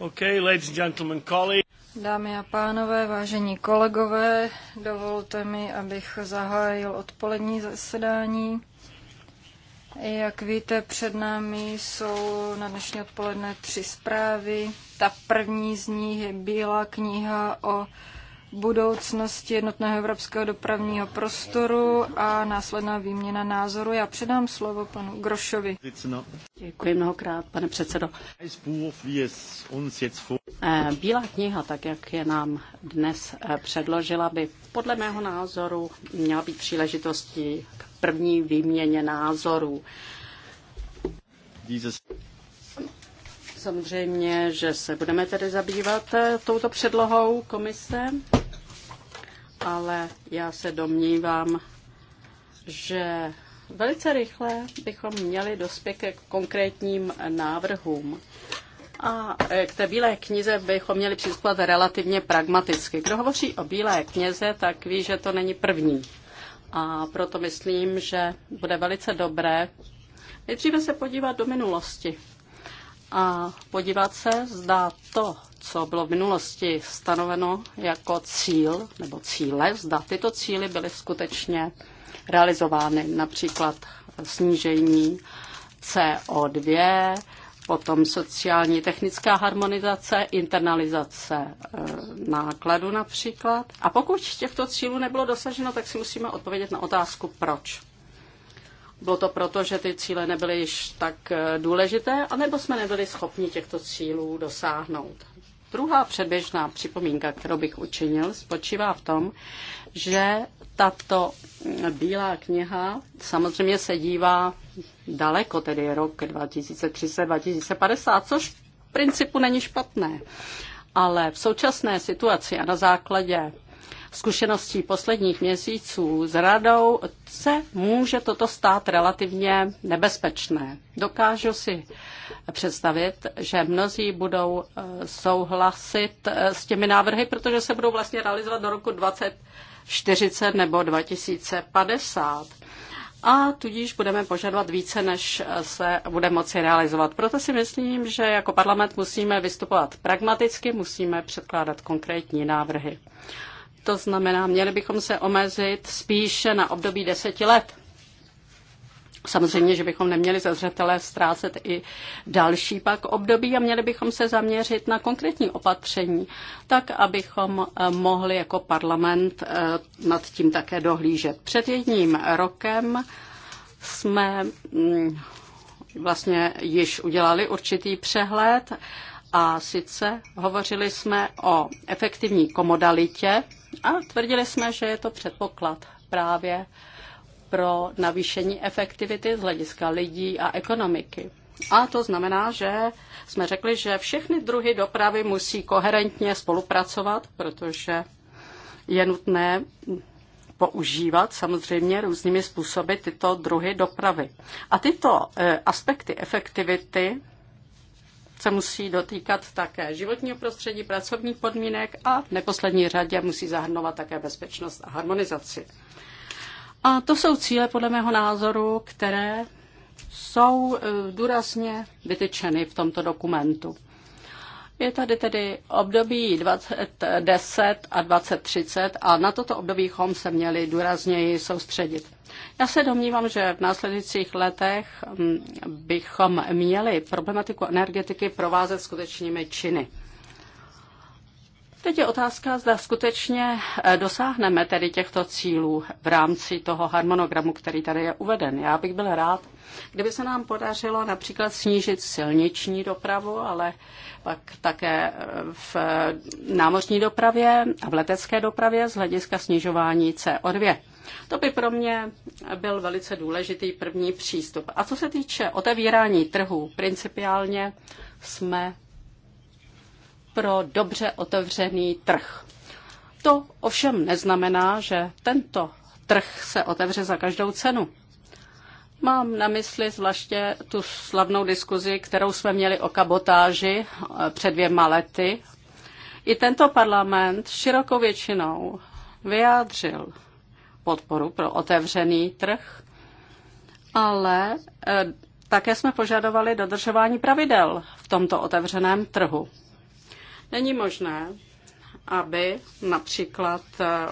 Okay, ladies and gentlemen, colleagues. Dámy a pánové, vážení kolegové, dovolte mi, abych zahájil odpolední zasedání. Jak víte, před námi jsou na dnešní odpoledne tři zprávy. Ta první z nich je Bílá kniha o budoucnosti jednotného evropského dopravního prostoru a následná výměna názoru. Já předám slovo panu Grošovi. Děkuji mnohokrát, pane předsedo. Eh, Bílá kniha, tak jak je nám dnes eh, předložila, by podle mého názoru měla být příležitostí k první výměně názorů. Samozřejmě, že se budeme tedy zabývat eh, touto předlohou komise ale já se domnívám, že velice rychle bychom měli dospět ke konkrétním návrhům. A e, k té bílé knize bychom měli přistupovat relativně pragmaticky. Kdo hovoří o bílé knize, tak ví, že to není první. A proto myslím, že bude velice dobré nejdříve se podívat do minulosti a podívat se, zda to, co bylo v minulosti stanoveno jako cíl nebo cíle, zda tyto cíly byly skutečně realizovány, například snížení CO2, potom sociální technická harmonizace, internalizace eh, nákladu například. A pokud těchto cílů nebylo dosaženo, tak si musíme odpovědět na otázku proč. Bylo to proto, že ty cíle nebyly již tak eh, důležité, anebo jsme nebyli schopni těchto cílů dosáhnout. Druhá předběžná připomínka, kterou bych učinil, spočívá v tom, že tato bílá kniha samozřejmě se dívá daleko, tedy rok 2030-2050, což v principu není špatné. Ale v současné situaci a na základě zkušeností posledních měsíců s radou se může toto stát relativně nebezpečné. Dokážu si představit, že mnozí budou eh, souhlasit eh, s těmi návrhy, protože se budou vlastně realizovat do roku 2040 nebo 2050 a tudíž budeme požadovat více, než eh, se bude moci realizovat. Proto si myslím, že jako parlament musíme vystupovat pragmaticky, musíme předkládat konkrétní návrhy. To znamená, měli bychom se omezit spíše na období deseti let. Samozřejmě, že bychom neměli ze zřetele ztrácet i další pak období a měli bychom se zaměřit na konkrétní opatření, tak abychom eh, mohli jako parlament eh, nad tím také dohlížet. Před jedním rokem jsme mm, vlastně již udělali určitý přehled a sice hovořili jsme o efektivní komodalitě a tvrdili jsme, že je to předpoklad právě pro navýšení efektivity z hlediska lidí a ekonomiky. A to znamená, že jsme řekli, že všechny druhy dopravy musí koherentně spolupracovat, protože je nutné používat samozřejmě různými způsoby tyto druhy dopravy. A tyto eh, aspekty efektivity se musí dotýkat také životního prostředí, pracovních podmínek a v neposlední řadě musí zahrnovat také bezpečnost a harmonizaci. A to jsou cíle, podle mého názoru, které jsou eh, důrazně vytyčeny v tomto dokumentu. Je tady tedy období 2010 a 2030 a na toto období se měli důrazněji soustředit. Já se domnívám, že v následujících letech mm, bychom měli problematiku energetiky provázet skutečnými činy. Teď je otázka, zda skutečně eh, dosáhneme tedy těchto cílů v rámci toho harmonogramu, který tady je uveden. Já bych byl rád, kdyby se nám podařilo například snížit silniční dopravu, ale pak také eh, v eh, námořní dopravě a v letecké dopravě z hlediska snižování CO2. To by pro mě byl velice důležitý první přístup. A co se týče otevírání trhu, principiálně jsme pro dobře otevřený trh. To ovšem neznamená, že tento trh se otevře za každou cenu. Mám na mysli zvláště tu slavnou diskuzi, kterou jsme měli o kabotáži eh, před dvěma lety. I tento parlament širokou většinou vyjádřil podporu pro otevřený trh, ale eh, také jsme požadovali dodržování pravidel v tomto otevřeném trhu. Není možné, aby například eh,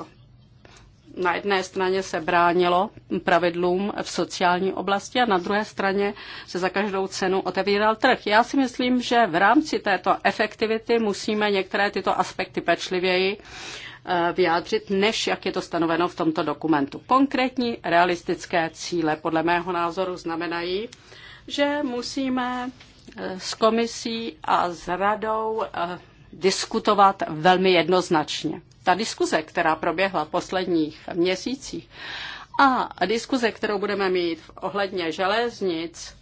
na jedné straně se bránilo pravidlům v sociální oblasti a na druhé straně se za každou cenu otevíral trh. Já si myslím, že v rámci této efektivity musíme některé tyto aspekty pečlivěji eh, vyjádřit, než jak je to stanoveno v tomto dokumentu. Konkrétní realistické cíle podle mého názoru znamenají, že musíme eh, s komisí a s radou diskutovat velmi jednoznačně. Ta diskuze, která proběhla v posledních měsících a diskuze, kterou budeme mít ohledně železnic,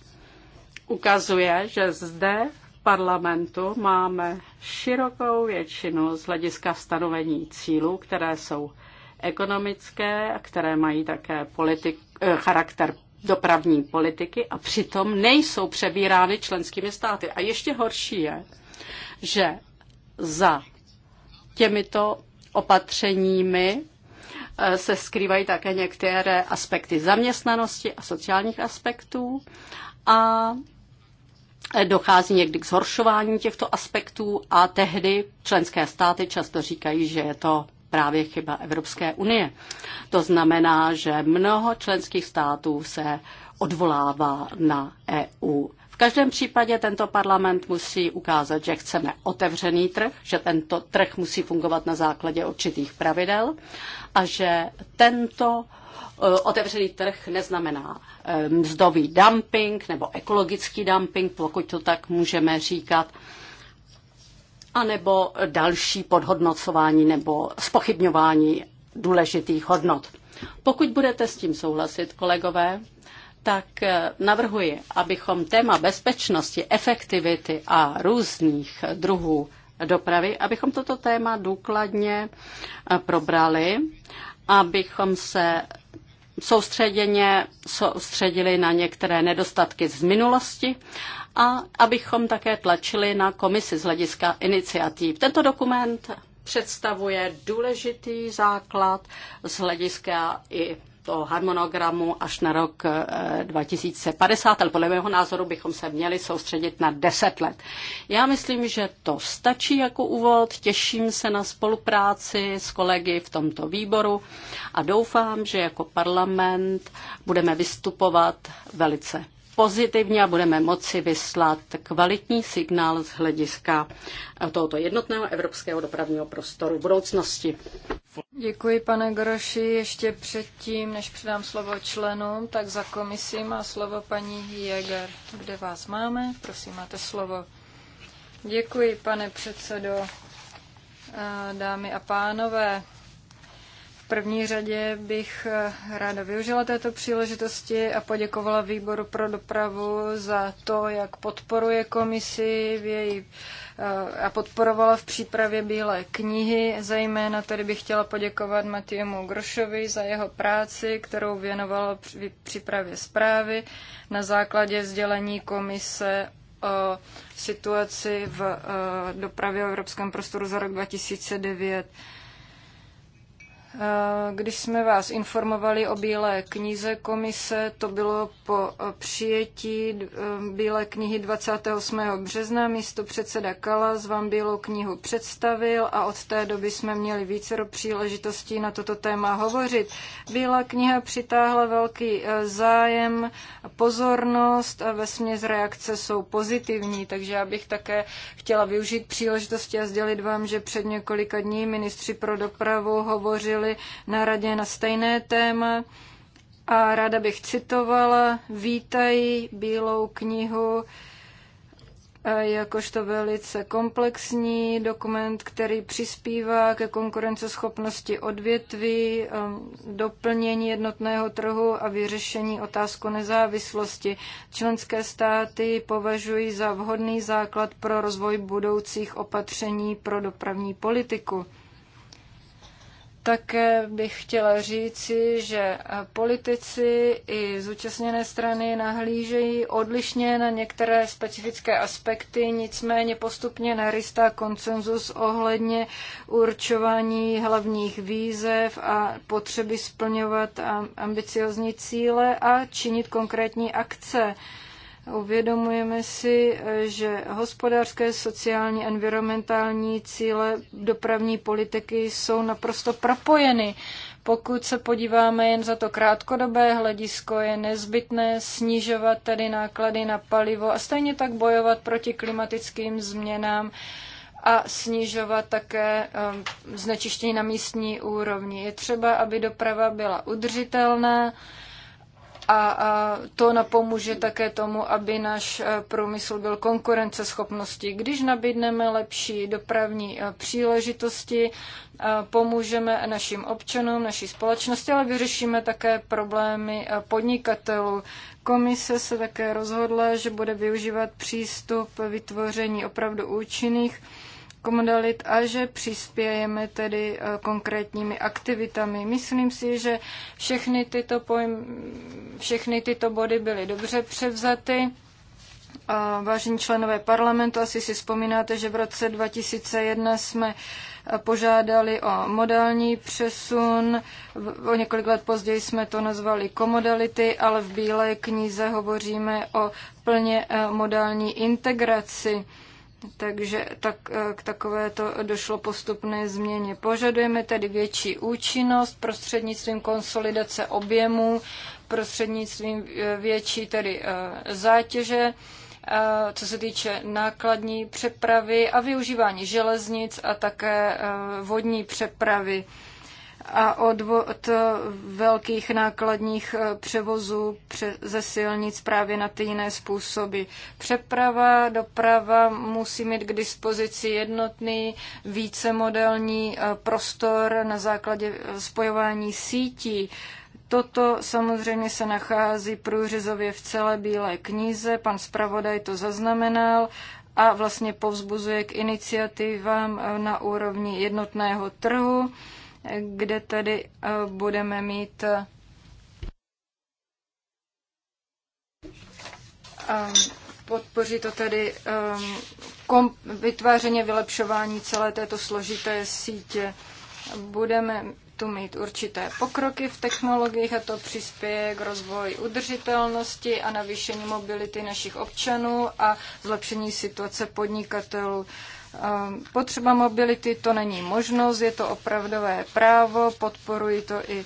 ukazuje, že zde v parlamentu máme širokou většinu z hlediska stanovení cílů, které jsou ekonomické a které mají také politik, eh, charakter dopravní politiky a přitom nejsou přebírány členskými státy. A ještě horší je, že za těmito opatřeními eh, se skrývají také některé aspekty zaměstnanosti a sociálních aspektů a eh, dochází někdy k zhoršování těchto aspektů a tehdy členské státy často říkají, že je to právě chyba Evropské unie. To znamená, že mnoho členských států se odvolává na EU. V každém případě tento parlament musí ukázat, že chceme otevřený trh, že tento trh musí fungovat na základě určitých pravidel a že tento eh, otevřený trh neznamená eh, mzdový dumping nebo ekologický dumping, pokud to tak můžeme říkat, anebo další podhodnocování nebo spochybňování důležitých hodnot. Pokud budete s tím souhlasit, kolegové, tak eh, navrhuji, abychom téma bezpečnosti, efektivity a různých druhů dopravy, abychom toto téma důkladně eh, probrali, abychom se soustředěně soustředili na některé nedostatky z minulosti a abychom také tlačili na komisi z hlediska iniciativ. Tento dokument představuje důležitý základ z hlediska i toho harmonogramu až na rok 2050, eh, ale podle mého názoru bychom se měli soustředit na 10 let. Já myslím, že to stačí jako úvod, těším se na spolupráci s kolegy v tomto výboru a doufám, že jako parlament budeme vystupovat velice pozitivně a budeme moci vyslat kvalitní signál z hlediska tohoto jednotného evropského dopravního prostoru budoucnosti. Děkuji, pane Groši. Ještě předtím, než předám slovo členům, tak za komisí má slovo paní Jäger. Kde vás máme? Prosím, máte slovo. Děkuji, pane předsedo. Eh, dámy a pánové, v první řadě bych eh, ráda využila této příležitosti a poděkovala výboru pro dopravu za to, jak podporuje komisi v její, eh, a podporovala v přípravě Bílé knihy. Zejména tady bych chtěla poděkovat Matějemu Grošovi za jeho práci, kterou věnoval při přípravě zprávy na základě vzdělení komise o situaci v eh, dopravě v evropském prostoru za rok 2009. Eh, když jsme vás informovali o Bílé knize komise, to bylo po eh, přijetí eh, Bílé knihy 28. března. Místo předseda Kalas vám Bílou knihu představil a od té doby jsme měli více příležitostí na toto téma hovořit. Bílá kniha přitáhla velký zájem pozornost a ve směs reakce jsou pozitivní, takže já bych také chtěla využít příležitosti a sdělit vám, že před několika dní ministři pro dopravu hovořili byli na radě na stejné téma. A ráda bych citovala, vítají Bílou knihu jakožto velice komplexní dokument, který přispívá ke konkurenceschopnosti odvětví, doplnění jednotného trhu a vyřešení otázku nezávislosti. Členské státy považují za vhodný základ pro rozvoj budoucích opatření pro dopravní politiku. Také bych chtěla říci, že politici i zúčastněné strany nahlížejí odlišně na některé specifické aspekty, nicméně postupně narystá konsenzus ohledně určování hlavních výzev a potřeby splňovat ambiciozní cíle a činit konkrétní akce. Uvědomujeme si, že hospodářské, sociální, environmentální cíle dopravní politiky jsou naprosto propojeny. Pokud se podíváme jen za to krátkodobé hledisko, je nezbytné snižovat tedy náklady na palivo a stejně tak bojovat proti klimatickým změnám a snižovat také um, znečištění na místní úrovni. Je třeba, aby doprava byla udržitelná, a to napomůže také tomu, aby náš e, průmysl byl konkurenceschopností. Když nabídneme lepší dopravní e, příležitosti, e, pomůžeme našim občanům, naší společnosti, ale vyřešíme také problémy podnikatelů. Komise se také rozhodla, že bude využívat přístup vytvoření opravdu účinných modalit a že přispějeme tedy eh, konkrétními aktivitami. Myslím si, že všechny tyto, pojm, všechny tyto body byly dobře převzaty. Vážení členové parlamentu, asi si vzpomínáte, že v roce 2001 jsme eh, požádali o modální přesun. O několik let později jsme to nazvali komodality, ale v Bílé knize hovoříme o plně eh, modální integraci. Takže tak, eh, k to došlo postupné změně. Požadujeme tedy větší účinnost prostřednictvím konsolidace objemů, prostřednictvím eh, větší tedy eh, zátěže, co se týče nákladní přepravy a využívání železnic a také vodní přepravy a odvod velkých nákladních eh, převozů ze silnic právě na ty jiné způsoby. Přeprava, doprava musí mít k dispozici jednotný vícemodelní eh, prostor na základě eh, spojování sítí. Toto samozřejmě se nachází průřezově v celé Bílé knize, pan zpravodaj to zaznamenal a vlastně povzbuzuje k iniciativám na úrovni jednotného trhu kde tedy eh, budeme mít eh, podpořit to tedy eh, kom, vytváření vylepšování celé této složité sítě. Budeme tu mít určité pokroky v technologiích a to přispěje k rozvoji udržitelnosti a navýšení mobility našich občanů a zlepšení situace podnikatelů. Ehm, potřeba mobility to není možnost, je to opravdové právo, podporují to i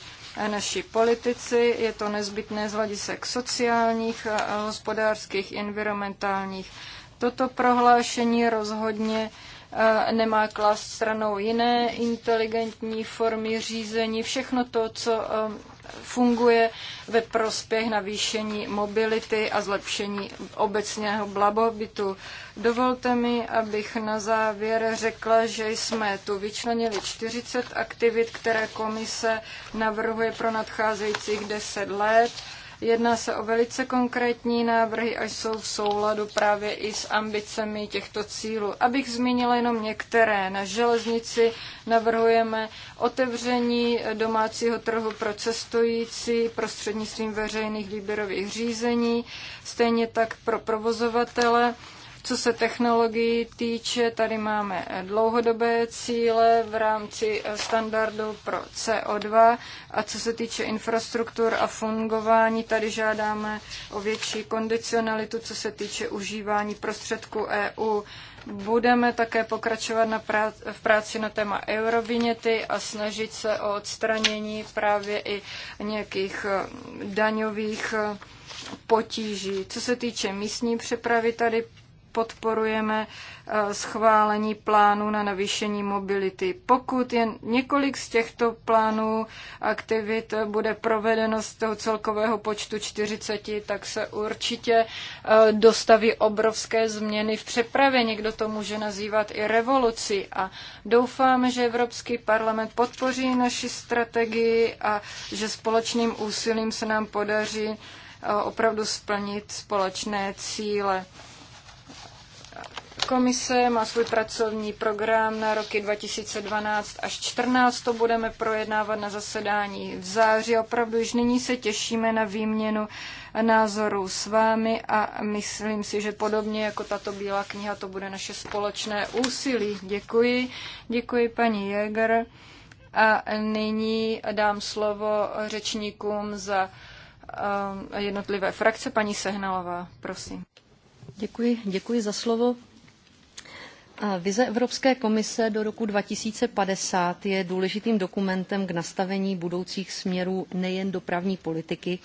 naši politici, je to nezbytné z hledisek sociálních, hospodářských, environmentálních. Toto prohlášení rozhodně eh, nemá klas stranou jiné inteligentní formy řízení, všechno to, co ehm, funguje ve prospěch navýšení mobility a zlepšení obecného blabobytu. Dovolte mi, abych na závěr řekla, že jsme tu vyčlenili 40 aktivit, které komise navrhuje pro nadcházejících 10 let. Jedná se o velice konkrétní návrhy a jsou v souladu právě i s ambicemi těchto cílů. Abych zmínila jenom některé. Na železnici navrhujeme otevření domácího trhu pro cestující prostřednictvím veřejných výběrových řízení, stejně tak pro provozovatele co se technologií týče, tady máme dlouhodobé cíle v rámci standardu pro CO2 a co se týče infrastruktur a fungování, tady žádáme o větší kondicionalitu, co se týče užívání prostředků EU. Budeme také pokračovat na práci, v práci na téma eurovinety a snažit se o odstranění právě i nějakých eh, daňových eh, potíží. Co se týče místní přepravy, tady podporujeme eh, schválení plánu na navýšení mobility. Pokud jen několik z těchto plánů aktivit eh, bude provedeno z toho celkového počtu 40, tak se určitě eh, dostaví obrovské změny v přepravě. Někdo to může nazývat i revoluci. A doufám, že Evropský parlament podpoří naši strategii a že společným úsilím se nám podaří opravdu splnit společné cíle. Komise má svůj pracovní program na roky 2012 až 2014. To budeme projednávat na zasedání v září. Opravdu už nyní se těšíme na výměnu názorů s vámi a myslím si, že podobně jako tato bílá kniha, to bude naše společné úsilí. Děkuji. Děkuji paní Jäger. A nyní dám slovo řečníkům za um, jednotlivé frakce. Paní Sehnalová, prosím. Děkuji, děkuji za slovo. Vize Evropské komise do roku 2050 je důležitým dokumentem k nastavení budoucích směrů nejen dopravní politiky,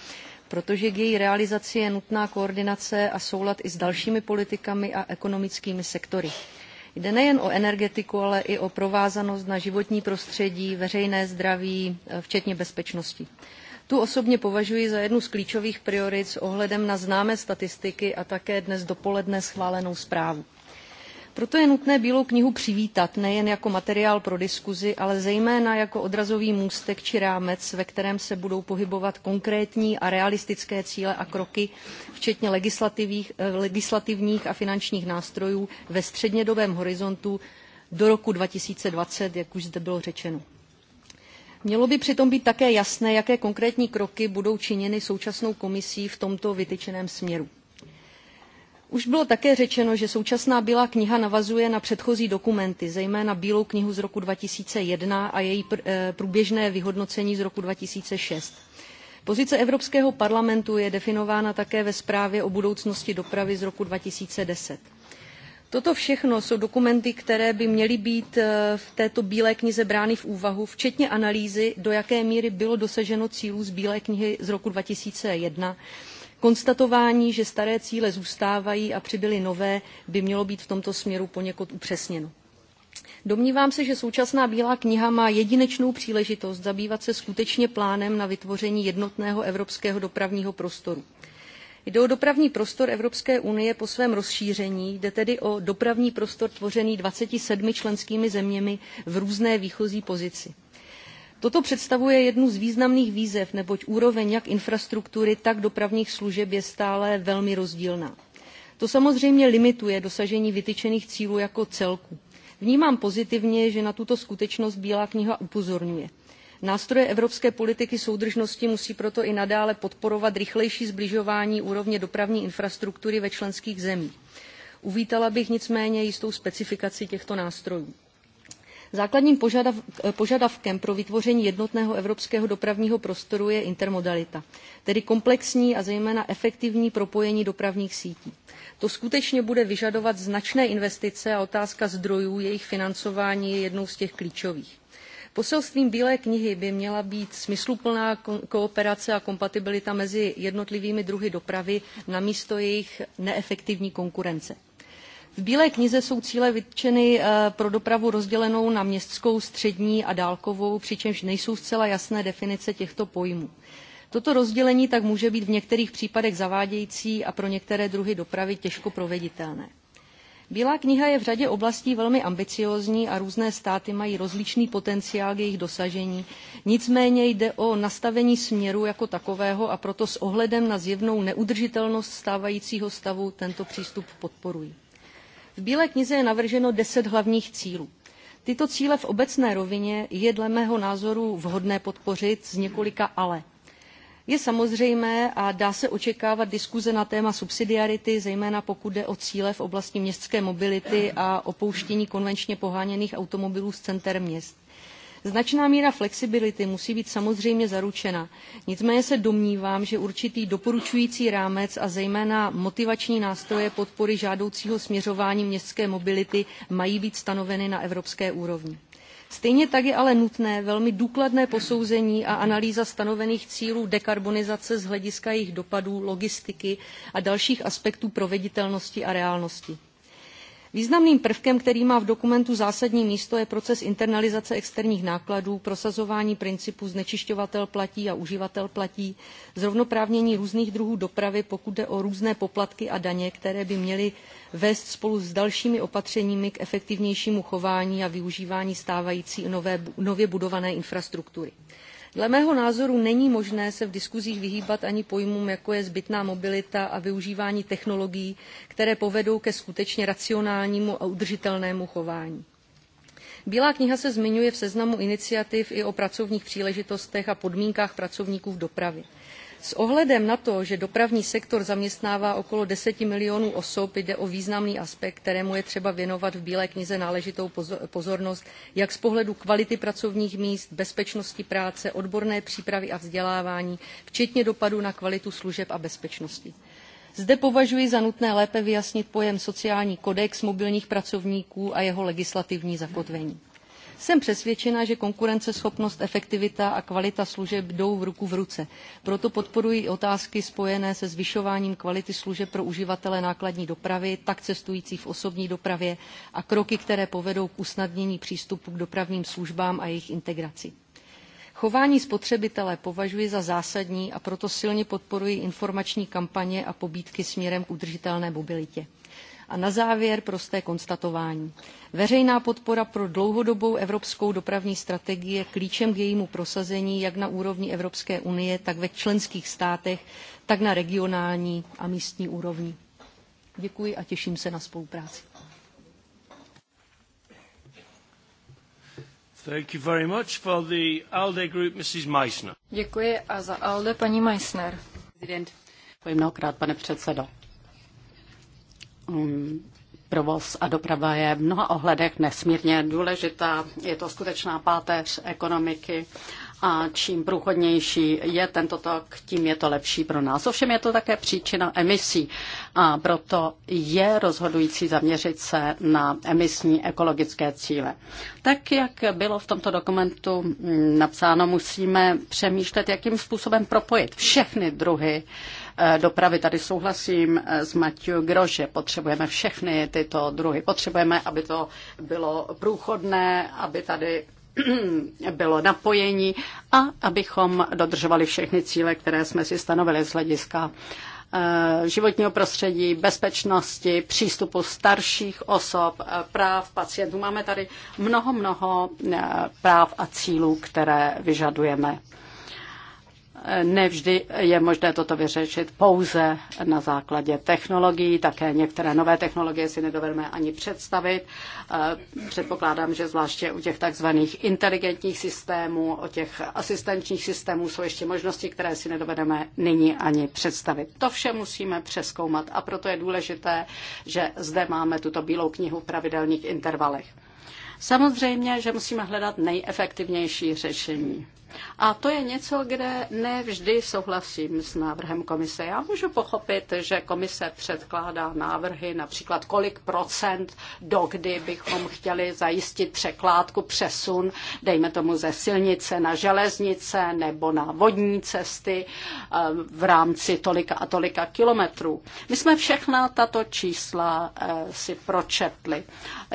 protože k její realizaci je nutná koordinace a soulad i s dalšími politikami a ekonomickými sektory. Jde nejen o energetiku, ale i o provázanost na životní prostředí, veřejné zdraví, eh, včetně bezpečnosti. Tu osobně považuji za jednu z klíčových priorit s ohledem na známé statistiky a také dnes dopoledne schválenou zprávu. Proto je nutné Bílou knihu přivítat nejen jako materiál pro diskuzi, ale zejména jako odrazový můstek či rámec, ve kterém se budou pohybovat konkrétní a realistické cíle a kroky, včetně eh, legislativních a finančních nástrojů ve střednědobém horizontu do roku 2020, jak už zde bylo řečeno. Mělo by přitom být také jasné, jaké konkrétní kroky budou činěny současnou komisí v tomto vytyčeném směru. Už bylo také řečeno, že současná Bílá kniha navazuje na předchozí dokumenty, zejména Bílou knihu z roku 2001 a její eh, průběžné vyhodnocení z roku 2006. Pozice Evropského parlamentu je definována také ve zprávě o budoucnosti dopravy z roku 2010. Toto všechno jsou dokumenty, které by měly být eh, v této Bílé knize brány v úvahu, včetně analýzy, do jaké míry bylo dosaženo cílů z Bílé knihy z roku 2001 Konstatování, že staré cíle zůstávají a přibyly nové, by mělo být v tomto směru poněkud upřesněno. Domnívám se, že současná Bílá kniha má jedinečnou příležitost zabývat se skutečně plánem na vytvoření jednotného evropského dopravního prostoru. Jde o dopravní prostor Evropské unie po svém rozšíření, jde tedy o dopravní prostor tvořený 27 členskými zeměmi v různé výchozí pozici. Toto představuje jednu z významných výzev, neboť úroveň jak infrastruktury, tak dopravních služeb je stále velmi rozdílná. To samozřejmě limituje dosažení vytyčených cílů jako celku. Vnímám pozitivně, že na tuto skutečnost Bílá kniha upozorňuje. Nástroje evropské politiky soudržnosti musí proto i nadále podporovat rychlejší zbližování úrovně dopravní infrastruktury ve členských zemích. Uvítala bych nicméně jistou specifikaci těchto nástrojů. Základním požadav, eh, požadavkem pro vytvoření jednotného evropského dopravního prostoru je intermodalita, tedy komplexní a zejména efektivní propojení dopravních sítí. To skutečně bude vyžadovat značné investice a otázka zdrojů jejich financování je jednou z těch klíčových. Poselstvím Bílé knihy by měla být smysluplná kooperace a kompatibilita mezi jednotlivými druhy dopravy namísto jejich neefektivní konkurence. V Bílé knize jsou cíle vytčeny eh, pro dopravu rozdělenou na městskou, střední a dálkovou, přičemž nejsou zcela jasné definice těchto pojmů. Toto rozdělení tak může být v některých případech zavádějící a pro některé druhy dopravy těžko proveditelné. Bílá kniha je v řadě oblastí velmi ambiciózní a různé státy mají rozličný potenciál k jejich dosažení. Nicméně jde o nastavení směru jako takového a proto s ohledem na zjevnou neudržitelnost stávajícího stavu tento přístup podporují. V Bílé knize je navrženo deset hlavních cílů. Tyto cíle v obecné rovině je dle mého názoru vhodné podpořit z několika ale. Je samozřejmé a dá se očekávat diskuze na téma subsidiarity, zejména pokud jde o cíle v oblasti městské mobility a opouštění konvenčně poháněných automobilů z center měst. Značná míra flexibility musí být samozřejmě zaručena. Nicméně se domnívám, že určitý doporučující rámec a zejména motivační nástroje podpory žádoucího směřování městské mobility mají být stanoveny na evropské úrovni. Stejně tak je ale nutné velmi důkladné posouzení a analýza stanovených cílů dekarbonizace z hlediska jejich dopadů, logistiky a dalších aspektů proveditelnosti a reálnosti. Významným prvkem, který má v dokumentu zásadní místo, je proces internalizace externích nákladů, prosazování principu znečišťovatel platí a uživatel platí, zrovnoprávnění různých druhů dopravy, pokud jde o různé poplatky a daně, které by měly vést spolu s dalšími opatřeními k efektivnějšímu chování a využívání stávající nově budované infrastruktury dle mého názoru není možné se v diskuzích vyhýbat ani pojmům jako je zbytná mobilita a využívání technologií které povedou ke skutečně racionálnímu a udržitelnému chování. bílá kniha se zmiňuje v seznamu iniciativ i o pracovních příležitostech a podmínkách pracovníků v dopravě. S ohledem na to, že dopravní sektor zaměstnává okolo ten milionů osob, jde o významný aspekt, kterému je třeba věnovat v Bílé knize náležitou pozornost, jak z pohledu kvality pracovních míst, bezpečnosti práce, odborné přípravy a vzdělávání, včetně dopadu na kvalitu služeb a bezpečnosti. Zde považuji za nutné lépe vyjasnit pojem sociální kodex mobilních pracovníků a jeho legislativní zakotvení. Jsem přesvědčena, že konkurenceschopnost, efektivita a kvalita služeb jdou v ruku v ruce. Proto podporuji otázky spojené se zvyšováním kvality služeb pro uživatele nákladní dopravy, tak cestující v osobní dopravě a kroky, které povedou k usnadnění přístupu k dopravním službám a jejich integraci. Chování spotřebitele považuji za zásadní a proto silně podporuji informační kampaně a pobídky směrem k udržitelné mobilitě. A na závěr prosté konstatování. Veřejná podpora pro dlouhodobou evropskou dopravní strategii je klíčem k jejímu prosazení jak na úrovni Evropské unie, tak ve členských státech, tak na regionální a místní úrovni. Děkuji a těším se na spolupráci. Group, Děkuji a za ALDE paní Meissner. Děkuji mnohokrát, pane předsedo. Um, provoz a doprava je v mnoha ohledech nesmírně důležitá. Je to skutečná páteř ekonomiky a čím průchodnější je tento tok, tím je to lepší pro nás. Ovšem je to také příčina emisí a proto je rozhodující zaměřit se na emisní ekologické cíle. Tak, jak bylo v tomto dokumentu mm, napsáno, musíme přemýšlet, jakým způsobem propojit všechny druhy uh, Eh, dopravy. Tady souhlasím eh, s Matěj Grože, potřebujeme všechny tyto druhy. Potřebujeme, aby to bylo průchodné, aby tady bylo napojení a abychom dodržovali všechny cíle, které jsme si stanovili z hlediska eh, životního prostředí, bezpečnosti, přístupu starších osob, práv pacientů. Máme tady mnoho, mnoho práv a cílů, které vyžadujeme. Nevždy je možné toto vyřešit pouze na základě technologií, také některé nové technologie si nedovedeme ani představit. Eh, předpokládám, že zvláště u těch takzvaných inteligentních systémů, o těch asistenčních systémů jsou ještě možnosti, které si nedovedeme nyní ani představit. To vše musíme přeskoumat a proto je důležité, že zde máme tuto bílou knihu v pravidelných intervalech. Samozřejmě, že musíme hledat nejefektivnější řešení. A to je něco, kde nevždy souhlasím s návrhem komise. Já můžu pochopit, že komise předkládá návrhy, například kolik procent dokdy bychom chtěli zajistit překládku, přesun, dejme tomu ze silnice na železnice nebo na vodní cesty eh, v rámci tolika a tolika kilometrů. My jsme všechna tato čísla eh, si pročetli.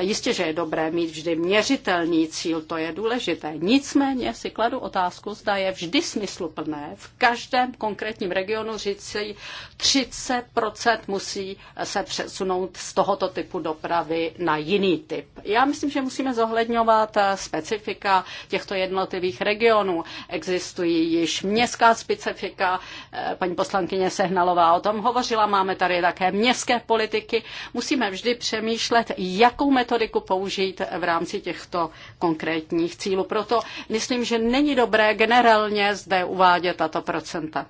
Jistě, že je dobré mít vždy měřitelný cíl, to je důležité. Nicméně si kladu otázku, zda je vždy smysluplné v každém konkrétním regionu říci 30% musí se přesunout z tohoto typu dopravy na jiný typ. Já myslím, že musíme zohledňovat eh, specifika těchto jednotlivých regionů. Existují již městská specifika, eh, paní poslankyně Sehnalová o tom hovořila, máme tady také městské politiky. Musíme vždy přemýšlet, jakou metodu metodiku použít v rámci těchto konkrétních cílů. Proto myslím, že není dobré generálně zde uvádět tato procenta.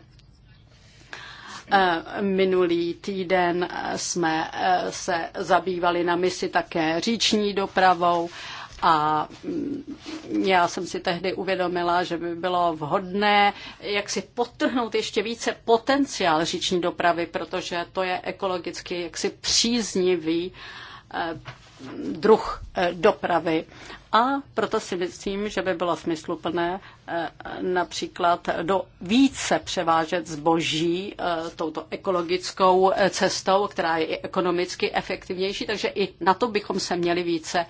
Eh, minulý týden jsme eh, se zabývali na misi také říční dopravou a mm, já jsem si tehdy uvědomila, že by bylo vhodné, jak si potrhnout ještě více potenciál říční dopravy, protože to je ekologicky jaksi příznivý eh, druh eh, dopravy. A proto si myslím, že by bylo smysluplné eh, například do více převážet zboží eh, touto ekologickou cestou, která je i ekonomicky efektivnější, takže i na to bychom se měli více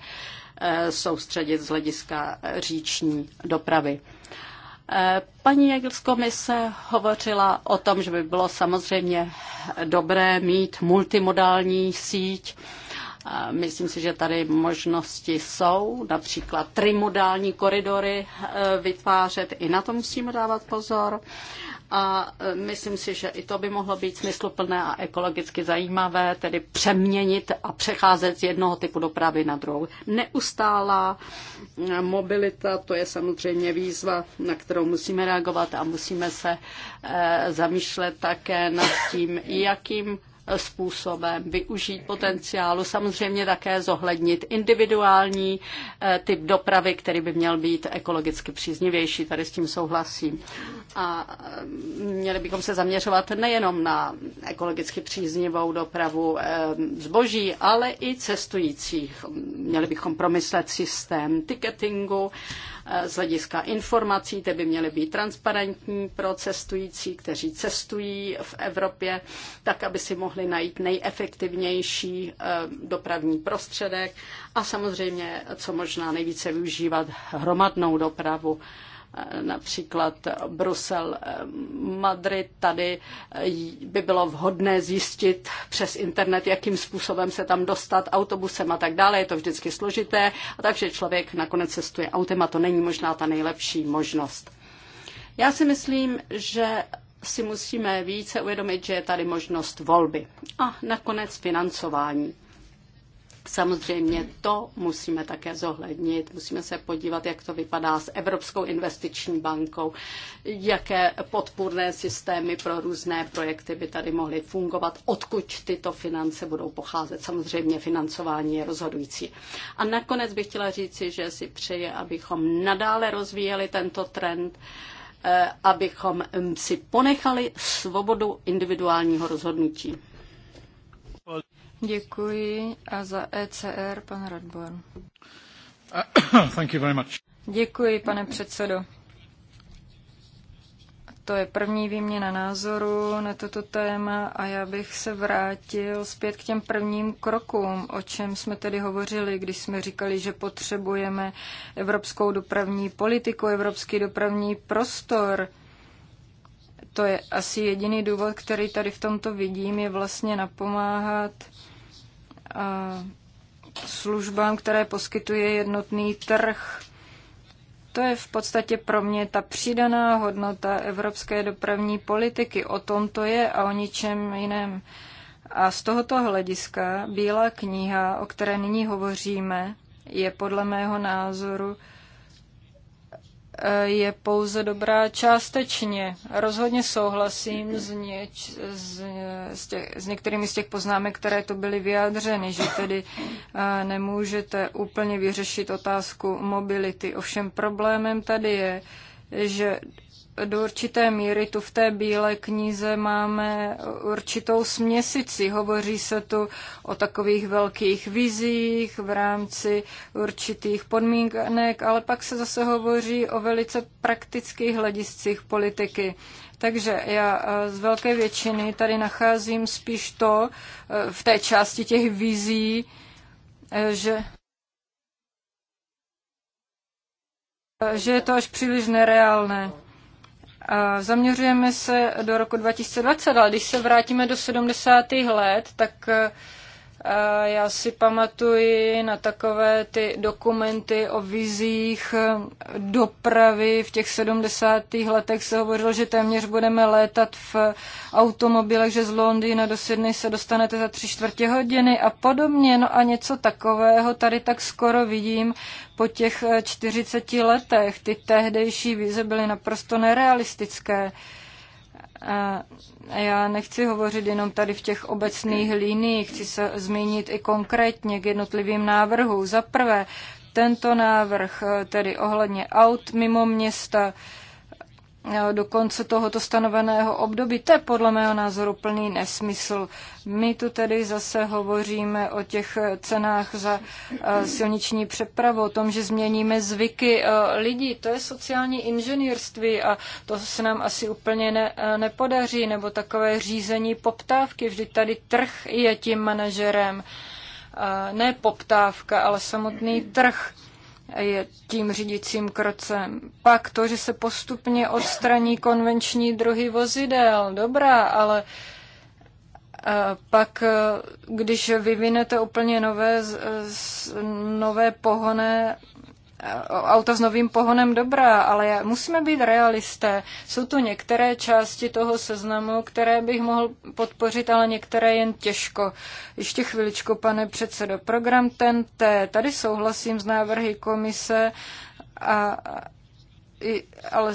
soustředit z hlediska říční dopravy. Paní Jagel z komise hovořila o tom, že by bylo samozřejmě dobré mít multimodální síť, Myslím si, že tady možnosti jsou, například trimodální koridory eh, vytvářet, i na to musíme dávat pozor. A eh, myslím si, že i to by mohlo být smysluplné a ekologicky zajímavé, tedy přeměnit a přecházet z jednoho typu dopravy na druhou. Neustálá eh, mobilita, to je samozřejmě výzva, na kterou musíme reagovat a musíme se zamýšlet také nad tím, jakým způsobem, využít potenciálu, samozřejmě také zohlednit individuální eh, typ dopravy, který by měl být ekologicky příznivější, tady s tím souhlasím. A eh, měli bychom se zaměřovat nejenom na ekologicky příznivou dopravu eh, zboží, ale i cestujících. Měli bychom promyslet systém ticketingu Eh, z hlediska informací, ty by měly být transparentní pro cestující, kteří cestují v Evropě, tak aby si mohli najít nejefektivnější eh, dopravní prostředek a samozřejmě co možná nejvíce využívat hromadnou dopravu například Brusel, eh, Madrid, tady eh, by bylo vhodné zjistit přes internet, jakým způsobem se tam dostat autobusem a tak dále. Je to vždycky složité, a takže člověk nakonec cestuje autem a to není možná ta nejlepší možnost. Já si myslím, že si musíme více uvědomit, že je tady možnost volby a nakonec financování. Samozřejmě to musíme také zohlednit, musíme se podívat, jak to vypadá s Evropskou investiční bankou, jaké podpůrné systémy pro různé projekty by tady mohly fungovat, odkud tyto finance budou pocházet. Samozřejmě financování je rozhodující. A nakonec bych chtěla říci, že si přeje, abychom nadále rozvíjeli tento trend eh, abychom si ponechali svobodu individuálního rozhodnutí. Děkuji a za ECR pan Radborn. Thank you very much. Děkuji, pane předsedo. To je první výměna názoru na toto téma a já bych se vrátil zpět k těm prvním krokům, o čem jsme tedy hovořili, když jsme říkali, že potřebujeme evropskou dopravní politiku, evropský dopravní prostor. To je asi jediný důvod, který tady v tomto vidím, je vlastně napomáhat službám, které poskytuje jednotný trh. To je v podstatě pro mě ta přidaná hodnota evropské dopravní politiky. O tom to je a o ničem jiném. A z tohoto hlediska Bílá kniha, o které nyní hovoříme, je podle mého názoru Eh, je pouze dobrá částečně. Rozhodně souhlasím s, něč, s, s, tě, s některými z těch poznámek, které to byly vyjádřeny, že tedy eh, nemůžete úplně vyřešit otázku mobility. Ovšem problémem tady je, že do určité míry tu v té bílé knize máme určitou směsici. Hovoří se tu o takových velkých vizích v rámci určitých podmínek, ale pak se zase hovoří o velice praktických hlediscích politiky. Takže já eh, z velké většiny tady nacházím spíš to eh, v té části těch vizí, eh, že že je to až příliš nereálné. Zaměřujeme se do roku 2020, ale když se vrátíme do 70. let, tak já si pamatuji na takové ty dokumenty o vizích dopravy. V těch 70. letech se hovořilo, že téměř budeme létat v automobilech, že z Londýna do Sydney se dostanete za tři čtvrtě hodiny a podobně. No a něco takového tady tak skoro vidím po těch 40 letech. Ty tehdejší vize byly naprosto nerealistické. Já nechci hovořit jenom tady v těch obecných liniích, chci se zmínit i konkrétně k jednotlivým návrhům. Za prvé, tento návrh, tedy ohledně aut mimo města, do konce tohoto stanoveného období. To je podle mého názoru plný nesmysl. My tu tedy zase hovoříme o těch cenách za e, silniční přepravu, o tom, že změníme zvyky e, lidí. To je sociální inženýrství a to se nám asi úplně ne, e, nepodaří, nebo takové řízení poptávky. Vždy tady trh je tím manažerem. Ne poptávka, ale samotný trh je tím řídícím krocem. Pak to, že se postupně odstraní konvenční druhy vozidel, dobrá, ale eh, pak, eh, když vyvinete úplně nové, eh, nové pohoné Eh, auta s novým pohonem dobrá, ale musíme být realisté. Jsou tu některé části toho seznamu, které bych mohl podpořit, ale některé jen těžko. Ještě chviličku, pane předsedo. Program TNT, tady souhlasím s návrhy komise, a, i, ale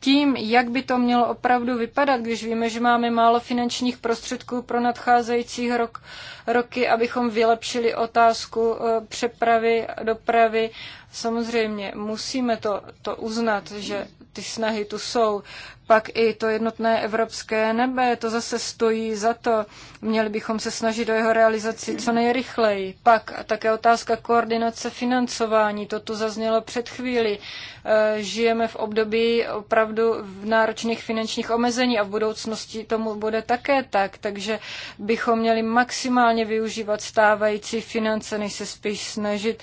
tím, jak by to mělo opravdu vypadat, když víme, že máme málo finančních prostředků pro nadcházející rok, roky, abychom vylepšili otázku eh, přepravy, dopravy Samozřejmě musíme to, to uznat, že ty snahy tu jsou. Pak i to jednotné evropské nebe, to zase stojí za to. Měli bychom se snažit o jeho realizaci co nejrychleji. Pak a také otázka koordinace financování, to tu zaznělo před chvíli. Eh, žijeme v období opravdu v náročných finančních omezení a v budoucnosti tomu bude také tak, takže bychom měli maximálně využívat stávající finance, než se spíš snažit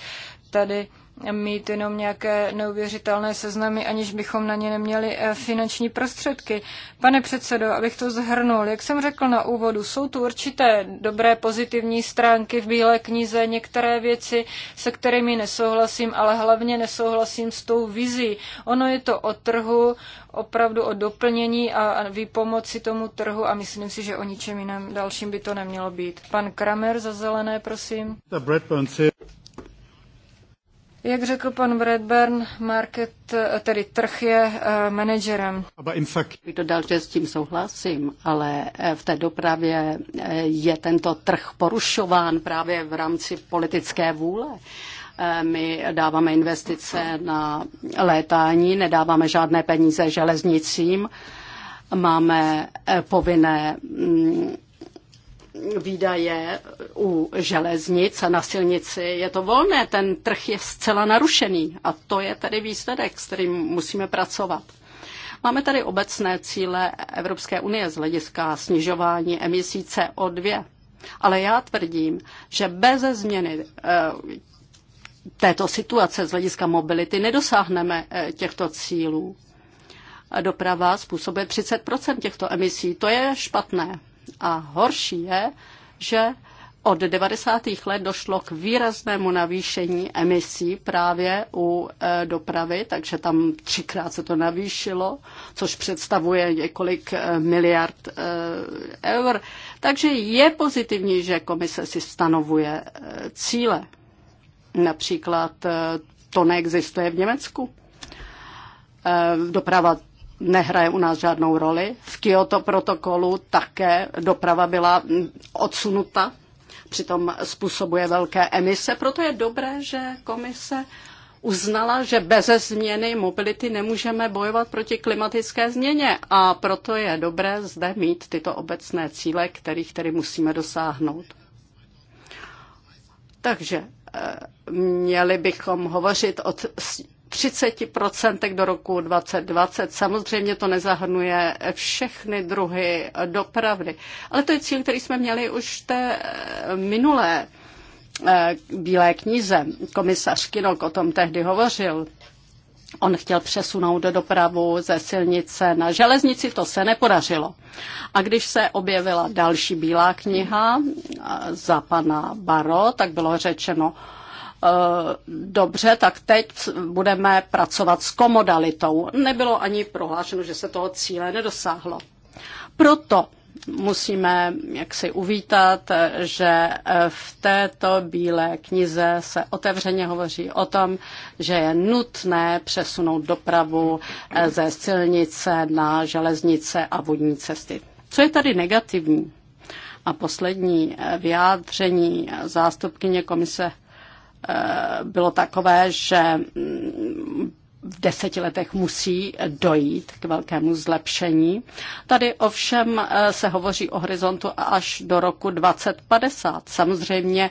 tady mít jenom nějaké neuvěřitelné seznamy, aniž bychom na ně neměli eh, finanční prostředky. Pane předsedo, abych to zhrnul, jak jsem řekl na úvodu, jsou tu určité dobré pozitivní stránky v Bílé knize, některé věci, se kterými nesouhlasím, ale hlavně nesouhlasím s tou vizí. Ono je to o trhu, opravdu o doplnění a výpomoci tomu trhu a myslím si, že o ničem jiném dalším by to nemělo být. Pan Kramer za zelené, prosím. Jak řekl pan Bradburn, market, tedy trh je uh, manažerem. Bych dodal, že s tím souhlasím, ale eh, v té dopravě eh, je tento trh porušován právě v rámci politické vůle. My dáváme investice na létání, nedáváme žádné peníze železnicím, máme povinné mm, výdaje u železnic a na silnici je to volné, ten trh je zcela narušený a to je tedy výsledek, s kterým musíme pracovat. Máme tady obecné cíle Evropské unie z hlediska snižování emisí CO2, ale já tvrdím, že bez změny eh, této situace z hlediska mobility nedosáhneme eh, těchto cílů. Doprava způsobuje 30 těchto emisí. To je špatné. A horší je, že od 90. let došlo k výraznému navýšení emisí právě u e, dopravy, takže tam třikrát se to navýšilo, což představuje několik e, miliard e, eur. Takže je pozitivní, že komise si stanovuje cíle. Například to neexistuje v Německu. Doprava nehraje u nás žádnou roli. V Kyoto protokolu také doprava byla odsunuta, přitom způsobuje velké emise, proto je dobré, že komise uznala, že bez změny mobility nemůžeme bojovat proti klimatické změně a proto je dobré zde mít tyto obecné cíle, kterých tedy musíme dosáhnout. Takže eh, měli bychom hovořit o 30% do roku 2020. Samozřejmě to nezahrnuje všechny druhy dopravy, ale to je cíl, který jsme měli už té eh, minulé eh, Bílé knize. Komisař Kinok o tom tehdy hovořil. On chtěl přesunout do dopravu ze silnice na železnici, to se nepodařilo. A když se objevila další bílá kniha eh, za pana Baro, tak bylo řečeno, dobře, tak teď budeme pracovat s komodalitou. Nebylo ani prohlášeno, že se toho cíle nedosáhlo. Proto musíme jaksi uvítat, že v této bílé knize se otevřeně hovoří o tom, že je nutné přesunout dopravu eh, ze silnice na železnice a vodní cesty. Co je tady negativní? A poslední eh, vyjádření eh, zástupkyně komise Eh, bylo takové, že mm, v deseti letech musí dojít k velkému zlepšení. Tady ovšem eh, se hovoří o horizontu až do roku 2050. Samozřejmě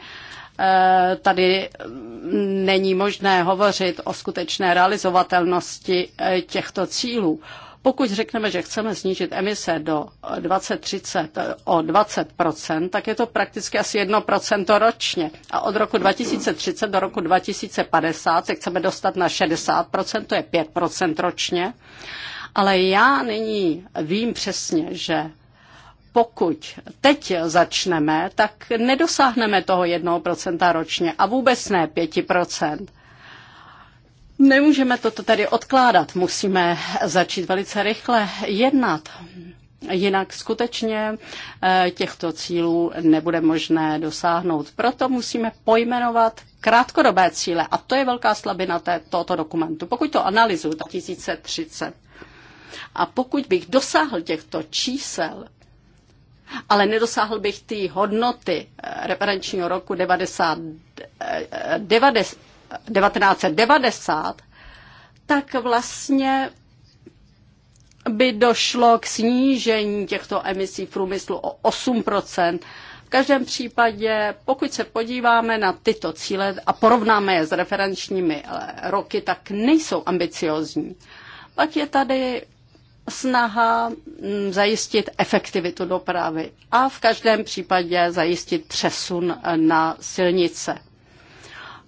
eh, tady mm, není možné hovořit o skutečné realizovatelnosti těchto cílů. Pokud řekneme, že chceme snížit emise do 2030 eh, o 20 tak je to prakticky asi 1 ročně. A od roku 2030 do roku 2050 se chceme dostat na 60 to je 5 ročně. Ale já nyní vím přesně, že pokud teď začneme, tak nedosáhneme toho 1% ročně a vůbec ne 5%. Nemůžeme toto tady odkládat, musíme začít velice rychle jednat. Jinak skutečně eh, těchto cílů nebude možné dosáhnout. Proto musíme pojmenovat krátkodobé cíle a to je velká slabina té, tohoto dokumentu. Pokud to analyzuji, 2030. A pokud bych dosáhl těchto čísel, ale nedosáhl bych ty hodnoty eh, referenčního roku 90, 90, eh, 1990, tak vlastně by došlo k snížení těchto emisí v průmyslu o 8 V každém případě, pokud se podíváme na tyto cíle a porovnáme je s referenčními eh, roky, tak nejsou ambiciozní. Pak je tady snaha mm, zajistit efektivitu dopravy a v každém případě zajistit přesun eh, na silnice.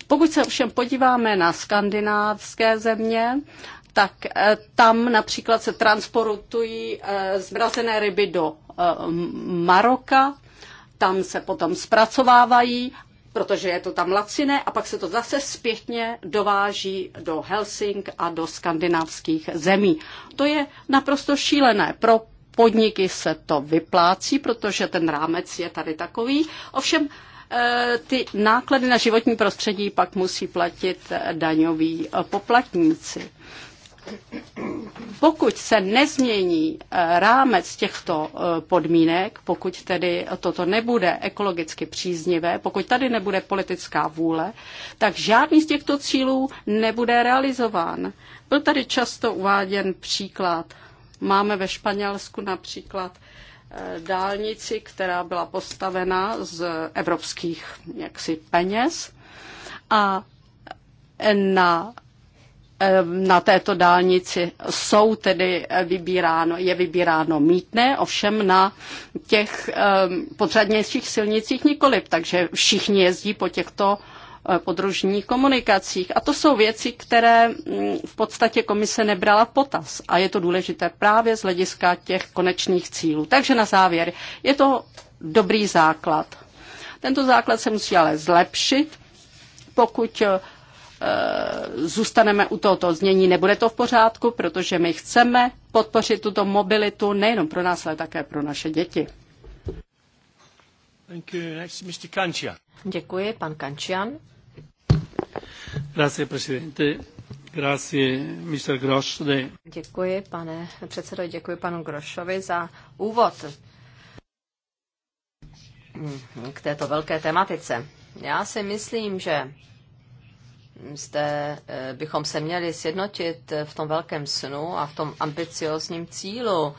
Pokud se ovšem podíváme na skandinávské země, tak eh, tam například se transportují eh, zmrazené ryby do eh, Maroka, tam se potom zpracovávají, protože je to tam laciné a pak se to zase zpětně dováží do Helsing a do skandinávských zemí. To je naprosto šílené. Pro podniky se to vyplácí, protože ten rámec je tady takový. Ovšem Eh, ty náklady na životní prostředí pak musí platit daňoví poplatníci. Pokud se nezmění eh, rámec těchto eh, podmínek, pokud tedy toto nebude ekologicky příznivé, pokud tady nebude politická vůle, tak žádný z těchto cílů nebude realizován. Byl tady často uváděn příklad. Máme ve Španělsku například dálnici, která byla postavena z evropských jaksi peněz a na na této dálnici jsou tedy vybíráno, je vybíráno mítné, ovšem na těch podřadnějších silnicích nikoliv, takže všichni jezdí po těchto Eh, podružních komunikacích. A to jsou věci, které mm, v podstatě komise nebrala v potaz. A je to důležité právě z hlediska těch konečných cílů. Takže na závěr, je to dobrý základ. Tento základ se musí ale zlepšit, pokud eh, zůstaneme u tohoto znění, nebude to v pořádku, protože my chceme podpořit tuto mobilitu nejenom pro nás, ale také pro naše děti. Thank you. Next, Mr. Kanchian. Děkuji, pan Kančian. Grazie, presidente. Grazie, Mr. Děkuji, pane předsedo, děkuji panu Grošovi za úvod k této velké tematice. Já si myslím, že zde eh, bychom se měli sjednotit v tom velkém snu a v tom ambiciozním cílu,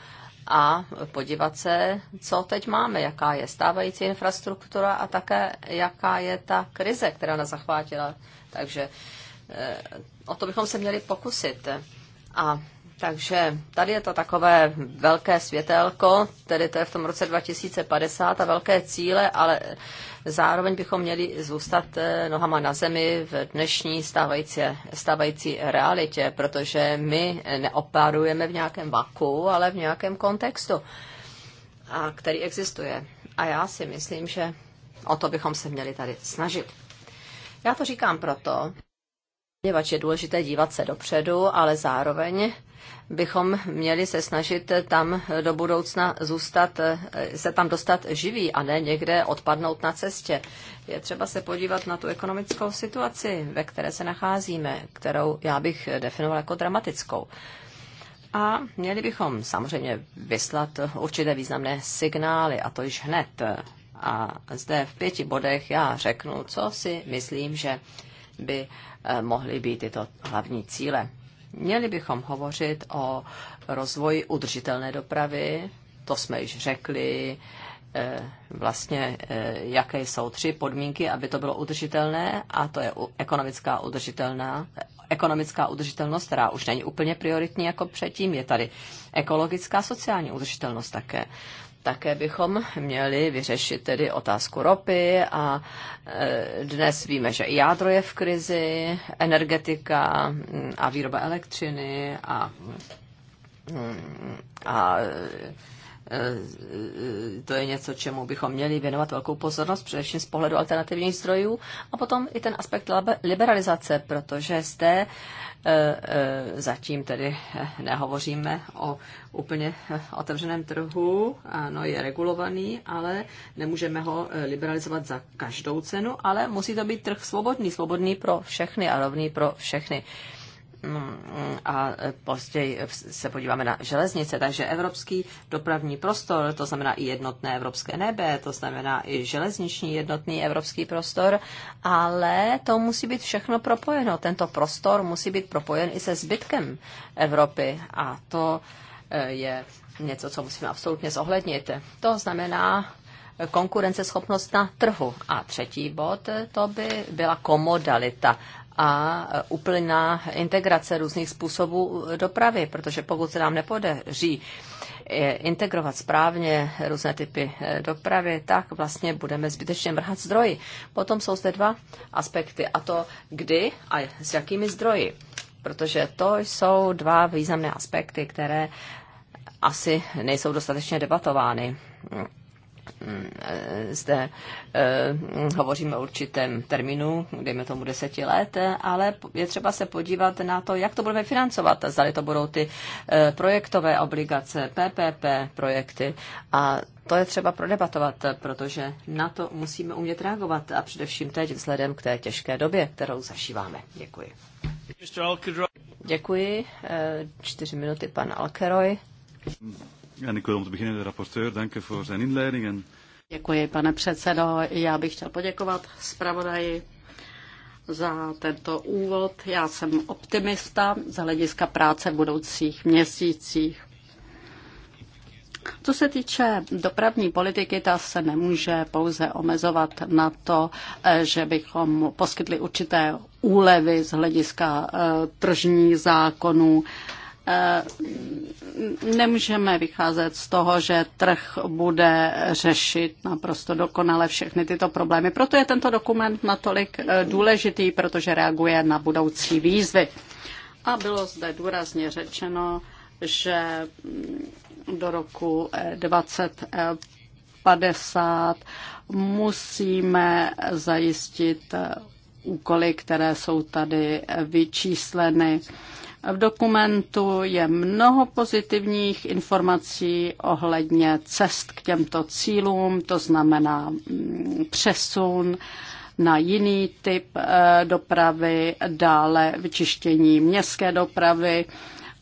a podívat se, co teď máme, jaká je stávající infrastruktura a také jaká je ta krize, která nás zachvátila. Takže eh, o to bychom se měli pokusit. A takže tady je to takové velké světelko, tedy to je v tom roce 2050 a velké cíle, ale zároveň bychom měli zůstat eh, nohama na zemi v dnešní stávající, stávající realitě, protože my neoperujeme v nějakém vaku, ale v nějakém kontextu, a který existuje. A já si myslím, že o to bychom se měli tady snažit. Já to říkám proto, Děvač je důležité dívat se dopředu, ale zároveň bychom měli se snažit tam do budoucna zůstat, se tam dostat živý a ne někde odpadnout na cestě. Je třeba se podívat na tu ekonomickou situaci, ve které se nacházíme, kterou já bych definoval jako dramatickou. A měli bychom samozřejmě vyslat určité významné signály, a to již hned. A zde v pěti bodech já řeknu, co si myslím, že by eh, mohly být tyto hlavní cíle. Měli bychom hovořit o rozvoji udržitelné dopravy, to jsme již řekli, eh, vlastně, eh, jaké jsou tři podmínky, aby to bylo udržitelné, a to je ekonomická udržitelná, ekonomická udržitelnost, která už není úplně prioritní jako předtím, je tady ekologická sociální udržitelnost také. Také bychom měli vyřešit tedy otázku ropy a e, dnes víme, že i jádro je v krizi, energetika mm, a výroba elektřiny a, mm, a Eh, to je něco, čemu bychom měli věnovat velkou pozornost, především z pohledu alternativních zdrojů. A potom i ten aspekt liberalizace, protože zde eh, eh, zatím tedy nehovoříme o úplně otevřeném trhu, ano, je regulovaný, ale nemůžeme ho liberalizovat za každou cenu, ale musí to být trh svobodný, svobodný pro všechny a rovný pro všechny. Mm, a později se podíváme na železnice. Takže evropský dopravní prostor, to znamená i jednotné evropské nebe, to znamená i železniční jednotný evropský prostor, ale to musí být všechno propojeno. Tento prostor musí být propojen i se zbytkem Evropy a to eh, je něco, co musíme absolutně zohlednit. To znamená konkurenceschopnost na trhu. A třetí bod, to by byla komodalita a úplná integrace různých způsobů dopravy, protože pokud se nám nepodaří eh, integrovat správně různé typy eh, dopravy, tak vlastně budeme zbytečně mrhat zdroji. Potom jsou zde dva aspekty, a to kdy a s jakými zdroji, protože to jsou dva významné aspekty, které asi nejsou dostatečně debatovány Eh, zde eh, hovoříme o určitém termínu, dejme tomu deseti let, ale je třeba se podívat na to, jak to budeme financovat. Zdali to budou ty eh, projektové obligace, PPP projekty a to je třeba prodebatovat, protože na to musíme umět reagovat a především teď vzhledem k té těžké době, kterou zažíváme. Děkuji. Děkuji. Čtyři minuty pan Alkeroy. En ik wil om te beginnen de rapporteur danken voor zijn inleiding. En... Děkuji, pane předsedo. Já bych chtěl poděkovat zpravodaji za tento úvod. Já jsem optimista z hlediska práce v budoucích měsících. Co se týče dopravní politiky, ta se nemůže pouze omezovat na to, že bychom poskytli určité úlevy z hlediska eh, tržních zákonů. Eh, nemůžeme vycházet z toho, že trh bude řešit naprosto dokonale všechny tyto problémy. Proto je tento dokument natolik eh, důležitý, protože reaguje na budoucí výzvy. A bylo zde důrazně řečeno, že do roku 2050 eh, musíme zajistit úkoly, které jsou tady vyčísleny v dokumentu je mnoho pozitivních informací ohledně cest k těmto cílům, to znamená mm, přesun na jiný typ eh, dopravy, dále vyčištění městské dopravy.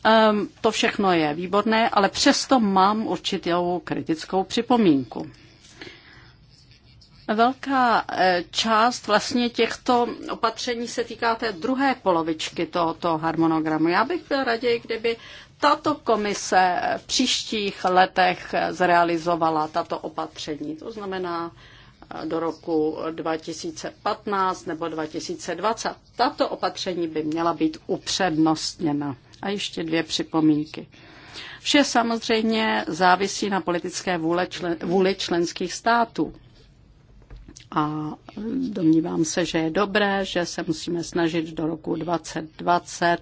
Ehm, to všechno je výborné, ale přesto mám určitou kritickou připomínku. Velká eh, část vlastně těchto opatření se týká té druhé polovičky tohoto harmonogramu. Já bych byl raději, kdyby tato komise v příštích letech zrealizovala tato opatření. To znamená eh, do roku 2015 nebo 2020. Tato opatření by měla být upřednostněna. A ještě dvě připomínky. Vše samozřejmě závisí na politické vůle, člen, vůli členských států a domnívám se, že je dobré, že se musíme snažit do roku 2020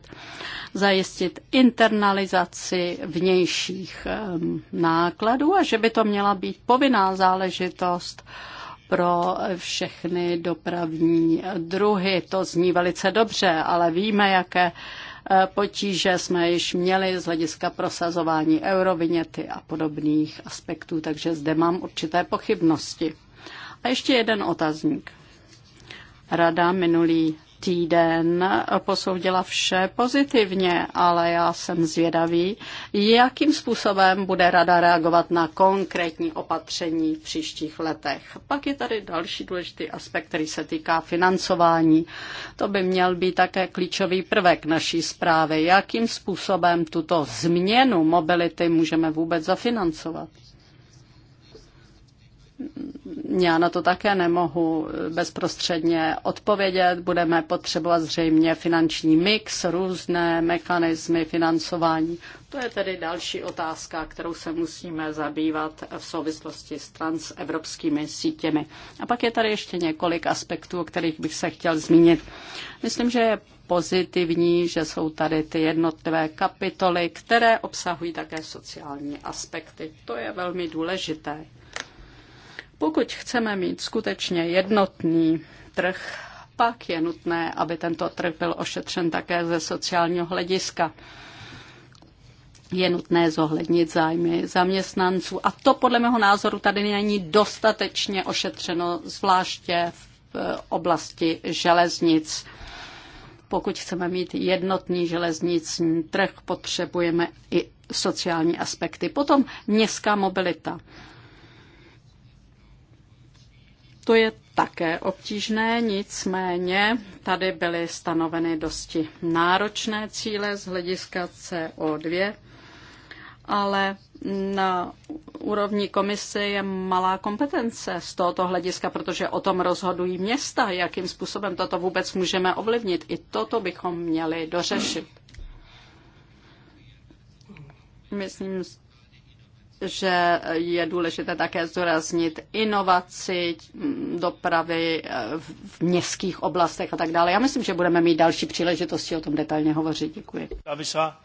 zajistit internalizaci vnějších nákladů a že by to měla být povinná záležitost pro všechny dopravní druhy. To zní velice dobře, ale víme, jaké eh, potíže jsme již měli z hlediska prosazování eurovinety a podobných aspektů, takže zde mám určité pochybnosti. A ještě jeden otazník. Rada minulý týden posoudila vše pozitivně, ale já jsem zvědavý, jakým způsobem bude rada reagovat na konkrétní opatření v příštích letech. Pak je tady další důležitý aspekt, který se týká financování. To by měl být také klíčový prvek naší zprávy. Jakým způsobem tuto změnu mobility můžeme vůbec zafinancovat? Já na to také nemohu bezprostředně odpovědět. Budeme potřebovat zřejmě finanční mix, různé mechanismy financování. To je tedy další otázka, kterou se musíme zabývat v souvislosti s transevropskými sítěmi. A pak je tady ještě několik aspektů, o kterých bych se chtěl zmínit. Myslím, že je pozitivní, že jsou tady ty jednotlivé kapitoly, které obsahují také sociální aspekty. To je velmi důležité. Pokud chceme mít skutečně jednotný trh, pak je nutné, aby tento trh byl ošetřen také ze sociálního hlediska. Je nutné zohlednit zájmy zaměstnanců a to podle mého názoru tady není dostatečně ošetřeno, zvláště v eh, oblasti železnic. Pokud chceme mít jednotný železniční trh, potřebujeme i sociální aspekty. Potom městská mobilita. To je také obtížné, nicméně tady byly stanoveny dosti náročné cíle z hlediska CO2, ale na úrovni komise je malá kompetence z tohoto hlediska, protože o tom rozhodují města, jakým způsobem toto vůbec můžeme ovlivnit. I toto bychom měli dořešit. Myslím, že je důležité také zdůraznit inovaci mm, dopravy eh, v městských oblastech a tak dále. Já myslím, že budeme mít další příležitosti o tom detailně hovořit. Děkuji. Savisa.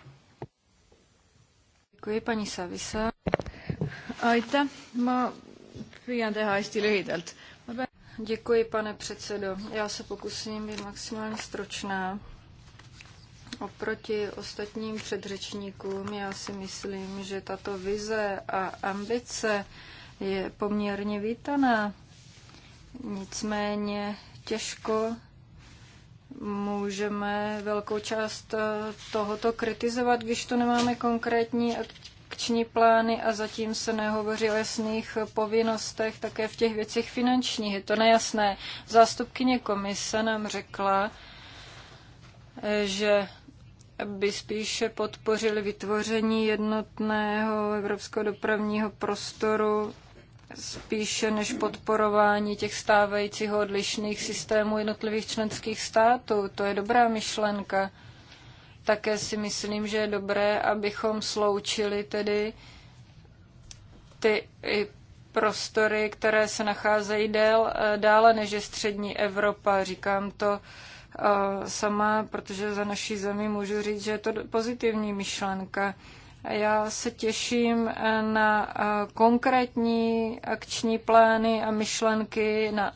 Děkuji, paní Savisa. Ajte, Ma püüan teha hästi Děkuji, pane předsedo. Já se pokusím být maximálně stročná. Oproti ostatním předřečníkům já si myslím, že tato vize a ambice je poměrně vítaná. Nicméně těžko můžeme velkou část tohoto kritizovat, když to nemáme konkrétní akční plány a zatím se nehovoří o jasných povinnostech také v těch věcech finančních. Je to nejasné. Zástupkyně komise nám řekla, že by spíše podpořili vytvoření jednotného evropského dopravního prostoru spíše než podporování těch stávajících odlišných systémů jednotlivých členských států. To je dobrá myšlenka. Také si myslím, že je dobré, abychom sloučili tedy ty prostory, které se nacházejí dál dále než je střední Evropa. Říkám to sama, protože za naší zemi můžu říct, že je to pozitivní myšlenka. Já se těším e, na e, konkrétní akční plány a myšlenky na,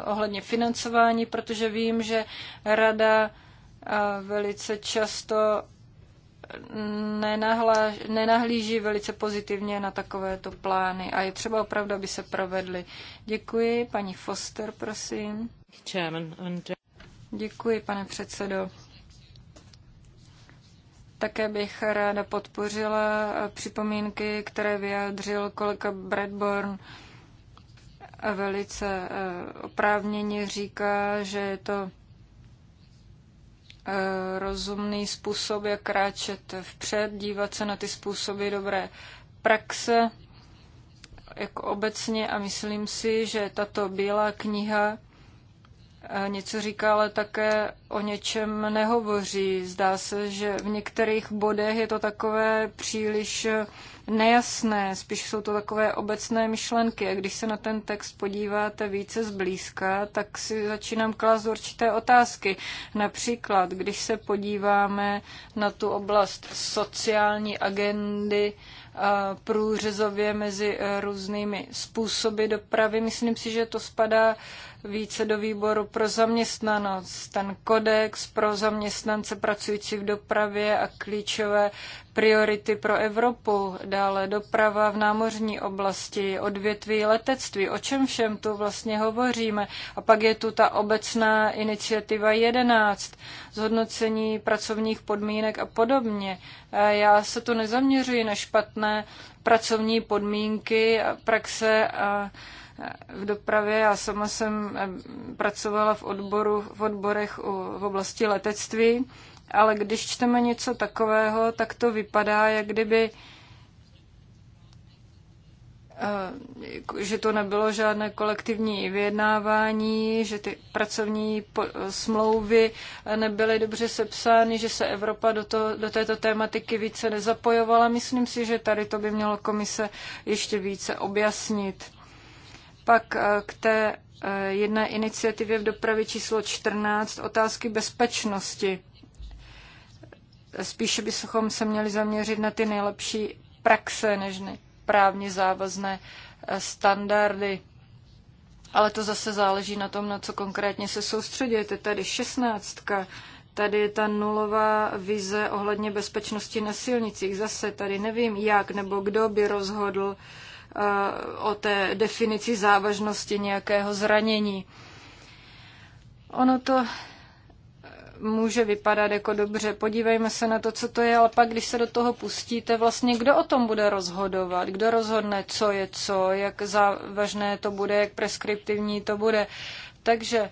e, ohledně financování, protože vím, že rada velice často nenahla, nenahlíží velice pozitivně na takovéto plány a je třeba opravdu, aby se provedly. Děkuji. Paní Foster, prosím. Chairman and... Děkuji, pane předsedo. Také bych ráda podpořila připomínky, které vyjádřil kolega Bradborn. Velice eh, oprávněně říká, že je to eh, rozumný způsob, jak kráčet vpřed, dívat se na ty způsoby dobré praxe, jako obecně a myslím si, že tato bílá kniha Eh, něco říká, ale také o něčem nehovoří. Zdá se, že v některých bodech je to takové příliš nejasné, spíš jsou to takové obecné myšlenky. A když se na ten text podíváte více zblízka, tak si začínám klást určité otázky. Například, když se podíváme na tu oblast sociální agendy, eh, průřezově mezi eh, různými způsoby dopravy. Myslím si, že to spadá více do výboru pro zaměstnanost, ten kodex pro zaměstnance pracující v dopravě a klíčové priority pro Evropu, dále doprava v námořní oblasti, odvětví letectví, o čem všem tu vlastně hovoříme. A pak je tu ta obecná iniciativa 11, zhodnocení pracovních podmínek a podobně. Já se tu nezaměřuji na špatné pracovní podmínky, praxe a v dopravě. Já sama jsem pracovala v, odboru, v odborech v oblasti letectví, ale když čteme něco takového, tak to vypadá, jak kdyby eh, že to nebylo žádné kolektivní vyjednávání, že ty pracovní smlouvy eh, nebyly dobře sepsány, že se Evropa do, to, do této tématiky více nezapojovala. Myslím si, že tady to by mělo komise ještě více objasnit. Pak eh, k té eh, jedné iniciativě v dopravě číslo 14 otázky bezpečnosti. Spíše bychom se měli zaměřit na ty nejlepší praxe než ne právně závazné eh, standardy. Ale to zase záleží na tom, na co konkrétně se soustředíte. Tady 16. Tady je ta nulová vize ohledně bezpečnosti na silnicích. Zase tady nevím, jak nebo kdo by rozhodl, uh, o té definici závažnosti nějakého zranění. Ono to může vypadat jako dobře, podívejme se na to, co to je, ale pak, když se do toho pustíte, vlastně kdo o tom bude rozhodovat, kdo rozhodne, co je co, jak závažné to bude, jak preskriptivní to bude. Takže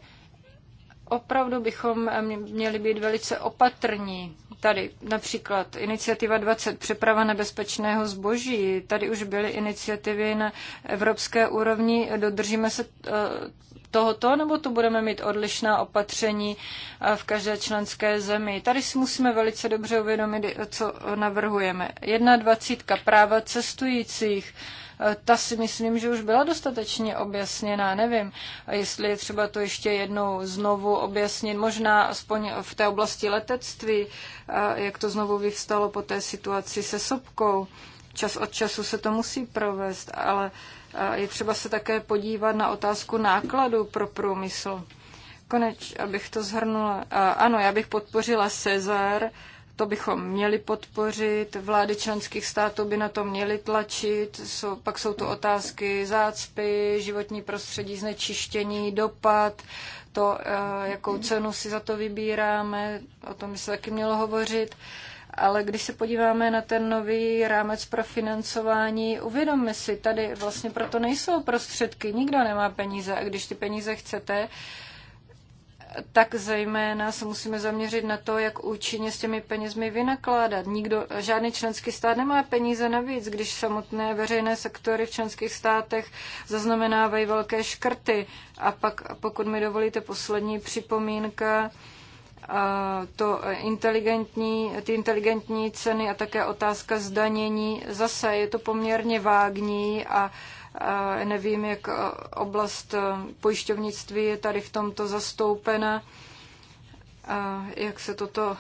opravdu bychom měli být velice opatrní Tady například iniciativa 20 přeprava nebezpečného zboží. Tady už byly iniciativy na evropské úrovni. Dodržíme se eh, tohoto, nebo to budeme mít odlišná opatření eh, v každé členské zemi. Tady si musíme velice dobře uvědomit, co navrhujeme. 21. práva cestujících Eh, ta si myslím, že už byla dostatečně objasněná. Nevím, jestli je třeba to ještě jednou znovu objasnit, možná aspoň v té oblasti letectví, eh, jak to znovu vyvstalo po té situaci se sopkou. Čas od času se to musí provést, ale eh, je třeba se také podívat na otázku nákladu pro průmysl. Koneč, abych to zhrnula. Ano, já bych podpořila Cezar, to bychom měli podpořit, vlády členských států by na to měly tlačit, jsou, pak jsou tu otázky zácpy, životní prostředí, znečištění, dopad, to, eh, jakou cenu si za to vybíráme, o tom by se taky mělo hovořit. Ale když se podíváme na ten nový rámec pro financování, uvědomme si, tady vlastně proto nejsou prostředky, nikdo nemá peníze a když ty peníze chcete, tak zejména se musíme zaměřit na to, jak účinně s těmi penězmi vynakládat. Nikdo, žádný členský stát nemá peníze navíc, když samotné veřejné sektory v členských státech zaznamenávají velké škrty. A pak, pokud mi dovolíte, poslední připomínka, to inteligentní, ty inteligentní ceny a také otázka zdanění. Zase je to poměrně vágní a nevím, jak oblast eh, pojišťovnictví je tady v tomto zastoupena, jak se toto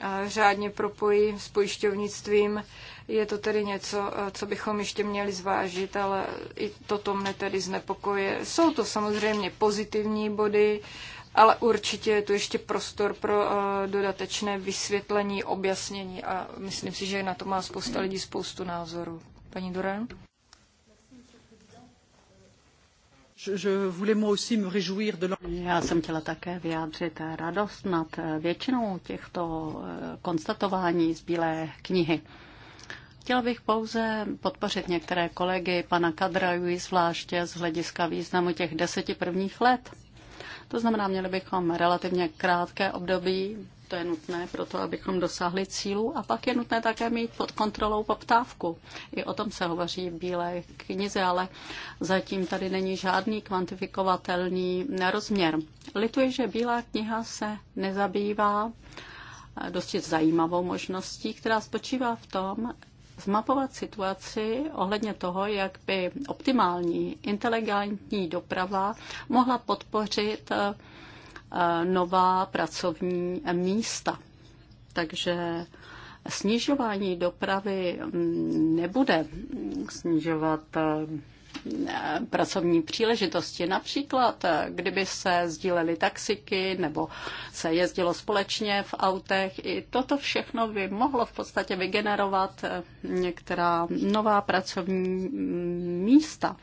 eh, řádně propojí s pojišťovnictvím. Je to tedy něco, eh, co bychom ještě měli zvážit, ale i toto mne tedy znepokoje. Jsou to samozřejmě pozitivní body, ale určitě je tu ještě prostor pro dodatečné vysvětlení, objasnění a myslím si, že na to má spousta lidí spoustu názorů. Paní Duran? Já jsem chtěla také vyjádřit radost nad eh, většinou těchto eh, konstatování z Bílé knihy. Chtěla bych pouze podpořit některé kolegy pana Kadrajuji, zvláště z hlediska významu těch deseti prvních let. To znamená, měli bychom relativně krátké období to je nutné pro to, abychom dosáhli cílů a pak je nutné také mít pod kontrolou poptávku. I o tom se hovoří v Bílé knize, ale zatím tady není žádný kvantifikovatelný rozměr. Lituji, že Bílá kniha se nezabývá eh, dosti zajímavou možností, která spočívá v tom, zmapovat situaci ohledně toho, jak by optimální inteligentní doprava mohla podpořit eh, Eh, nová pracovní místa. Takže snižování dopravy mm, nebude snižovat eh, pracovní příležitosti. Například, eh, kdyby se sdílely taxiky nebo se jezdilo společně v autech, i toto všechno by mohlo v podstatě vygenerovat některá nová pracovní mm, místa.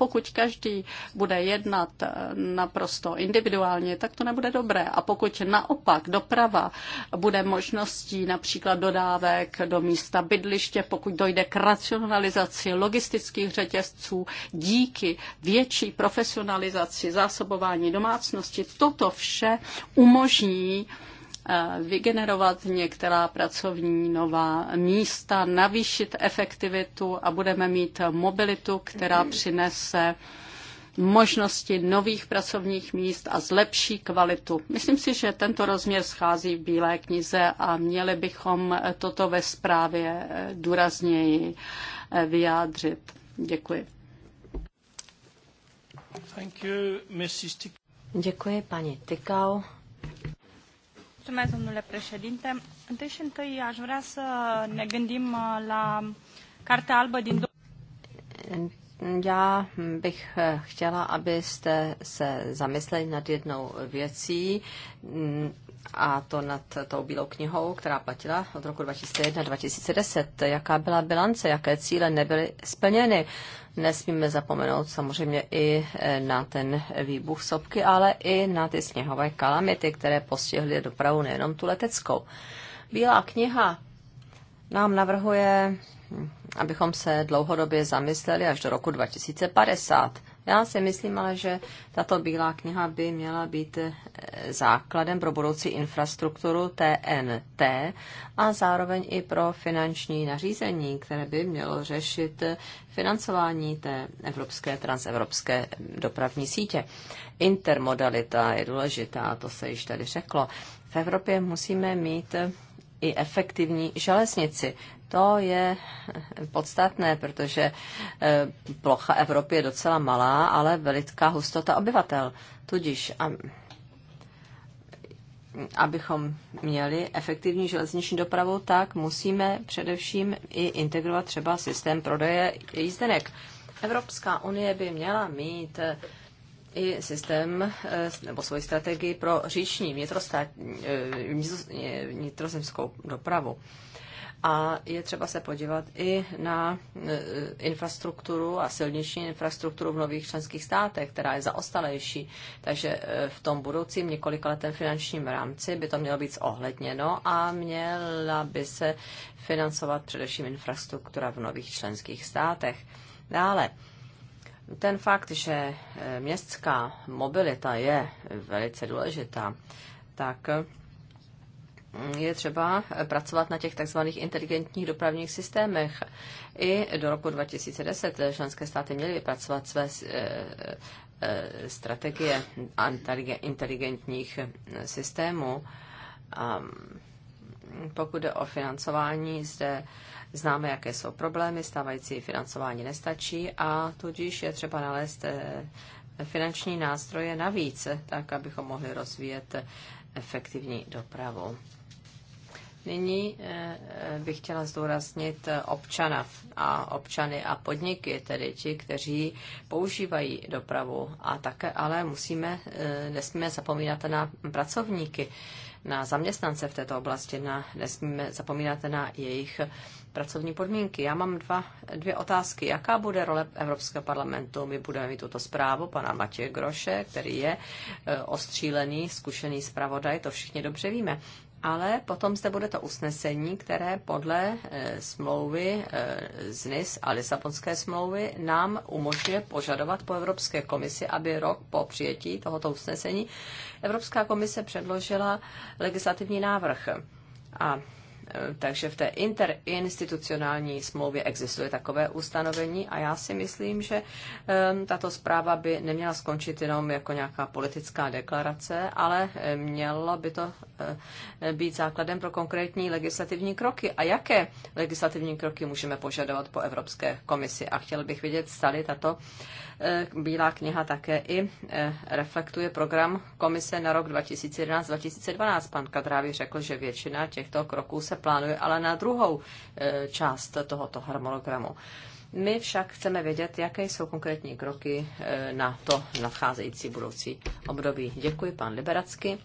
Pokud každý bude jednat eh, naprosto individuálně, tak to nebude dobré. A pokud naopak doprava bude možností například dodávek do místa bydliště, pokud dojde k racionalizaci logistických řetězců díky větší profesionalizaci zásobování domácnosti, toto vše umožní Eh, vygenerovat některá pracovní nová místa, navýšit efektivitu a budeme mít mobilitu, která přinese možnosti nových pracovních míst a zlepší kvalitu. Myslím si, že tento rozměr schází v Bílé knize a měli bychom toto ve zprávě eh, důrazněji eh, vyjádřit. Děkuji. Děkuji, paní Tykau. Mulțumesc, domnule președinte. Întâi și întâi aș vrea să ne gândim uh, la Cartea albă din... Já bych uh, chtěla, abyste se zamysleli nad jednou věcí, mm, a to nad tou bílou knihou, která platila od roku 2001-2010. Jaká byla bilance, jaké cíle nebyly splněny. Nesmíme zapomenout samozřejmě i eh, na ten výbuch sopky, ale i na ty sněhové kalamity, které postihly dopravu nejenom tu leteckou. Bílá kniha nám navrhuje, hm, abychom se dlouhodobě zamysleli až do roku 2050 já si myslím ale, že tato bílá kniha by měla být eh, základem pro budoucí infrastrukturu TNT a zároveň i pro finanční nařízení, které by mělo řešit eh, financování té evropské transevropské dopravní sítě. Intermodalita je důležitá, to se již tady řeklo. V Evropě musíme mít eh, i efektivní železnici. To je podstatné, protože eh, plocha Evropy je docela malá, ale veliká hustota obyvatel. Tudíž abychom měli efektivní železniční dopravu, tak musíme především i integrovat třeba systém prodeje jízdenek. Evropská unie by měla mít eh, i systém eh, nebo svoji strategii pro říční vnitrozemskou dopravu a je třeba se podívat i na e, infrastrukturu a silniční infrastrukturu v nových členských státech, která je zaostalejší. Takže e, v tom budoucím několikaletém finančním rámci by to mělo být zohledněno a měla by se financovat především infrastruktura v nových členských státech. Dále, ten fakt, že e, městská mobilita je velice důležitá, tak je třeba pracovat na těch takzvaných inteligentních dopravních systémech. I do roku 2010 členské státy měly vypracovat své eh, eh, strategie inteligentních eh, systémů. pokud jde o financování, zde známe, jaké jsou problémy, stávající financování nestačí a tudíž je třeba nalézt finanční nástroje navíc, tak abychom mohli rozvíjet efektivní dopravu. Nyní eh, eh, bych chtěla zdůraznit eh, občana a občany a podniky, tedy ti, kteří používají dopravu. A také ale musíme, nesmíme zapomínat na pracovníky, na zaměstnance v této oblasti, na, nesmíme zapomínat na jejich pracovní podmínky. Já mám dva, dvě otázky. Jaká bude role Evropského parlamentu? My budeme mít tuto zprávu pana Matěje Groše, který je ostřílený, zkušený zpravodaj, to všichni dobře víme ale potom zde bude to usnesení, které podle eh, smlouvy eh, z NIS a Lisabonské smlouvy nám umožňuje požadovat po Evropské komisi, aby rok po přijetí tohoto usnesení Evropská komise předložila legislativní návrh. A Eh, takže v té interinstitucionální smlouvě existuje takové ustanovení a já si myslím, že ehm, tato zpráva by neměla skončit jenom jako nějaká politická deklarace, ale eh, mělo by to eh, být základem pro konkrétní legislativní kroky. A jaké legislativní kroky můžeme požadovat po Evropské komisi? A chtěl bych vidět, stali tato Bílá kniha také i reflektuje program komise na rok 2011-2012. Pan Kadrávi řekl, že většina těchto kroků se plánuje, ale na druhou e, část tohoto harmonogramu. My však chceme vědět, jaké jsou konkrétní kroky e, na to nadcházející budoucí období. Děkuji, pan Liberacky.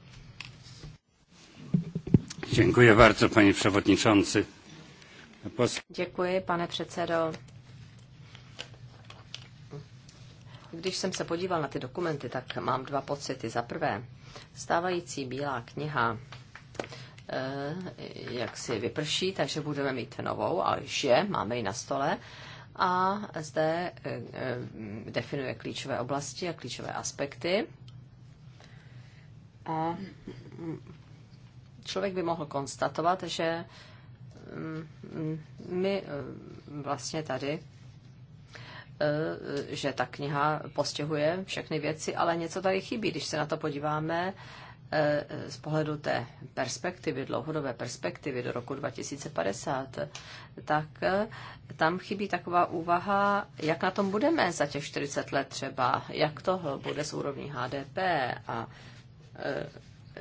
Děkuji bardzo, paní převodničanci. Pos... Děkuji, pane předsedo. Když jsem se podíval na ty dokumenty, tak mám dva pocity. Za prvé, stávající bílá kniha Eh, jak si vyprší, takže budeme mít novou, a je, máme ji na stole. A zde eh, definuje klíčové oblasti a klíčové aspekty. A člověk by mohl konstatovat, že mm, my eh, vlastně tady že ta kniha postihuje všechny věci, ale něco tady chybí. Když se na to podíváme Eh, eh, z pohledu té perspektivy, dlouhodobé perspektivy do roku 2050, tak eh, tam chybí taková úvaha, jak na tom budeme za těch 40 let třeba, jak to bude s úrovní HDP a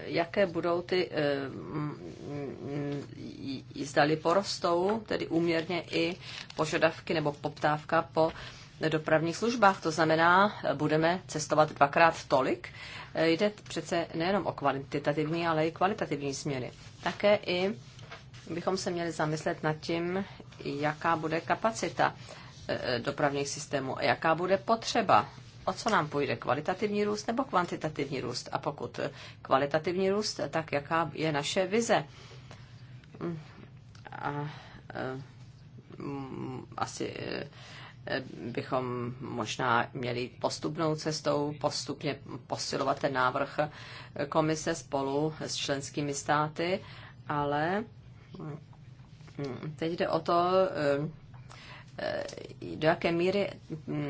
jaké budou ty, zdali porostou, tedy úměrně i požadavky nebo poptávka po dopravních službách. To znamená, budeme cestovat dvakrát tolik. Jde přece nejenom o kvantitativní, ale i kvalitativní změny. Také i bychom se měli zamyslet nad tím, jaká bude kapacita eh, dopravních systémů, jaká bude potřeba, o co nám půjde, kvalitativní růst nebo kvantitativní růst. A pokud kvalitativní růst, tak jaká je naše vize. Mm, a, eh, mm, asi eh, bychom možná měli postupnou cestou postupně posilovat ten návrh komise spolu s členskými státy, ale mm, teď jde o to, e, e, do jaké míry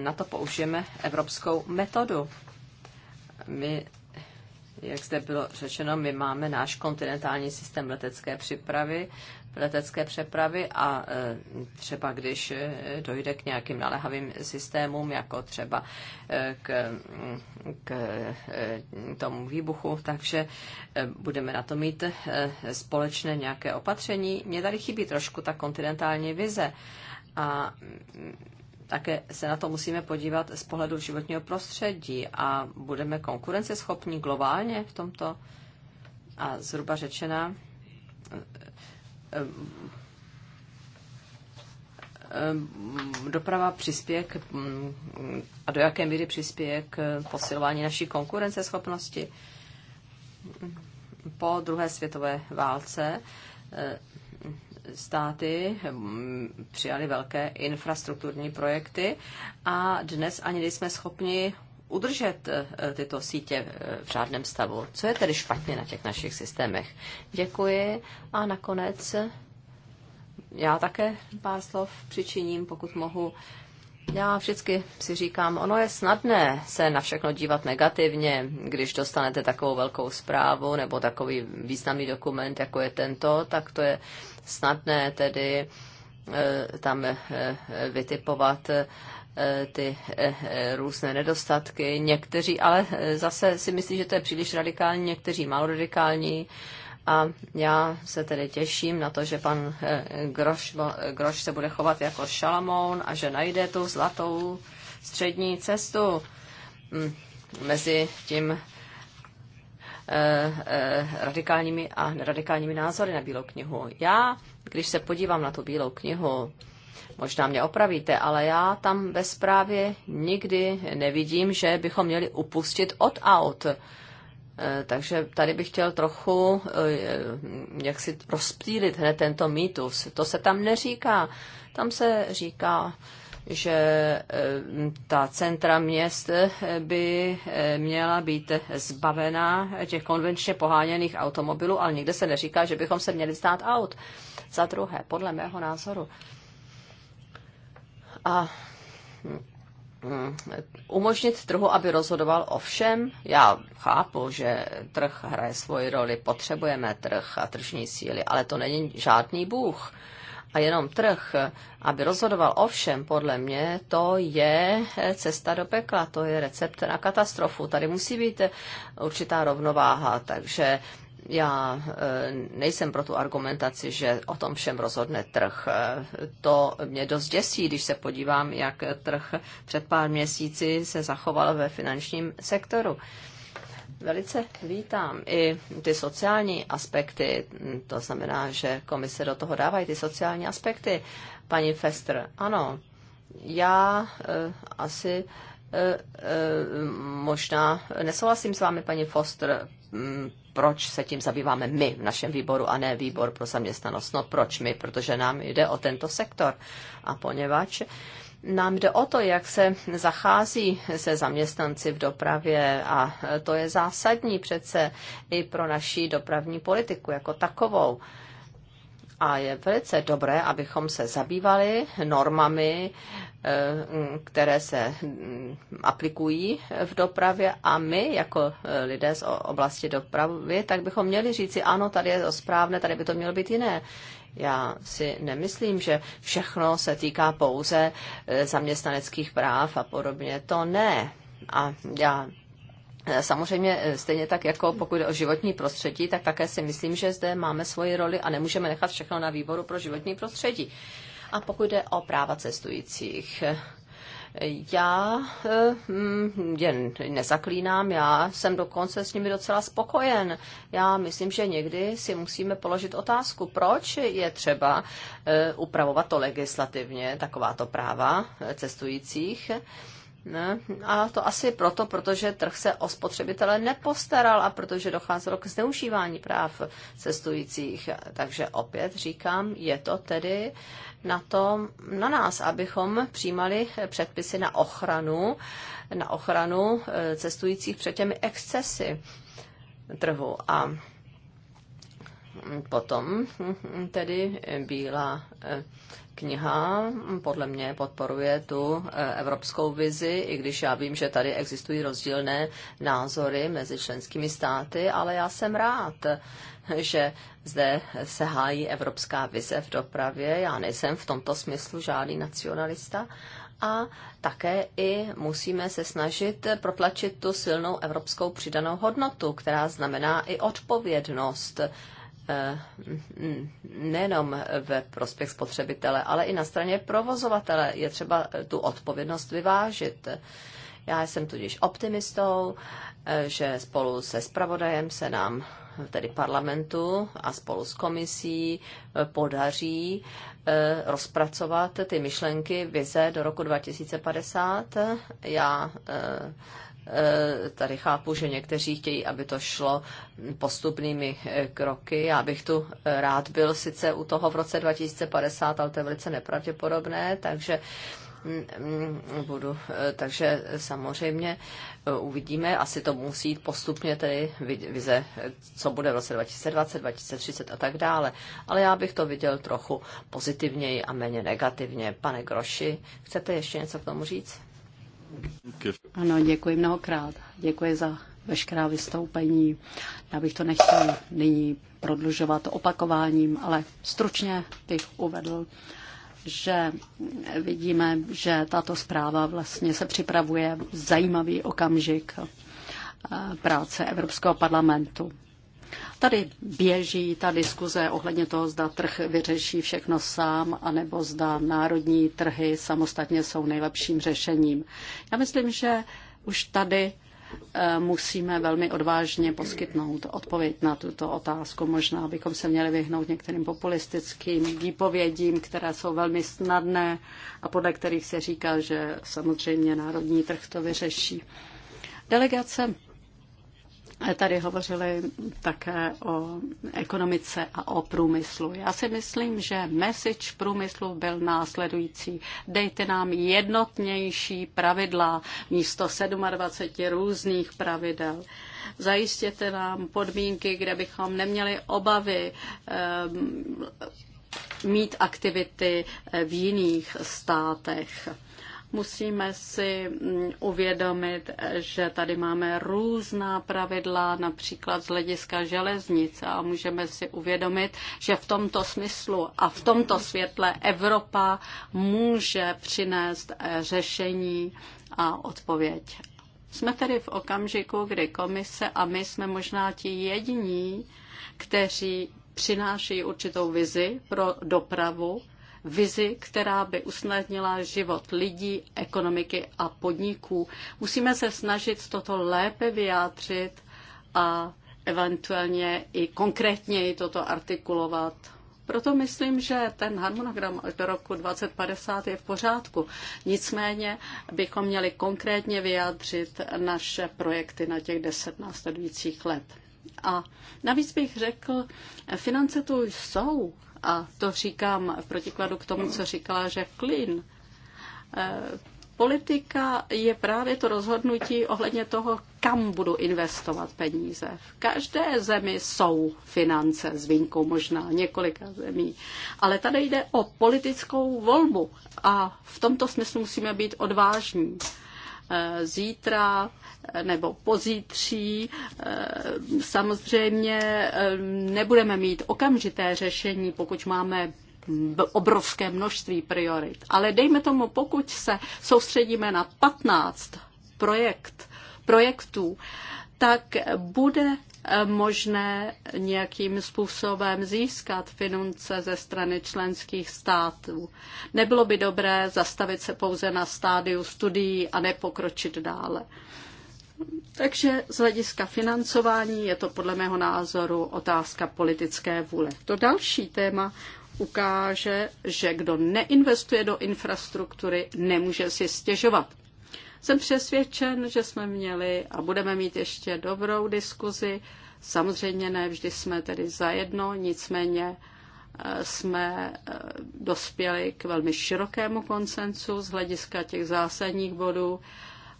na to použijeme evropskou metodu. My, jak zde bylo řečeno, my máme náš kontinentální systém letecké přípravy, letecké přepravy a e, třeba když e, dojde k nějakým naléhavým systémům, jako třeba e, k, k tomu výbuchu, takže budeme na to mít společné nějaké opatření. Mně tady chybí trošku ta kontinentální vize a také se na to musíme podívat z pohledu životního prostředí a budeme konkurenceschopní globálně v tomto a zhruba řečená. Ehm, ehm, doprava přispěje k, mm, a do jaké míry přispěje k posilování naší konkurenceschopnosti. Po druhé světové válce ehm, státy přijali velké infrastrukturní projekty a dnes ani nejsme schopni udržet eh, tyto sítě eh, v řádném stavu. Co je tedy špatně na těch našich systémech? Děkuji a nakonec já také pár slov přičiním, pokud mohu. Já vždycky si říkám, ono je snadné se na všechno dívat negativně, když dostanete takovou velkou zprávu nebo takový významný dokument, jako je tento, tak to je snadné tedy eh, tam vytipovat Eh, ty eh, eh, různé nedostatky. Někteří, ale zase si myslí, že to je příliš radikální, někteří málo radikální. A já se tedy těším na to, že pan Groš, Groš se bude chovat jako Šalamoun a že najde tu zlatou střední cestu hm, mezi tím radikálními a neradikálními názory na Bílou knihu. Já, když se podívám na tu Bílou knihu, Možná mě opravíte, ale já tam ve zprávě nikdy nevidím, že bychom měli upustit od aut. Eh, takže tady bych chtěl trochu eh, jak si rozptýlit hned tento mýtus. To se tam neříká. Tam se říká, že eh, ta centra měst by měla být zbavená těch konvenčně poháněných automobilů, ale nikde se neříká, že bychom se měli stát aut. Za druhé, podle mého názoru, a mm, umožnit trhu, aby rozhodoval o všem. Já chápu, že trh hraje svoji roli, potřebujeme trh a tržní síly, ale to není žádný bůh. A jenom trh, aby rozhodoval o všem, podle mě, to je cesta do pekla, to je recept na katastrofu. Tady musí být určitá rovnováha, takže já eh, nejsem pro tu argumentaci, že o tom všem rozhodne trh. Eh, to mě dost děsí, když se podívám, jak trh před pár měsíci se zachoval ve finančním sektoru. Velice vítám i ty sociální aspekty, to znamená, že komise do toho dávají ty sociální aspekty. Paní Fester, ano, já eh, asi možná nesouhlasím s vámi, paní Foster, mm, proč se tím zabýváme my v našem výboru a ne výbor pro zaměstnanost. No proč my? Protože nám jde o tento sektor. A poněvadž nám jde o to, jak se zachází se zaměstnanci v dopravě a to je zásadní přece i pro naší dopravní politiku jako takovou. A je velice dobré, abychom se zabývali normami, eh, které se mm, aplikují v dopravě a my jako eh, lidé z oblasti dopravy, tak bychom měli říci, ano, tady je to správné, tady by to mělo být jiné. Já si nemyslím, že všechno se týká pouze eh, zaměstnaneckých práv a podobně. To ne. A já Eh, samozřejmě eh, stejně tak, jako pokud jde o životní prostředí, tak také si myslím, že zde máme svoji roli a nemůžeme nechat všechno na výboru pro životní prostředí. A pokud jde o práva cestujících, eh, já mm, je nezaklínám, já jsem dokonce s nimi docela spokojen. Já myslím, že někdy si musíme položit otázku, proč je třeba upravovat to legislativně, takováto práva cestujících ne? A to asi proto, protože trh se o spotřebitele nepostaral a protože docházelo k zneužívání práv cestujících. Takže opět říkám, je to tedy na, tom, na nás, abychom přijímali předpisy na ochranu, na ochranu e, cestujících před těmi excesy trhu. A potom tedy Bílá eh, kniha podle mě podporuje tu eh, evropskou vizi, i když já vím, že tady existují rozdílné názory mezi členskými státy, ale já jsem rád, že zde se hájí evropská vize v dopravě. Já nejsem v tomto smyslu žádný nacionalista, a také i musíme se snažit protlačit tu silnou evropskou přidanou hodnotu, která znamená i odpovědnost Eh, mm, nejenom ve prospěch spotřebitele, ale i na straně provozovatele. Je třeba eh, tu odpovědnost vyvážit. Já jsem tudíž optimistou, eh, že spolu se spravodajem se nám tedy parlamentu a spolu s komisí podaří rozpracovat ty myšlenky vize do roku 2050. Já Eh, tady chápu, že někteří chtějí, aby to šlo postupnými eh, kroky. Já bych tu eh, rád byl sice u toho v roce 2050, ale to je velice nepravděpodobné, takže mm, mm, budu. Takže samozřejmě uvidíme, asi to musí jít postupně tedy vize, co bude v roce 2020, 2030 a tak dále. Ale já bych to viděl trochu pozitivněji a méně negativně. Pane Groši, chcete ještě něco k tomu říct? Ano, děkuji mnohokrát. Děkuji za veškerá vystoupení. Já bych to nechtěl nyní prodlužovat opakováním, ale stručně bych uvedl, že vidíme, že tato zpráva vlastně se připravuje v zajímavý okamžik eh, práce Evropského parlamentu. Tady běží ta diskuze ohledně toho, zda trh vyřeší všechno sám, anebo zda národní trhy samostatně jsou nejlepším řešením. Já myslím, že už tady eh, musíme velmi odvážně poskytnout odpověď na tuto otázku. Možná bychom se měli vyhnout některým populistickým výpovědím, které jsou velmi snadné a podle kterých se říká, že samozřejmě národní trh to vyřeší. Delegace Tady hovořili také o ekonomice a o průmyslu. Já si myslím, že message průmyslu byl následující. Dejte nám jednotnější pravidla místo 27 různých pravidel. Zajistěte nám podmínky, kde bychom neměli obavy ehm, mít aktivity v jiných státech. Musíme si mm, uvědomit, že tady máme různá pravidla, například z hlediska železnice a můžeme si uvědomit, že v tomto smyslu a v tomto světle Evropa může přinést eh, řešení a odpověď. Jsme tedy v okamžiku, kdy komise a my jsme možná ti jediní, kteří přináší určitou vizi pro dopravu vizi, která by usnadnila život lidí, ekonomiky a podniků. Musíme se snažit toto lépe vyjádřit a eventuálně i konkrétněji toto artikulovat. Proto myslím, že ten harmonogram do roku 2050 je v pořádku. Nicméně bychom měli konkrétně vyjádřit naše projekty na těch deset následujících let. A navíc bych řekl, finance tu jsou, a to říkám v protikladu k tomu, co říkala Jacqueline, e, politika je právě to rozhodnutí ohledně toho, kam budu investovat peníze. V každé zemi jsou finance, s výjimkou možná několika zemí, ale tady jde o politickou volbu a v tomto smyslu musíme být odvážní. E, zítra nebo pozítří. Eh, samozřejmě eh, nebudeme mít okamžité řešení, pokud máme obrovské množství priorit. Ale dejme tomu, pokud se soustředíme na 15 projekt, projektů, tak bude eh, možné nějakým způsobem získat finance ze strany členských států. Nebylo by dobré zastavit se pouze na stádiu studií a nepokročit dále. Takže z hlediska financování je to podle mého názoru otázka politické vůle. To další téma ukáže, že kdo neinvestuje do infrastruktury, nemůže si stěžovat. Jsem přesvědčen, že jsme měli a budeme mít ještě dobrou diskuzi. Samozřejmě ne vždy jsme tedy zajedno, nicméně eh, jsme eh, dospěli k velmi širokému koncensu z hlediska těch zásadních bodů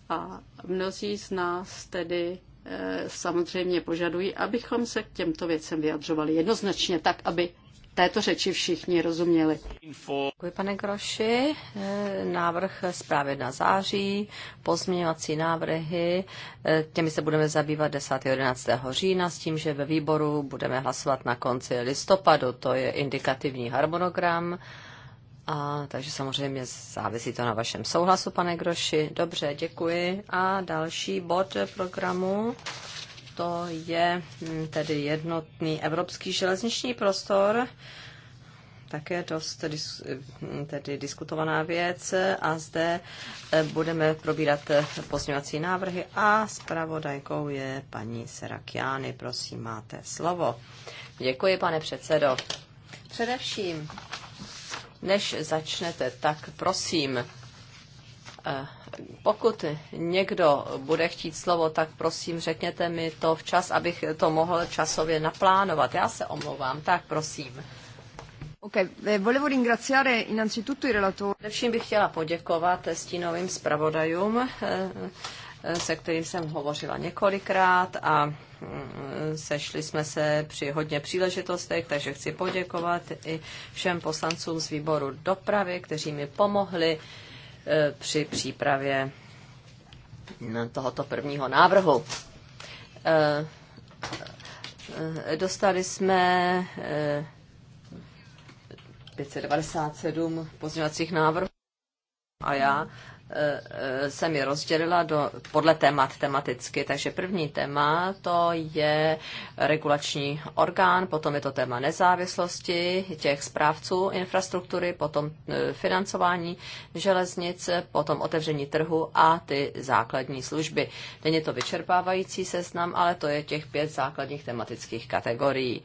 a mnozí z nás tedy eh, samozřejmě požadují, abychom se k těmto věcem vyjadřovali jednoznačně tak, aby této řeči všichni rozuměli. Děkuji, pane Groši. Eh, návrh zprávy na září, pozměňovací návrhy, eh, těmi se budeme zabývat 10. 11. října s tím, že ve výboru budeme hlasovat na konci listopadu. To je indikativní harmonogram. A takže samozřejmě závisí to na vašem souhlasu, pane Groši. Dobře, děkuji. A další bod programu, to je hm, tedy jednotný evropský železniční prostor. Také dost hm, tedy diskutovaná věc a zde eh, budeme probírat eh, pozměňovací návrhy a zpravodajkou je paní Serakiány. Prosím, máte slovo. Děkuji, pane předsedo. Především než začnete, tak prosím, eh, pokud někdo bude chtít slovo, tak prosím, řekněte mi to včas, abych to mohl časově naplánovat. Já se omlouvám, tak prosím. Ok, eh, volevo ringraziare innanzitutto i relatori. Především bych chtěla poděkovat stínovým zpravodajům, eh, se kterým jsem hovořila několikrát a sešli jsme se při hodně příležitostech, takže chci poděkovat i všem poslancům z výboru dopravy, kteří mi pomohli e, při přípravě tohoto prvního návrhu. E, e, dostali jsme 597 pozměňovacích návrhů a já jsem eh, je rozdělila do, podle témat tematicky. Takže první téma to je regulační orgán, potom je to téma nezávislosti těch správců infrastruktury, potom eh, financování železnic, potom otevření trhu a ty základní služby. Není to vyčerpávající seznam, ale to je těch pět základních tematických kategorií.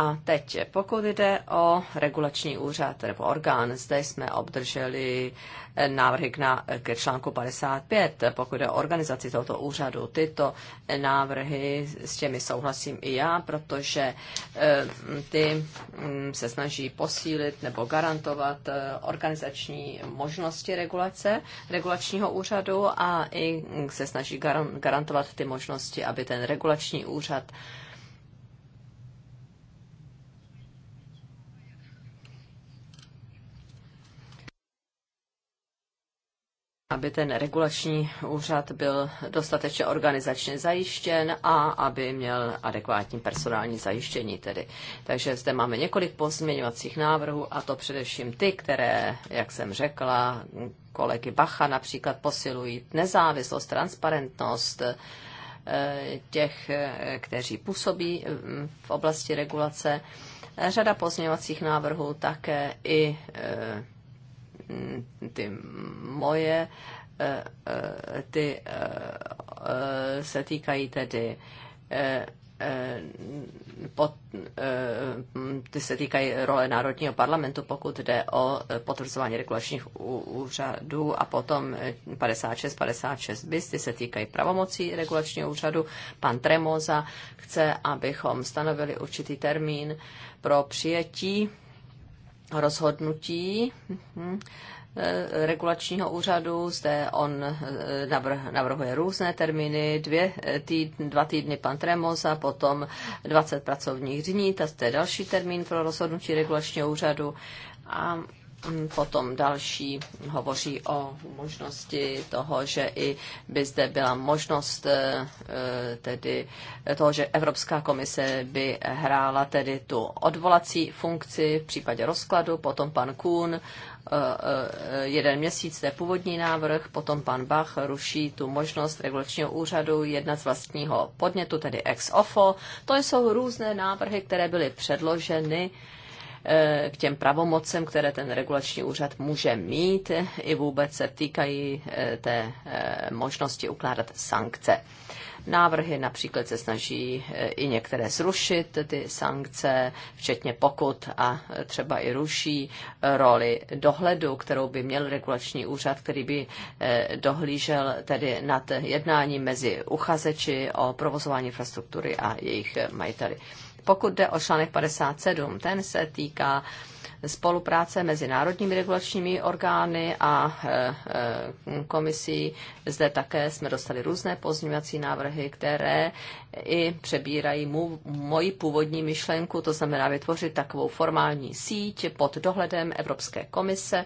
A teď, pokud jde o regulační úřad nebo orgán, zde jsme obdrželi eh, návrhy k, na, k článku 55. Pokud jde o organizaci tohoto úřadu, tyto návrhy s těmi souhlasím i já, protože eh, ty mm, se snaží posílit nebo garantovat eh, organizační možnosti regulace regulačního úřadu a i se snaží garantovat ty možnosti, aby ten regulační úřad aby ten regulační úřad byl dostatečně organizačně zajištěn a aby měl adekvátní personální zajištění tedy. Takže zde máme několik pozměňovacích návrhů a to především ty, které, jak jsem řekla, kolegy Bacha například posilují nezávislost, transparentnost eh, těch, eh, kteří působí mm, v oblasti regulace. Řada pozměňovacích návrhů také i eh, ty moje eh, eh, ty eh, se týkají tedy pod, ty se týkají role Národního parlamentu, pokud jde o potvrzování regulačních úřadů a potom 56, 56 bis, ty se týkají pravomocí regulačního úřadu. Pan Tremoza chce, abychom stanovili určitý termín pro přijetí rozhodnutí mhm, eh, regulačního úřadu. Zde on eh, navrhuje různé termíny, dvě eh, týdny, dva týdny pan Tremosa, potom 20 pracovních dní, to je další termín pro rozhodnutí regulačního úřadu. A Mm, potom další hovoří o možnosti toho, že i by zde byla možnost eh, eh, tedy toho, že Evropská komise by hrála tedy tu odvolací funkci v případě rozkladu, potom pan Kuhn eh, jeden měsíc, to je původní návrh, potom pan Bach ruší tu možnost regulačního úřadu jednat z vlastního podnětu, tedy ex ofo. To jsou různé návrhy, které byly předloženy Eh, k těm pravomocem, které ten regulační úřad může mít, i vůbec se týkají eh, té eh, možnosti ukládat sankce. Návrhy například se snaží i některé zrušit ty sankce, včetně pokut a třeba i ruší roli dohledu, kterou by měl regulační úřad, který by dohlížel tedy nad jednáním mezi uchazeči o provozování infrastruktury a jejich majiteli. Pokud jde o článek 57, ten se týká spolupráce mezi národními regulačními orgány a e, e, komisí. Zde také jsme dostali různé pozměňovací návrhy, které i přebírají mu, moji původní myšlenku, to znamená vytvořit takovou formální síť pod dohledem Evropské komise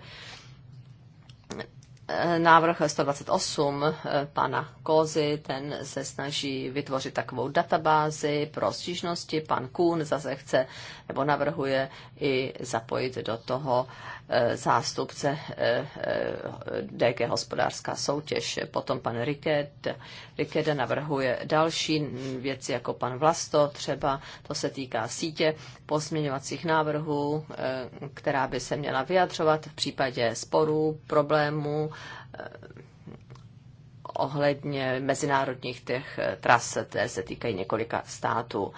návrh 128 eh, pana Kozy, ten se snaží vytvořit takovou databázi pro stížnosti. Pan Kuhn zase chce nebo navrhuje i zapojit do toho eh, zástupce eh, DG hospodářská soutěž. Potom pan Riked, navrhuje další věci jako pan Vlasto, třeba to se týká sítě pozměňovacích návrhů, která by se měla vyjadřovat v případě sporů, problémů, Eh, ohledně mezinárodních těch eh, tras, které se týkají několika států.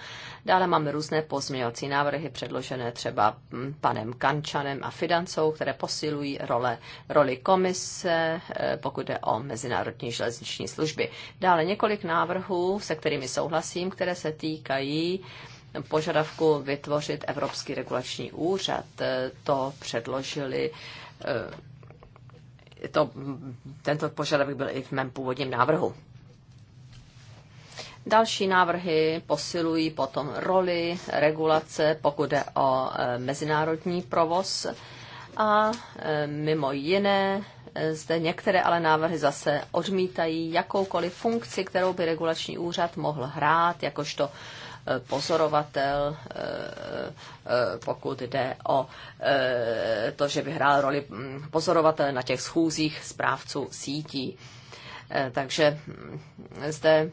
Dále máme různé pozměňovací návrhy předložené třeba mm, panem Kančanem a Fidancou, které posilují role, roli komise, eh, pokud jde o mezinárodní železniční služby. Dále několik návrhů, se kterými souhlasím, které se týkají požadavku vytvořit Evropský regulační úřad. To předložili to, tento požadavek byl i v mém původním návrhu. Další návrhy posilují potom roli regulace, pokud jde o e, mezinárodní provoz. A e, mimo jiné, e, zde některé ale návrhy zase odmítají jakoukoliv funkci, kterou by regulační úřad mohl hrát, jakožto pozorovatel, eh, eh, pokud jde o eh, to, že by hrál roli mm, pozorovatel na těch schůzích zprávců sítí. Takže mm, zde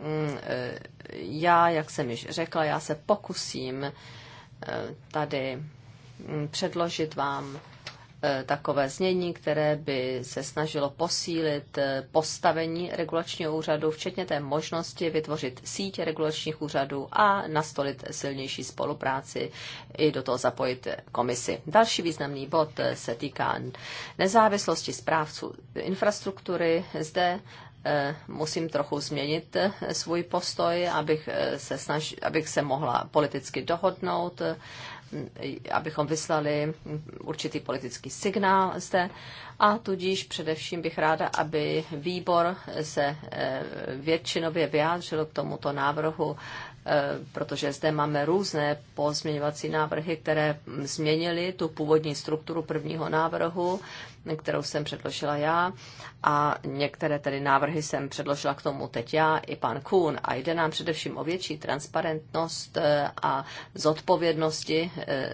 mm, já, jak jsem již řekla, já se pokusím tady předložit vám E, takové znění, které by se snažilo posílit e, postavení regulačního úřadu, včetně té možnosti vytvořit síť regulačních úřadů a nastolit silnější spolupráci i do toho zapojit komisi. Další významný bod e, se týká nezávislosti správců infrastruktury. Zde musím trochu změnit svůj postoj, abych se, snaž, abych se mohla politicky dohodnout abychom vyslali určitý politický signál zde a tudíž především bych ráda, aby výbor se eh, většinově vyjádřil k tomuto návrhu Eh, protože zde máme různé pozměňovací návrhy, které změnily tu původní strukturu prvního návrhu, kterou jsem předložila já a některé tedy návrhy jsem předložila k tomu teď já i pan Kuhn a jde nám především o větší transparentnost eh, a zodpovědnosti eh,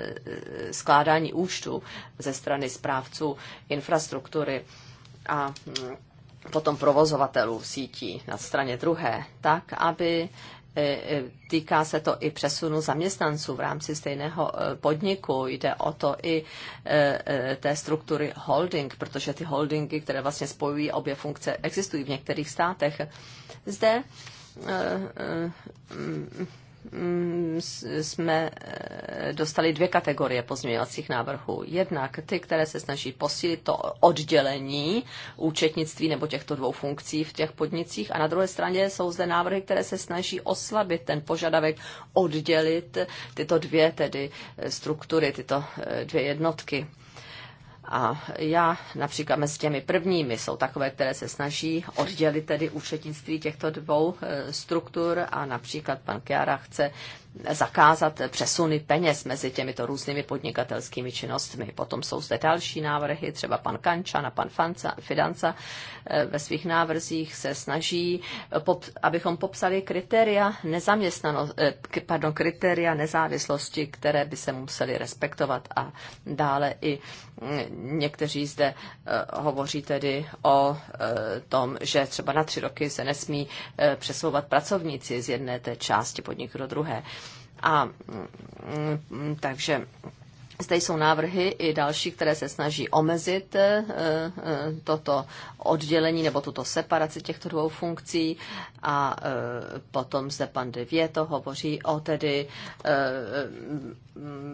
skládání účtu ze strany správců infrastruktury a mm, potom provozovatelů sítí na straně druhé, tak, aby E, e, týká se to i přesunu zaměstnanců v rámci stejného e, podniku. Jde o to i té struktury holding, protože ty holdingy, které vlastně spojují obě funkce, existují v některých státech. Zde Mm, jsme eh, dostali dvě kategorie pozměňovacích návrhů. Jednak ty, které se snaží posílit to oddělení účetnictví nebo těchto dvou funkcí v těch podnicích a na druhé straně jsou zde návrhy, které se snaží oslabit ten požadavek oddělit tyto dvě tedy eh, struktury, tyto eh, dvě jednotky. A já například mezi těmi prvními jsou takové, které se snaží oddělit tedy účetnictví těchto dvou eh, struktur a například pan Kiara chce zakázat přesuny peněz mezi těmito různými podnikatelskými činnostmi. Potom jsou zde další návrhy, třeba pan Kančan a pan Fanca, Fidanca eh, ve svých návrzích se snaží, abychom popsali kritéria, eh, pardon, kritéria nezávislosti, které by se museli respektovat a dále i mm, někteří zde eh, hovoří tedy o tom, že třeba na tři roky se nesmí přesouvat pracovníci z jedné té části podniku do druhé. A mm, takže zde jsou návrhy i další, které se snaží omezit eh, eh, toto oddělení nebo tuto separaci těchto dvou funkcí a e, potom zde pan Devěto hovoří o tedy e,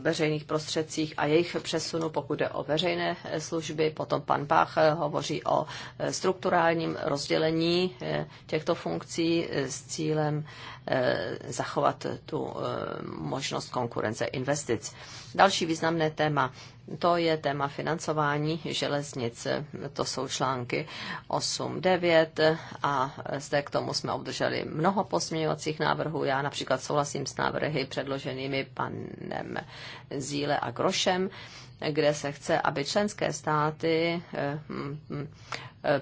veřejných prostředcích a jejich přesunu, pokud jde o veřejné e, služby. Potom pan Bach hovoří o strukturálním rozdělení těchto funkcí s cílem zachovat tu možnost konkurence investic. Další významné téma to je téma financování železnic. To jsou články 8, 9 a zde k tomu jsme obdrželi mnoho pozměňovacích návrhů. Já například souhlasím s návrhy předloženými panem Zíle a Grošem, kde se chce, aby členské státy eh, hm, hm,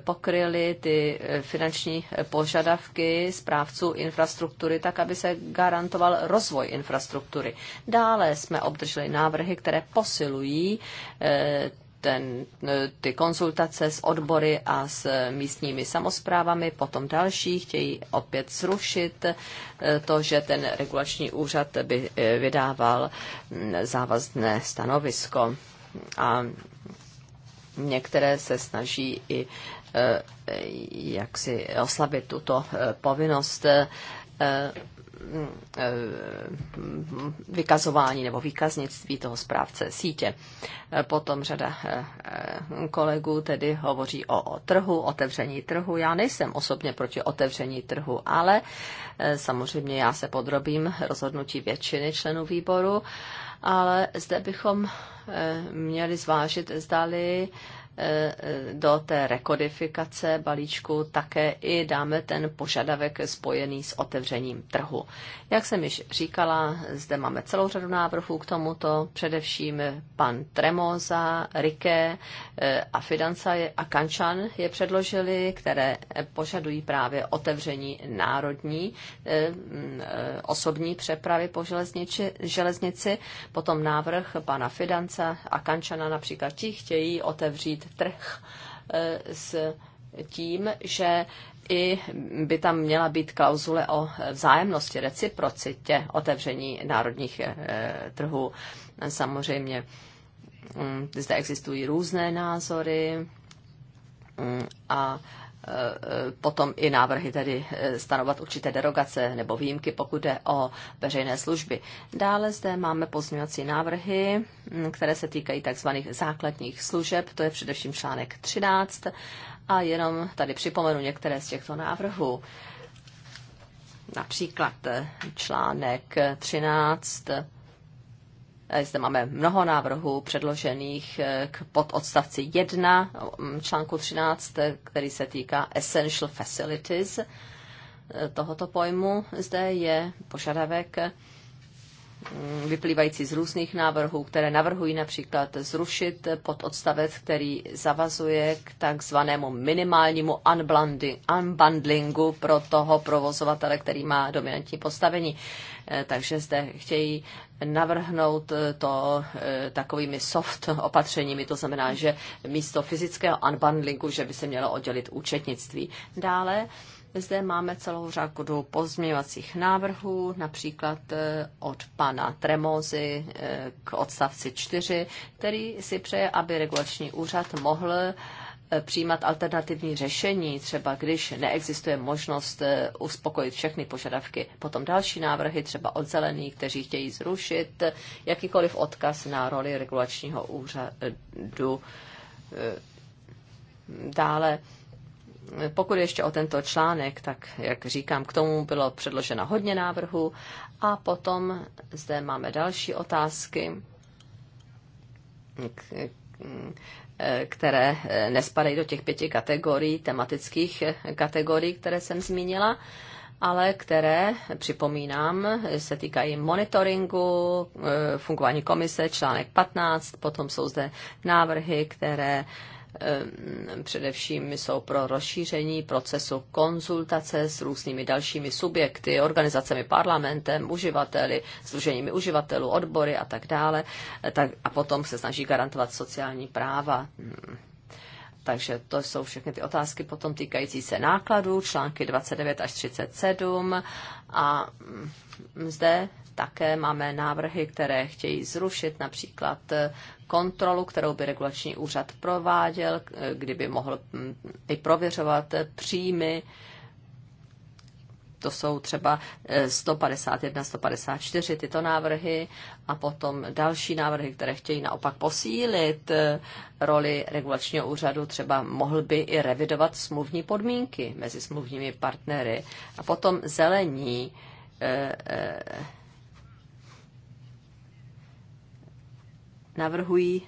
pokryly ty eh, finanční požadavky zprávců infrastruktury, tak aby se garantoval rozvoj infrastruktury. Dále jsme obdrželi návrhy, které posilují eh, ten, eh, ty konzultace s odbory a s místními samozprávami. Potom další chtějí opět zrušit to, že ten regulační úřad by vydával mm, závazné stanovisko. A některé se snaží i eh, jak si oslabit tuto eh, povinnost eh, Eh, vykazování nebo výkaznictví toho správce sítě. Eh, potom řada eh, kolegů tedy hovoří o, o trhu, otevření trhu. Já nejsem osobně proti otevření trhu, ale samozřejmě já se podrobím rozhodnutí většiny členů výboru, ale zde bychom měli zvážit, zdali E, e, do té rekodifikace balíčku také i dáme ten požadavek spojený s otevřením trhu. Jak jsem již říkala, zde máme celou řadu návrhů k tomuto, především pan Tremoza, Rike e, a Fidanza a Kančan je předložili, které požadují právě otevření národní osobní přepravy po železnici, potom návrh pana Fidanza a Kančana například ti chtějí otevřít trh e, s tím, že i by tam měla být klauzule o vzájemnosti, reciprocitě otevření národních e, trhů. Samozřejmě mm, zde existují různé názory mm, a potom i návrhy tedy eh, stanovat určité derogace nebo výjimky, pokud jde o veřejné služby. Dále zde máme pozměňovací návrhy, mm, které se týkají tzv. základních služeb, to je především článek 13. A jenom tady připomenu některé z těchto návrhů. Například eh, článek 13 Eh, zde máme mnoho návrhů předložených eh, k pododstavci 1 mm, článku 13, eh, který se týká essential facilities tohoto pojmu. Zde je požadavek vyplývající z různých návrhů, které navrhují například zrušit pododstavec, který zavazuje k takzvanému minimálnímu unbundlingu pro toho provozovatele, který má dominantní postavení. Takže zde chtějí navrhnout eh, to eh, takovými soft opatřeními, to znamená, že místo fyzického unbundlingu, že by se mělo oddělit účetnictví. Dále zde máme celou řadu pozměňovacích návrhů, například eh, od pana Tremozy k odstavci 4, který si přeje, aby regulační úřad mohl Eh, přijímat alternativní řešení, třeba když neexistuje možnost eh, uspokojit všechny požadavky. Potom další návrhy, třeba od zelených, kteří chtějí zrušit eh, jakýkoliv odkaz na roli regulačního úřadu. Dále pokud ještě o tento článek, tak jak říkám, k tomu bylo předloženo hodně návrhů. A potom zde máme další otázky, Eh, které eh, nespadají do těch pěti kategorií, tematických eh, kategorií, které jsem zmínila, ale které, připomínám, se týkají monitoringu, fungování komise, článek 15, potom jsou zde návrhy, které Ehm, především jsou pro rozšíření procesu konzultace s různými dalšími subjekty, organizacemi, parlamentem, uživateli, služeními uživatelů, odbory a tak dále. E, tak, a potom se snaží garantovat sociální práva. Hmm. Takže to jsou všechny ty otázky potom týkající se nákladů, články 29 až 37. A mm, zde také máme návrhy, které chtějí zrušit například eh, kontrolu, kterou by regulační úřad prováděl, eh, kdyby mohl mm, i prověřovat eh, příjmy. To jsou třeba 151, 154 tyto návrhy a potom další návrhy, které chtějí naopak posílit roli regulačního úřadu, třeba mohl by i revidovat smluvní podmínky mezi smluvními partnery. A potom zelení, navrhují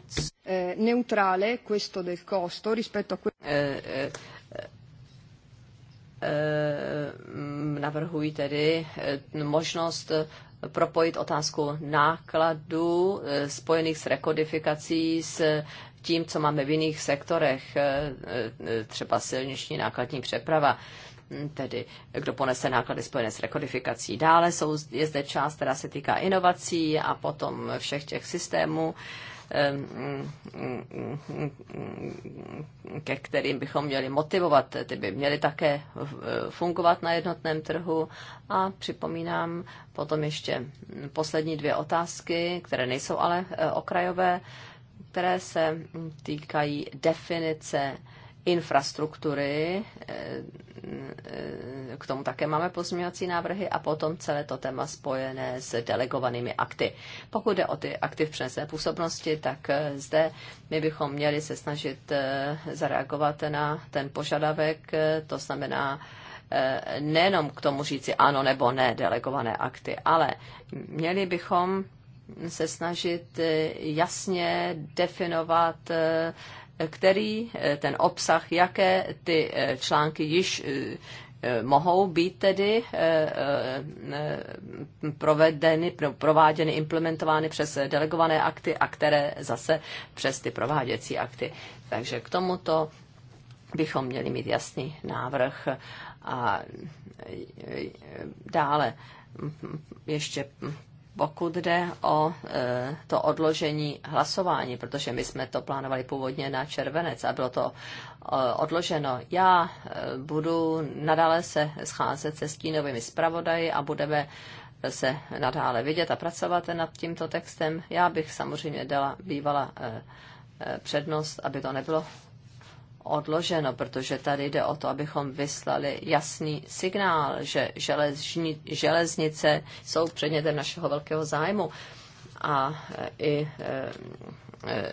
eh, neutrále questo del costo rispetto a eh, eh, navrhují tedy možnost propojit otázku nákladů spojených s rekodifikací s tím, co máme v jiných sektorech, třeba silniční nákladní přeprava tedy kdo ponese náklady spojené s rekodifikací. Dále jsou, je zde část, která se týká inovací a potom všech těch systémů, ke kterým bychom měli motivovat, ty by měly také fungovat na jednotném trhu. A připomínám potom ještě poslední dvě otázky, které nejsou ale e, okrajové, které se týkají definice infrastruktury e, Eh, k tomu také máme pozměňovací návrhy a potom celé to téma spojené s delegovanými akty. Pokud jde o ty akty v přenesené působnosti, tak eh, zde my bychom měli se snažit eh, zareagovat na ten požadavek, to znamená, nejenom k tomu říci ano nebo ne delegované akty, ale měli bychom se snažit jasně definovat který eh, ten obsah, jaké ty eh, články již eh, mohou být tedy provedeny, prováděny, implementovány přes delegované akty a které zase přes ty prováděcí akty. Takže k tomuto bychom měli mít jasný návrh. A dále ještě pokud jde o e, to odložení hlasování, protože my jsme to plánovali původně na červenec a bylo to e, odloženo. Já e, budu nadále se scházet se stínovými zpravodaji a budeme se nadále vidět a pracovat nad tímto textem. Já bych samozřejmě dala bývala přednost, aby to nebylo odloženo, protože tady jde o to, abychom vyslali jasný signál, že železnice jsou předmětem našeho velkého zájmu. A e, i e, e,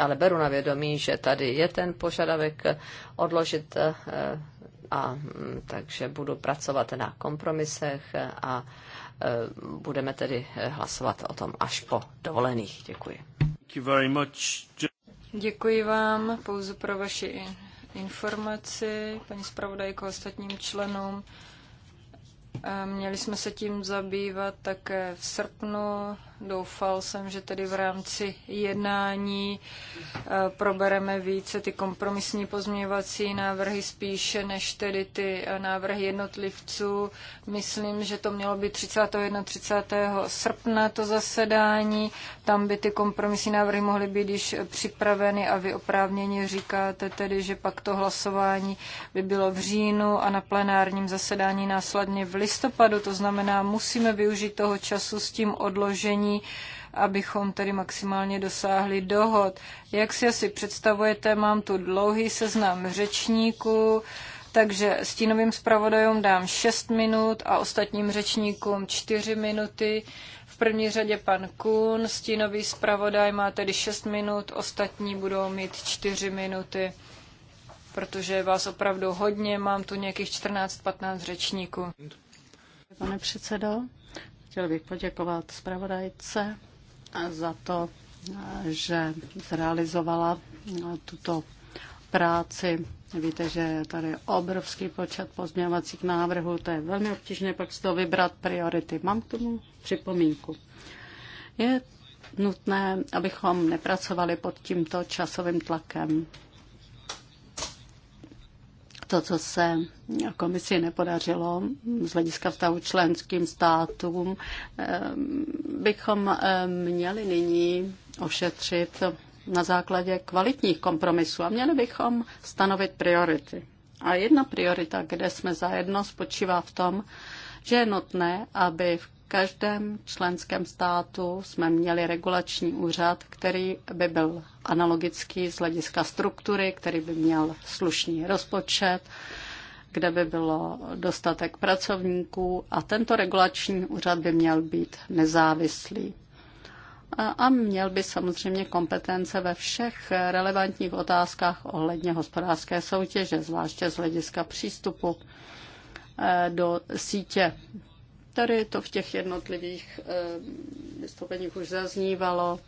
ale beru na vědomí, že tady je ten požadavek odložit a takže budu pracovat na kompromisech a budeme tedy hlasovat o tom až po dovolených. Děkuji. Thank you very much. Děkuji vám pouze pro vaši informaci, paní zpravodajko, ostatním členům. Měli jsme se tím zabývat také v srpnu Doufal jsem, že tedy v rámci jednání eh, probereme více ty kompromisní pozměňovací návrhy spíše než tedy ty eh, návrhy jednotlivců. Myslím, že to mělo být 31. 30. srpna to zasedání. Tam by ty kompromisní návrhy mohly být již připraveny a vy oprávněně říkáte tedy, že pak to hlasování by bylo v říjnu a na plenárním zasedání následně v listopadu. To znamená, musíme využít toho času s tím odložením jednání, abychom tedy maximálně dosáhli dohod. Jak si asi představujete, mám tu dlouhý seznam řečníků, takže stínovým zpravodajům dám 6 minut a ostatním řečníkům 4 minuty. V první řadě pan Kuhn, stínový zpravodaj má tedy 6 minut, ostatní budou mít 4 minuty protože vás opravdu hodně, mám tu nějakých 14-15 řečníků. Pane předsedo, Chtěl bych poděkovat zpravodajce za to, že zrealizovala tuto práci. Víte, že je tady obrovský počet pozměňovacích návrhů, to je velmi obtížné pak z toho vybrat priority. Mám k tomu připomínku. Je nutné, abychom nepracovali pod tímto časovým tlakem to, co se komisi nepodařilo z hlediska vztahu členským státům, eh, bychom eh, měli nyní ošetřit na základě kvalitních kompromisů a měli bychom stanovit priority. A jedna priorita, kde jsme zajedno, spočívá v tom, že je nutné, aby v každém členském státu jsme měli regulační úřad, který by byl analogický z hlediska struktury, který by měl slušný rozpočet, kde by bylo dostatek pracovníků a tento regulační úřad by měl být nezávislý. A měl by samozřejmě kompetence ve všech relevantních otázkách ohledně hospodářské soutěže, zvláště z hlediska přístupu eh, do sítě sektory, to v těch jednotlivých eh, vystoupeních už zaznívalo.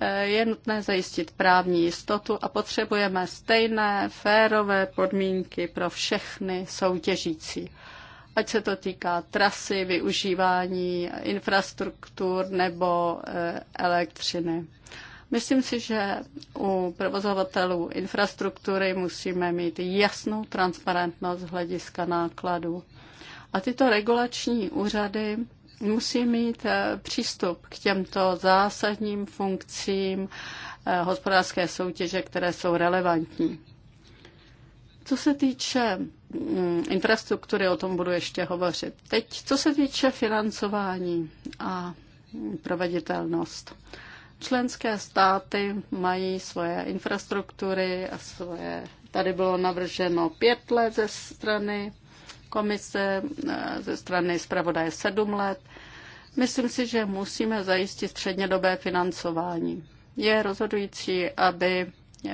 Eh, je nutné zajistit právní jistotu a potřebujeme stejné férové podmínky pro všechny soutěžící. Ať se to týká trasy, využívání infrastruktur nebo eh, elektřiny. Myslím si, že u provozovatelů infrastruktury musíme mít jasnou transparentnost z hlediska nákladů. A tyto regulační úřady musí mít eh, přístup k těmto zásadním funkcím eh, hospodářské soutěže, které jsou relevantní. Co se týče mm, infrastruktury, o tom budu ještě hovořit. Teď, co se týče financování a proveditelnost. Členské státy mají svoje infrastruktury a svoje. Tady bylo navrženo pět let ze strany komise, eh, ze strany zpravodaje 7 let. Myslím si, že musíme zajistit střednědobé financování. Je rozhodující, aby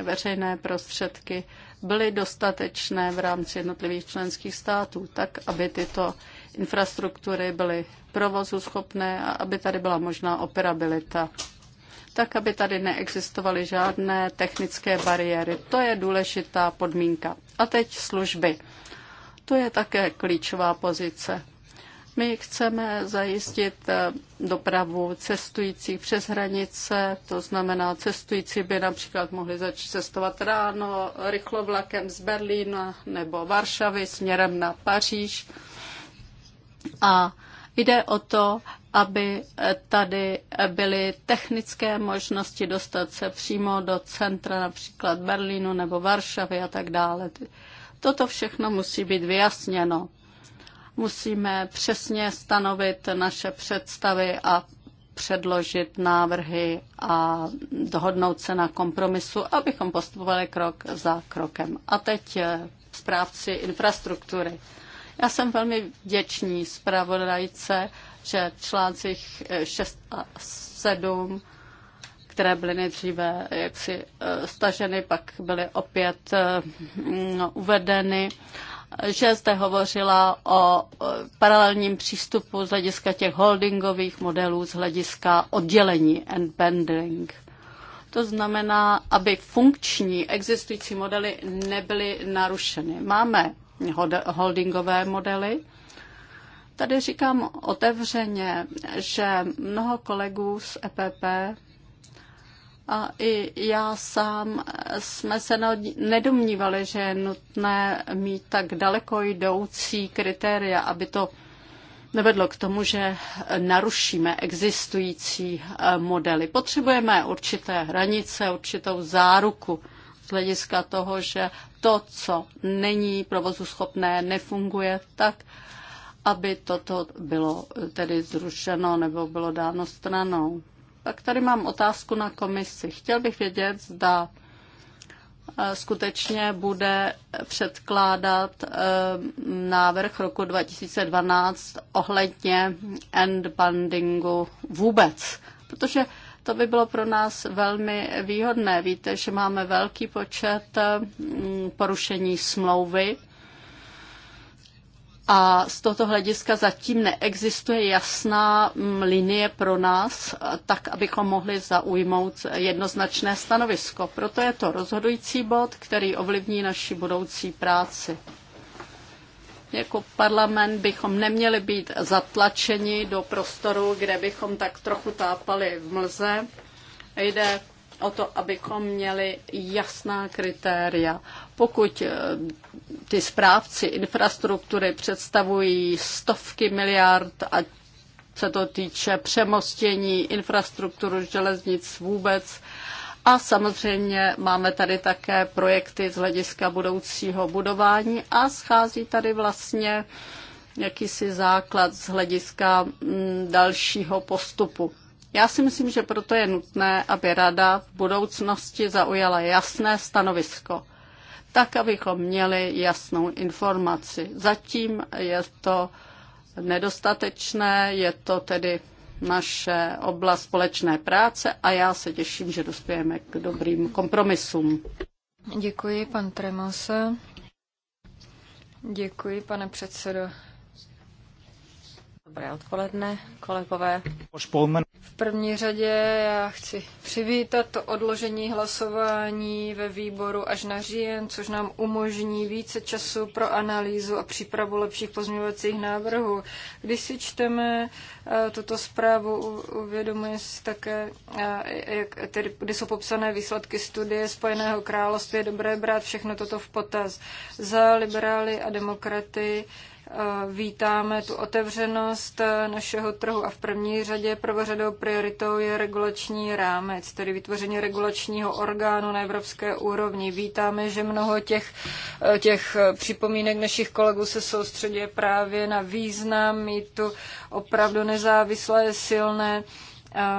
veřejné prostředky byly dostatečné v rámci jednotlivých členských států, tak aby tyto infrastruktury byly provozu schopné a aby tady byla možná operabilita. Tak, aby tady neexistovaly žádné technické bariéry. To je důležitá podmínka. A teď služby. To je také klíčová pozice. My chceme zajistit eh, dopravu cestujících přes hranice, to znamená, cestující by například mohli začít cestovat ráno rychlovlakem z Berlína nebo Varšavy směrem na Paříž. A jde o to, aby eh, tady byly technické možnosti dostat se přímo do centra například Berlínu nebo Varšavy a tak dále. Toto všechno musí být vyjasněno. Musíme přesně stanovit naše představy a předložit návrhy a dohodnout se na kompromisu, abychom postupovali krok za krokem. A teď eh, správci infrastruktury. Já jsem velmi vděčný zpravodajce, že článcích 6 eh, a 7 které byly nejdříve jaksi eh, staženy, pak byly opět eh, mm, uvedeny, že zde hovořila o eh, paralelním přístupu z hlediska těch holdingových modelů, z hlediska oddělení and bending. To znamená, aby funkční existující modely nebyly narušeny. Máme holdingové modely, Tady říkám otevřeně, že mnoho kolegů z EPP a i já sám jsme se nedomnívali, že je nutné mít tak daleko jdoucí kritéria, aby to nevedlo k tomu, že narušíme existující eh, modely. Potřebujeme určité hranice, určitou záruku z hlediska toho, že to, co není provozu schopné, nefunguje tak, aby toto bylo tedy zrušeno nebo bylo dáno stranou. Tak tady mám otázku na komisi. Chtěl bych vědět, zda eh, skutečně bude předkládat eh, návrh roku 2012 ohledně endbandingu vůbec. Protože to by bylo pro nás velmi výhodné. Víte, že máme velký počet eh, porušení smlouvy a z tohoto hlediska zatím neexistuje jasná mm, linie pro nás, eh, tak abychom mohli zaujmout jednoznačné stanovisko. Proto je to rozhodující bod, který ovlivní naši budoucí práci. Jako parlament bychom neměli být zatlačeni do prostoru, kde bychom tak trochu tápali v mlze. Jde o to, abychom měli jasná kritéria pokud eh, ty správci infrastruktury představují stovky miliard, a se to týče přemostění infrastrukturu železnic vůbec, a samozřejmě máme tady také projekty z hlediska budoucího budování a schází tady vlastně jakýsi základ z hlediska mm, dalšího postupu. Já si myslím, že proto je nutné, aby Rada v budoucnosti zaujala jasné stanovisko tak abychom měli jasnou informaci. Zatím je to nedostatečné, je to tedy naše oblast společné práce a já se těším, že dospějeme k dobrým kompromisům. Děkuji, pan Tremos. Děkuji, pane předsedo. Dobré odpoledne, kolegové. V první řadě já chci přivítat to odložení hlasování ve výboru až na říjen, což nám umožní více času pro analýzu a přípravu lepších pozměňovacích návrhů. Když si čteme eh, tuto zprávu, uvědomuje si také, eh, jak, tedy, kdy jsou popsané výsledky studie Spojeného království, je dobré brát všechno toto v potaz. Za liberály a demokraty Vítáme tu otevřenost eh, našeho trhu a v první řadě prvořadou prioritou je regulační rámec, tedy vytvoření regulačního orgánu na evropské úrovni. Vítáme, že mnoho těch, eh, těch eh, připomínek našich kolegů se soustředuje právě na význam mít tu opravdu nezávislé, silné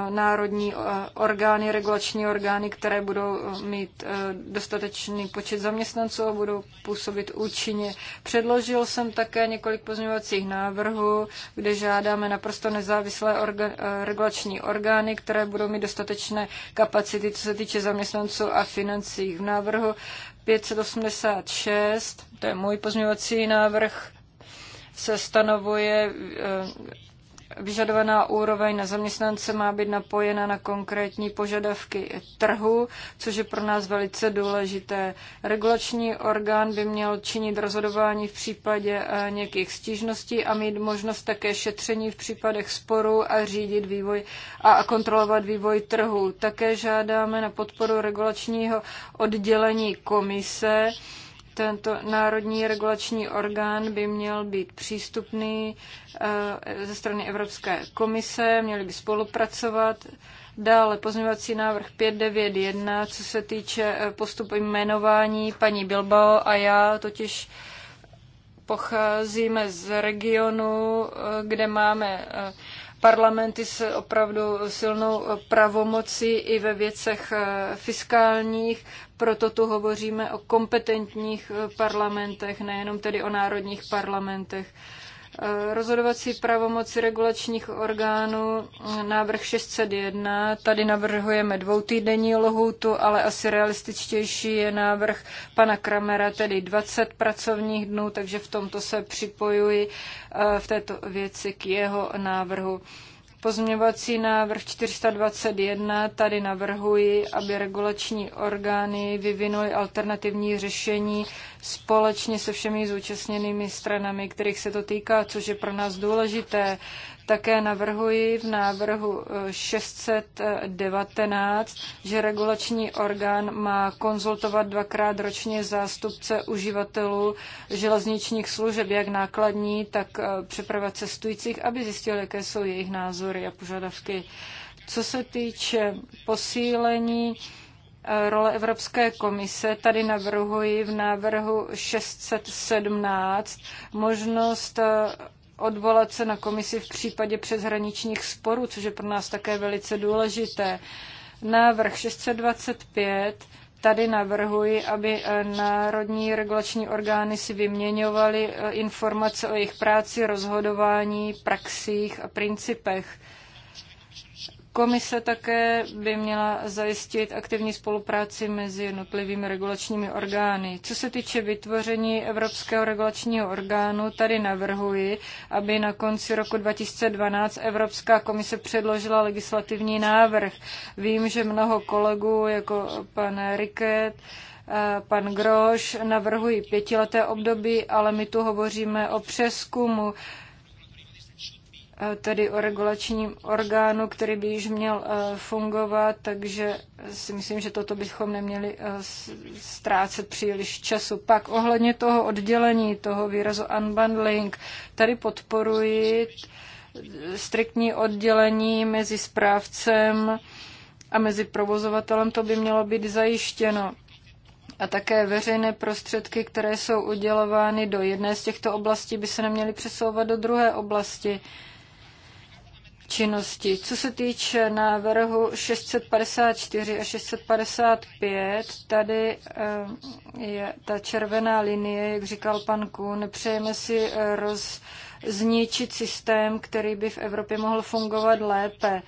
národní orgány, regulační orgány, které budou mít dostatečný počet zaměstnanců a budou působit účinně. Předložil jsem také několik pozměňovacích návrhů, kde žádáme naprosto nezávislé orga, regulační orgány, které budou mít dostatečné kapacity, co se týče zaměstnanců a financí. V návrhu 586, to je můj pozměňovací návrh, se stanovuje vyžadovaná úroveň na zaměstnance má být napojena na konkrétní požadavky trhu, což je pro nás velice důležité. Regulační orgán by měl činit rozhodování v případě eh, nějakých stížností a mít možnost také šetření v případech sporů a řídit vývoj a kontrolovat vývoj trhu. Také žádáme na podporu regulačního oddělení komise, tento národní regulační orgán by měl být přístupný eh, ze strany Evropské komise, měli by spolupracovat. Dále pozměňovací návrh 591, co se týče eh, postupu jmenování paní Bilbao a já totiž pocházíme z regionu, eh, kde máme parlamenty s opravdu silnou pravomocí i ve věcech eh, fiskálních, proto tu hovoříme o kompetentních eh, parlamentech, nejenom tedy o národních parlamentech. Eh, rozhodovací pravomoci regulačních orgánů, eh, návrh 601, tady navrhujeme dvoutýdenní lohoutu, ale asi realističtější je návrh pana Kramera, tedy 20 pracovních dnů, takže v tomto se připojuji eh, v této věci k jeho návrhu. Pozměňovací návrh 421 tady navrhuji, aby regulační orgány vyvinuly alternativní řešení společně se všemi zúčastněnými stranami, kterých se to týká, což je pro nás důležité. Také navrhuji v návrhu 619, eh, že regulační orgán má konzultovat dvakrát ročně zástupce uživatelů železničních služeb, jak nákladní, tak eh, přeprava cestujících, aby zjistil, jaké jsou jejich názory a požadavky. Co se týče posílení eh, role Evropské komise, tady navrhuji v návrhu 617 možnost odvolat se na komisi v případě přeshraničních sporů, což je pro nás také velice důležité. Návrh 625 tady navrhuji, aby eh, národní regulační orgány si vyměňovaly eh, informace o jejich práci, rozhodování, praxích a principech. Komise také by měla zajistit aktivní spolupráci mezi jednotlivými regulačními orgány. Co se týče vytvoření Evropského regulačního orgánu, tady navrhuji, aby na konci roku 2012 Evropská komise předložila legislativní návrh. Vím, že mnoho kolegů, jako pan Riket, pan Groš, navrhují pětileté období, ale my tu hovoříme o přeskumu Eh, tedy o regulačním orgánu, který by již měl eh, fungovat, takže si myslím, že toto bychom neměli eh, ztrácet příliš času. Pak ohledně toho oddělení, toho výrazu unbundling, tady podporuji striktní oddělení mezi správcem a mezi provozovatelem, to by mělo být zajištěno a také veřejné prostředky, které jsou udělovány do jedné z těchto oblastí, by se neměly přesouvat do druhé oblasti činnosti. Co se týče návrhu 654 a 655, tady eh, je ta červená linie, jak říkal pan Kuhn, nepřejeme si eh, roz, zničit systém, který by v Evropě mohl fungovat lépe.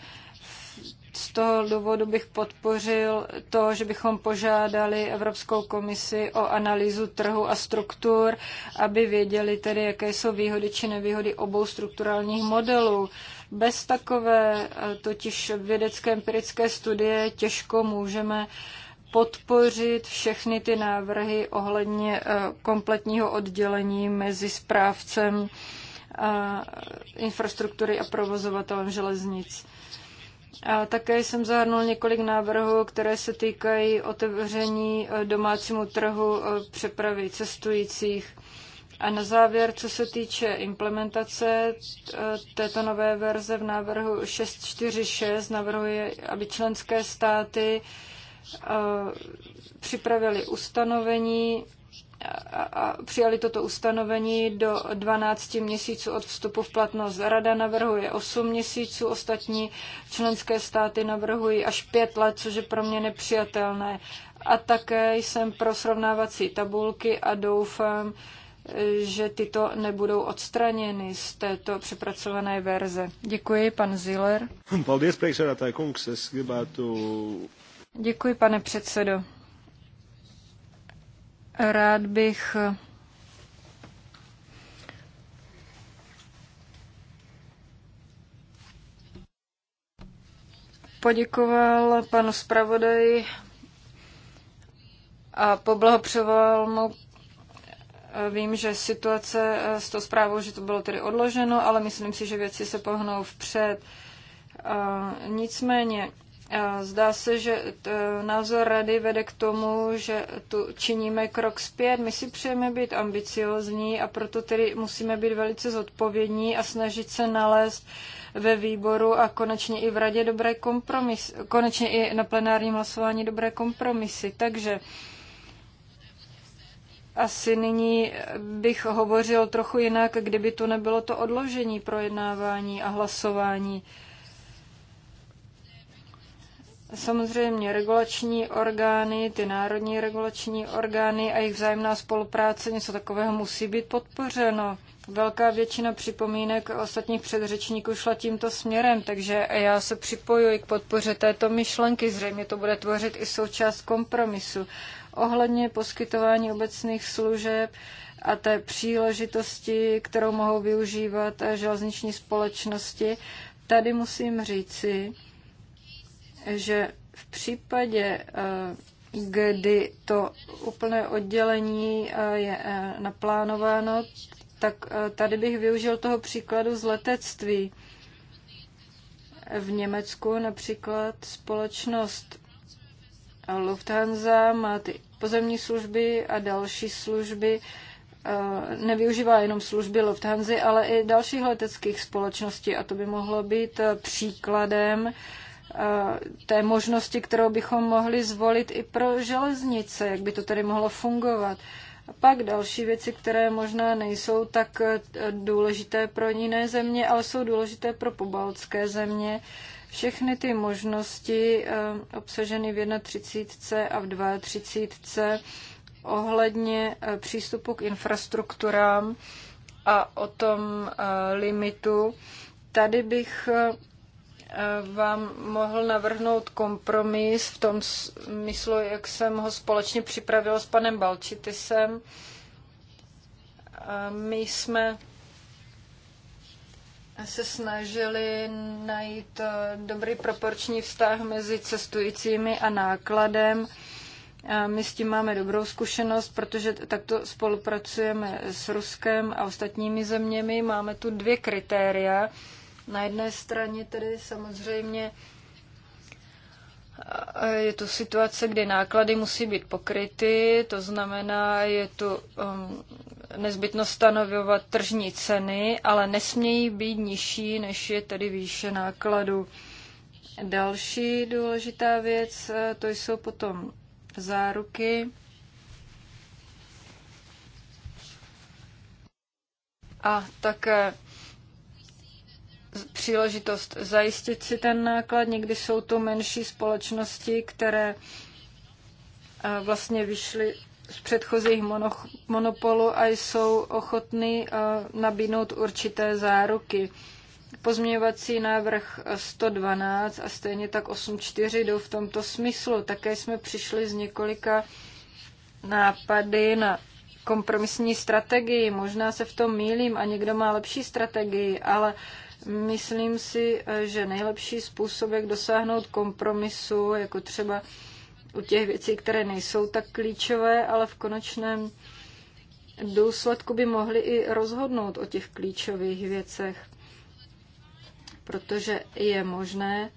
Z toho důvodu bych podpořil to, že bychom požádali Evropskou komisi o analýzu trhu a struktur, aby věděli tedy, jaké jsou výhody či nevýhody obou strukturálních modelů. Bez takové eh, totiž vědecké empirické studie těžko můžeme podpořit všechny ty návrhy ohledně eh, kompletního oddělení mezi správcem eh, infrastruktury a provozovatelem železnic. A také jsem zahrnul několik návrhů, které se týkají otevření domácímu trhu přepravy cestujících. A na závěr, co se týče implementace této nové verze v návrhu 646, navrhuje, aby členské státy eh, připravili ustanovení a přijali toto ustanovení do 12 měsíců od vstupu v platnost. Rada navrhuje 8 měsíců, ostatní členské státy navrhují až 5 let, což je pro mě nepřijatelné. A také jsem pro srovnávací tabulky a doufám, že tyto nebudou odstraněny z této přepracované verze. Děkuji, pan Ziller. Děkuji, pane předsedo. Rád bych poděkoval panu zpravodaji a poblahopřoval mu Vím, že situace eh, s tou zprávou, že to bylo tedy odloženo, ale myslím si, že věci se pohnou vpřed. Eh, nicméně, eh, Zdá se, že názor rady vede k tomu, že tu činíme krok zpět. My si přejeme být ambiciozní a proto tedy musíme být velice zodpovědní a snažit se nalézt ve výboru a konečně i v radě dobré kompromisy, konečně i na plenárním hlasování dobré kompromisy. Takže uh, asi nyní bych hovořil trochu jinak, kdyby to nebylo to odložení projednávání a hlasování. Samozřejmě regulační orgány, ty národní regulační orgány a jejich vzájemná spolupráce, něco takového musí být podpořeno. Velká většina připomínek ostatních předřečníků šla tímto směrem, takže já se připojuji k podpoře této myšlenky. Zřejmě to bude tvořit i součást kompromisu ohledně poskytování obecných služeb a té příležitosti, kterou mohou využívat železniční společnosti. Tady musím říci, že v případě, eh, kdy to úplné oddělení eh, je eh, naplánováno, tak tady bych využil toho příkladu z letectví. V Německu například společnost Lufthansa má ty pozemní služby a další služby. Eh, nevyužívá jenom služby Lufthansa, ale i dalších leteckých společností a to by mohlo být eh, příkladem eh, té možnosti, kterou bychom mohli zvolit i pro železnice, jak by to tedy mohlo fungovat. A pak další věci, které možná nejsou tak důležité pro jiné země, ale jsou důležité pro pobaltské země, všechny ty možnosti eh, obsaženy v 31. a v 32. ohledně eh, přístupu k infrastrukturám a o tom eh, limitu, tady bych vám mohl navrhnout kompromis v tom smyslu, jak jsem ho společně připravil s panem Balčitisem. My jsme se snažili najít eh, dobrý proporční vztah mezi cestujícími a nákladem. A my s tím máme dobrou zkušenost, protože takto spolupracujeme s Ruskem a ostatními zeměmi. Máme tu dvě kritéria. Na jedné straně tedy samozřejmě eh, je to situace, kdy náklady musí být pokryty, to znamená, je to um, ehm, nezbytno stanovovat tržní ceny, ale nesmějí být nižší, než je tedy výše nákladu. Další důležitá věc, e, to jsou potom záruky. A také příležitost zajistit si ten náklad. Někdy jsou to menší společnosti, které e, vlastně vyšly z předchozích monopolů a jsou ochotny eh, nabídnout určité záruky. Pozměňovací návrh 112 a stejně tak 84 jdou v tomto smyslu. Také jsme přišli z několika nápady na kompromisní strategii. Možná se v tom mílím a někdo má lepší strategii, ale myslím si, eh, že nejlepší způsob, jak dosáhnout kompromisu, jako třeba u těch věcí, které nejsou tak klíčové, ale v konečném důsledku by mohli i rozhodnout o těch klíčových věcech. Protože je možné,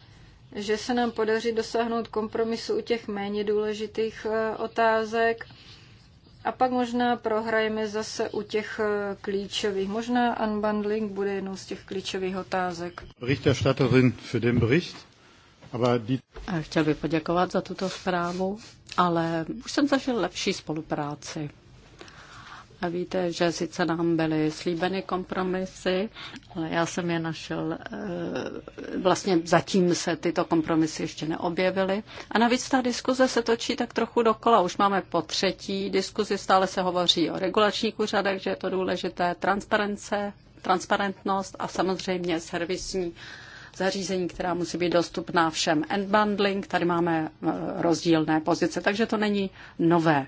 že se nám podaří dosáhnout kompromisu u těch méně důležitých eh, otázek a pak možná prohrajeme zase u těch eh, klíčových. Možná unbundling bude jednou z těch klíčových otázek. Berichterstatterin für den Bericht. Chtěl bych poděkovat za tuto zprávu, ale už jsem zažil lepší spolupráci. A víte, že sice nám byly slíbeny kompromisy, ale já jsem je našel, eh, vlastně zatím se tyto kompromisy ještě neobjevily. A navíc ta diskuze se točí tak trochu dokola. Už máme po třetí diskuzi, stále se hovoří o regulačních úřadech, že je to důležité, transparence, transparentnost a samozřejmě servisní zařízení, která musí být dostupná všem. bundling, tady máme eh, rozdílné pozice, takže to není nové.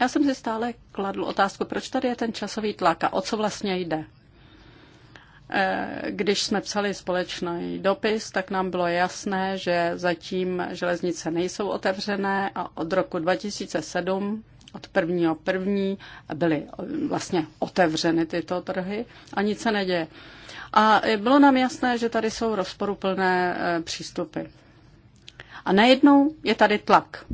Já jsem si stále kladl otázku, proč tady je ten časový tlak a o co vlastně jde. Eh, když jsme psali společný dopis, tak nám bylo jasné, že zatím železnice nejsou otevřené a od roku 2007 od prvního první byly eh, vlastně otevřeny tyto trhy a nic se neděje. A bylo nám jasné, že tady jsou rozporuplné eh, přístupy. A najednou je tady tlak.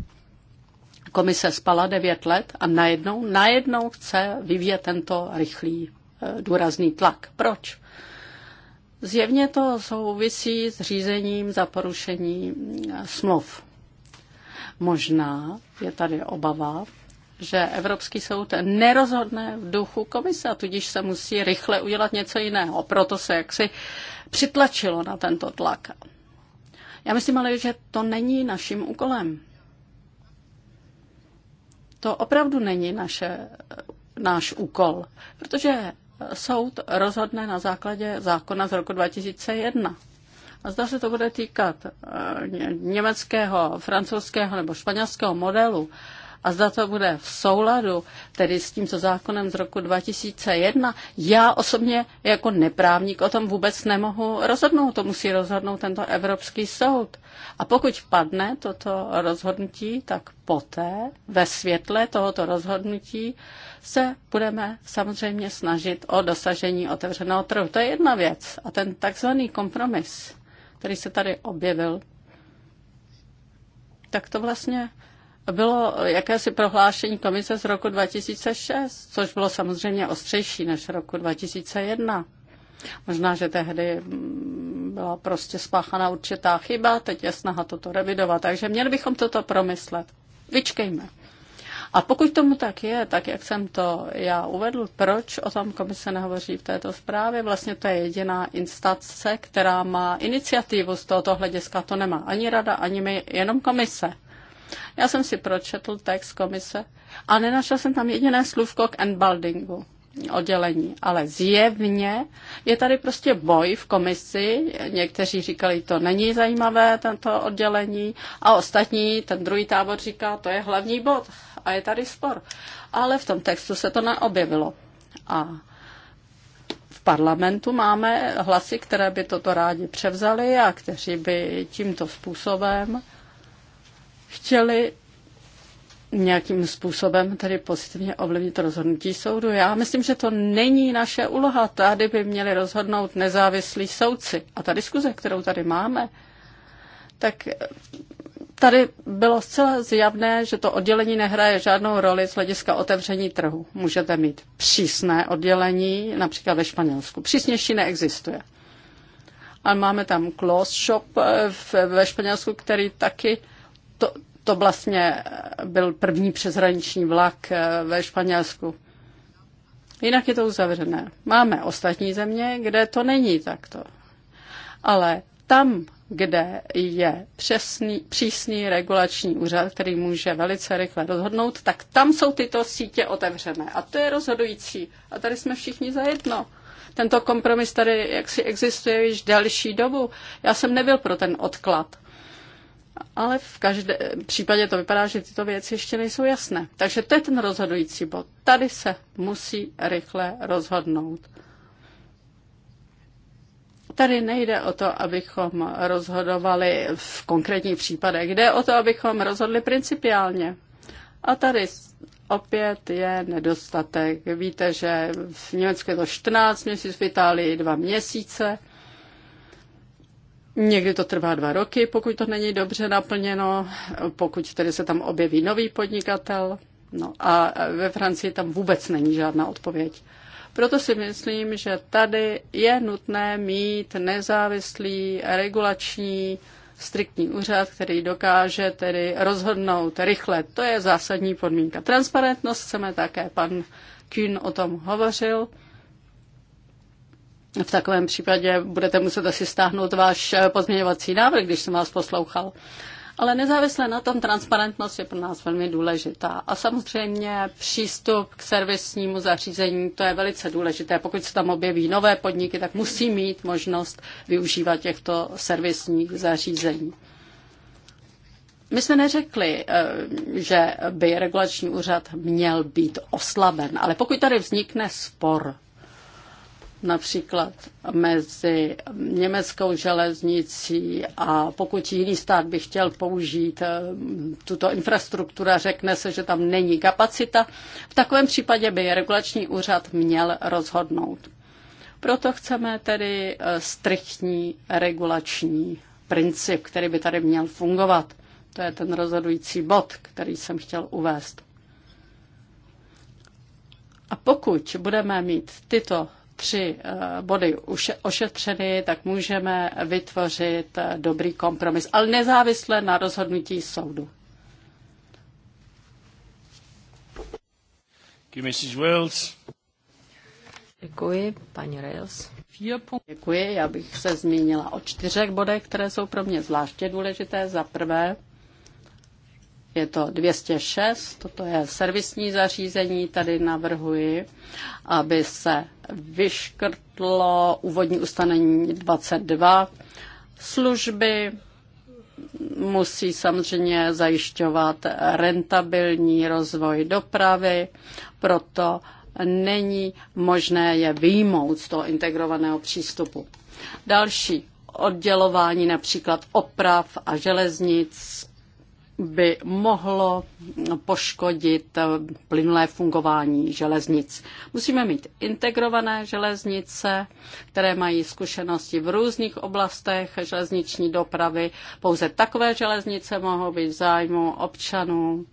Komise spala devět let a najednou, najednou chce vyvíjet tento rychlý, eh, důrazný tlak. Proč? Zjevně to souvisí s řízením za porušení eh, smluv. Možná je tady obava, že Evropský soud nerozhodne v duchu komise a tudíž se musí rychle udělat něco jiného. Proto se jaksi přitlačilo na tento tlak. Já myslím ale, že to není naším úkolem. To opravdu není naše, náš úkol, protože soud rozhodne na základě zákona z roku 2001. A zda se to bude týkat eh, německého, francouzského nebo španělského modelu, a zda to bude v souladu tedy s tímto zákonem z roku 2001, já osobně jako neprávník o tom vůbec nemohu rozhodnout. To musí rozhodnout tento Evropský soud. A pokud padne toto rozhodnutí, tak poté ve světle tohoto rozhodnutí se budeme samozřejmě snažit o dosažení otevřeného trhu. To je jedna věc. A ten takzvaný kompromis, který se tady objevil, tak to vlastně bylo jakési prohlášení komise z roku 2006, což bylo samozřejmě ostřejší než roku 2001. Možná, že tehdy mm, byla prostě spáchaná určitá chyba, teď je snaha toto revidovat, takže měli bychom toto promyslet. Vyčkejme. A pokud tomu tak je, tak jak jsem to já uvedl, proč o tom komise nehovoří v této zprávě, vlastně to je jediná instance, která má iniciativu z tohoto hlediska, to nemá ani rada, ani my, jenom komise. Já jsem si pročetl text komise a nenašel jsem tam jediné slůvko k endbaldingu oddělení, ale zjevně je tady prostě boj v komisi. Někteří říkali, to není zajímavé, tento oddělení, a ostatní, ten druhý tábor říká, to je hlavní bod a je tady spor. Ale v tom textu se to neobjevilo. A v parlamentu máme hlasy, které by toto rádi převzali a kteří by tímto způsobem chtěli nějakým způsobem tedy pozitivně ovlivnit rozhodnutí soudu. Já myslím, že to není naše úloha. Tady by měli rozhodnout nezávislí soudci. A ta diskuze, kterou tady máme, tak tady bylo zcela zjavné, že to oddělení nehraje žádnou roli z hlediska otevření trhu. Můžete mít přísné oddělení, například ve Španělsku. Přísnější neexistuje. Ale máme tam close shop eh, ve Španělsku, který taky to vlastně eh, byl první přeshraniční vlak eh, ve Španělsku. Jinak je to uzavřené. Máme ostatní země, kde to není takto. Ale tam, kde je přesný, přísný regulační úřad, který může velice rychle rozhodnout, tak tam jsou tyto sítě otevřené. A to je rozhodující. A tady jsme všichni zajedno. Tento kompromis tady jaksi existuje již delší dobu. Já jsem nebyl pro ten odklad ale v každém případě to vypadá, že tyto věci ještě nejsou jasné. Takže to je ten rozhodující bod. Tady se musí rychle rozhodnout. Tady nejde o to, abychom rozhodovali v konkrétních případech. Jde o to, abychom rozhodli principiálně. A tady opět je nedostatek. Víte, že v Německu je to 14 měsíců, v Itálii 2 měsíce. Někdy to trvá dva roky, pokud to není dobře naplněno, pokud tedy se tam objeví nový podnikatel. No a ve Francii tam vůbec není žádná odpověď. Proto si myslím, že tady je nutné mít nezávislý regulační striktní úřad, který dokáže tedy rozhodnout rychle. To je zásadní podmínka. Transparentnost chceme také. Pan Kühn o tom hovořil. V takovém případě budete muset asi stáhnout váš eh, pozměňovací návrh, když jsem vás poslouchal. Ale nezávisle na tom, transparentnost je pro nás velmi důležitá. A samozřejmě přístup k servisnímu zařízení, to je velice důležité. Pokud se tam objeví nové podniky, tak musí mít možnost využívat těchto servisních zařízení. My jsme neřekli, eh, že by regulační úřad měl být oslaben, ale pokud tady vznikne spor například mezi německou železnicí a pokud jiný stát by chtěl použít eh, tuto infrastrukturu a řekne se, že tam není kapacita, v takovém případě by regulační úřad měl rozhodnout. Proto chceme tedy eh, striktní regulační princip, který by tady měl fungovat. To je ten rozhodující bod, který jsem chtěl uvést. A pokud budeme mít tyto tři eh, body ošetřeny, tak můžeme vytvořit eh, dobrý kompromis, ale nezávisle na rozhodnutí soudu. Děkuji, paní Rails. Děkuji, já bych se zmínila o čtyřech bodech, které jsou pro mě zvláště důležité. Za prvé, je to 206, toto je servisní zařízení, tady navrhuji, aby se vyškrtlo úvodní ustanovení 22. Služby musí samozřejmě zajišťovat rentabilní rozvoj dopravy, proto není možné je výjmout z toho integrovaného přístupu. Další oddělování například oprav a železnic, by mohlo poškodit plynulé fungování železnic. Musíme mít integrované železnice, které mají zkušenosti v různých oblastech železniční dopravy. Pouze takové železnice mohou být v zájmu občanů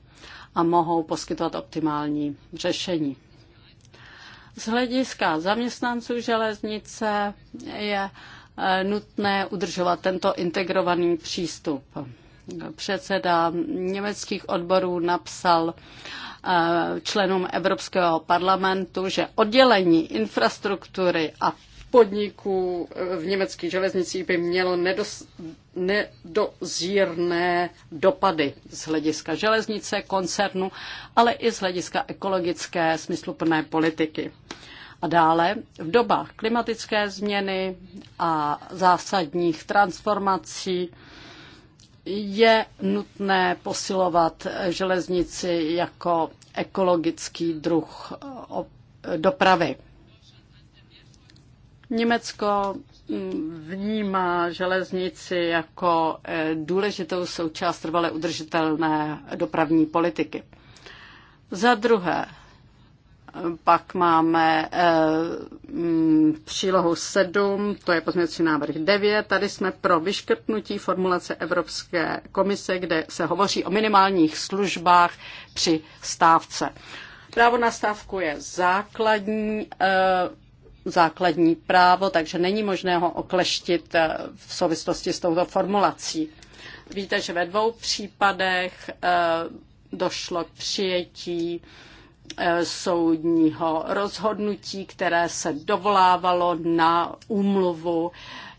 a mohou poskytovat optimální řešení. Z hlediska zaměstnanců železnice je eh, nutné udržovat tento integrovaný přístup předseda německých odborů napsal eh, členům Evropského parlamentu, že oddělení infrastruktury a podniků eh, v německých železnicích by mělo nedos, nedozírné dopady z hlediska železnice, koncernu, ale i z hlediska ekologické smysluplné politiky. A dále v dobách klimatické změny a zásadních transformací je nutné posilovat železnici jako ekologický druh dopravy. Německo mm, vnímá železnici jako e, důležitou součást trvale udržitelné dopravní politiky. Za druhé, pak máme eh, mm, přílohu 7, to je pozměňovací návrh 9. Tady jsme pro vyškrtnutí formulace Evropské komise, kde se hovoří o minimálních službách při stávce. Právo na stávku je základní, eh, základní právo, takže není možné ho okleštit eh, v souvislosti s touto formulací. Víte, že ve dvou případech došlo k přijetí Eh, soudního rozhodnutí, které se dovolávalo na úmluvu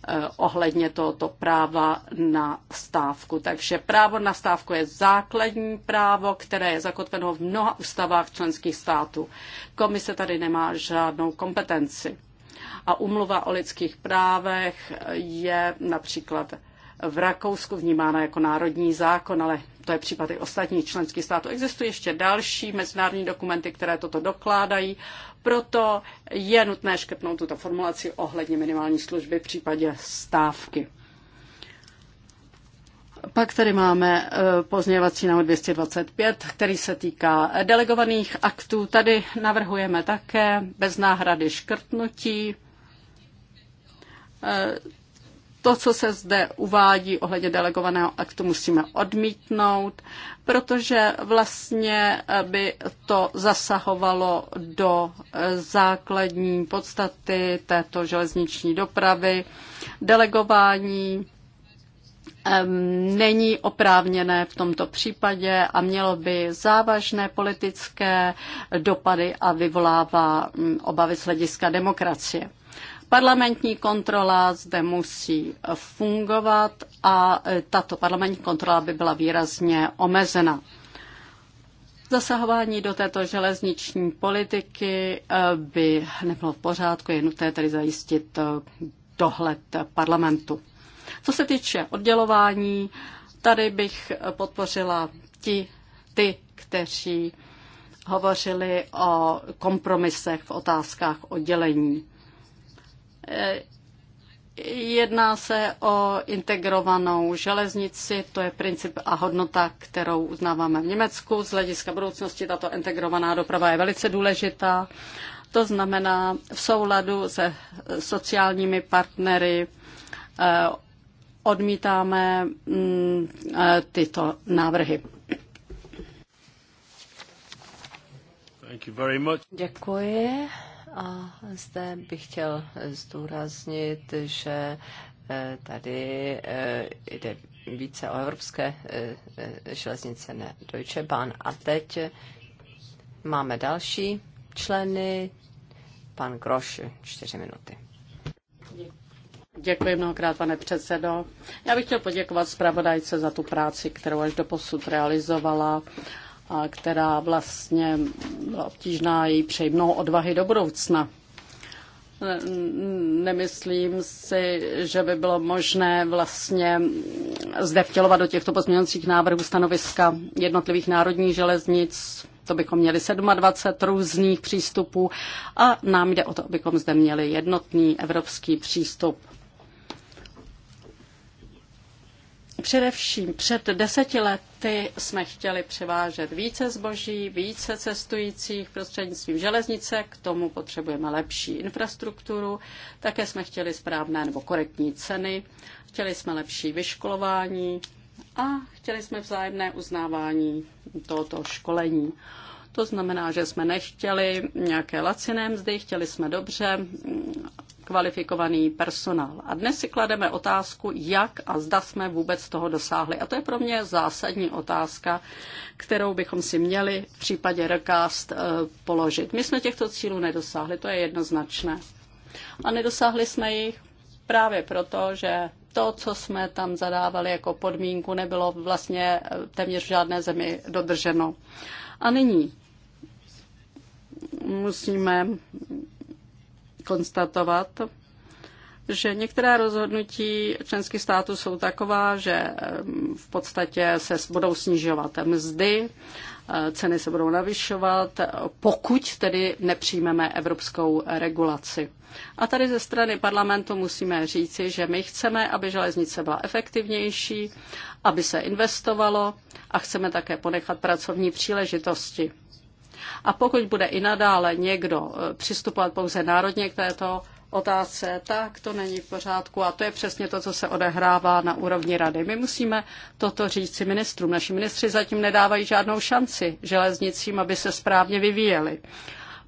eh, ohledně tohoto práva na stávku. Takže právo na stávku je základní právo, které je zakotveno v mnoha ústavách členských států. Komise tady nemá žádnou kompetenci. A umluva o lidských právech je například v Rakousku vnímána jako národní zákon, ale to je případ i ostatních členských států. Existují ještě další mezinárodní dokumenty, které toto dokládají, proto je nutné škrtnout tuto formulaci ohledně minimální služby v případě stávky. Pak tady máme eh, pozměňovací návrh 225, který se týká delegovaných aktů. Tady navrhujeme také bez náhrady škrtnutí eh, to, co se zde uvádí ohledně delegovaného aktu, musíme odmítnout, protože vlastně eh, by to zasahovalo do eh, základní podstaty této železniční dopravy. Delegování není oprávněné v tomto případě a mělo by závažné politické dopady a vyvolává mm, obavy z hlediska demokracie. Parlamentní kontrola zde musí fungovat a tato parlamentní kontrola by byla výrazně omezena. Zasahování do této železniční politiky eh, by nebylo v pořádku, je nutné tedy zajistit eh, dohled parlamentu. Co se týče oddělování, tady bych podpořila ti, ty, kteří hovořili o kompromisech v otázkách oddělení. Jedná se o integrovanou železnici, to je princip a hodnota, kterou uznáváme v Německu. Z hlediska budoucnosti tato integrovaná doprava je velice důležitá. To znamená v souladu se sociálními partnery eh, odmítáme mm, eh, tyto návrhy. Děkuji. A zde bych chtěl zdůraznit, že eh, tady eh, jde více o evropské eh, železnice, ne Deutsche Bahn. A teď máme další členy. Pan Groš, čtyři minuty. Děkuji mnohokrát, pane předsedo. Já bych chtěl poděkovat zpravodajce za tu práci, kterou až do posud realizovala a která vlastně byla obtížná její přejmnou odvahy do budoucna. Nemyslím si, že by bylo možné vlastně zde vtělovat do těchto pozměňovacích návrhů stanoviska jednotlivých národních železnic. To bychom měli 27 různých přístupů a nám jde o to, abychom zde měli jednotný evropský přístup Především před deseti lety jsme chtěli převážet více zboží, více cestujících prostřednictvím železnice, k tomu potřebujeme lepší infrastrukturu, také jsme chtěli správné nebo korektní ceny, chtěli jsme lepší vyškolování a chtěli jsme vzájemné uznávání tohoto školení. To znamená, že jsme nechtěli nějaké laciné mzdy, chtěli jsme dobře kvalifikovaný personál. A dnes si klademe otázku, jak a zda jsme vůbec toho dosáhli. A to je pro mě zásadní otázka, kterou bychom si měli v případě recast eh, položit. My jsme těchto cílů nedosáhli, to je jednoznačné. A nedosáhli jsme jich právě proto, že to, co jsme tam zadávali jako podmínku, nebylo vlastně eh, téměř v žádné zemi dodrženo. A nyní musíme konstatovat, že některá rozhodnutí členských států jsou taková, že v podstatě se budou snižovat mzdy, e, ceny se budou navyšovat, e, pokud tedy nepřijmeme evropskou regulaci. A tady ze strany parlamentu musíme říci, že my chceme, aby železnice byla efektivnější, aby se investovalo a chceme také ponechat pracovní příležitosti. A pokud bude i nadále někdo eh, přistupovat pouze národně k této otázce, tak to není v pořádku a to je přesně to, co se odehrává na úrovni rady. My musíme toto říct si ministrům. Naši ministři zatím nedávají žádnou šanci železnicím, aby se správně vyvíjeli.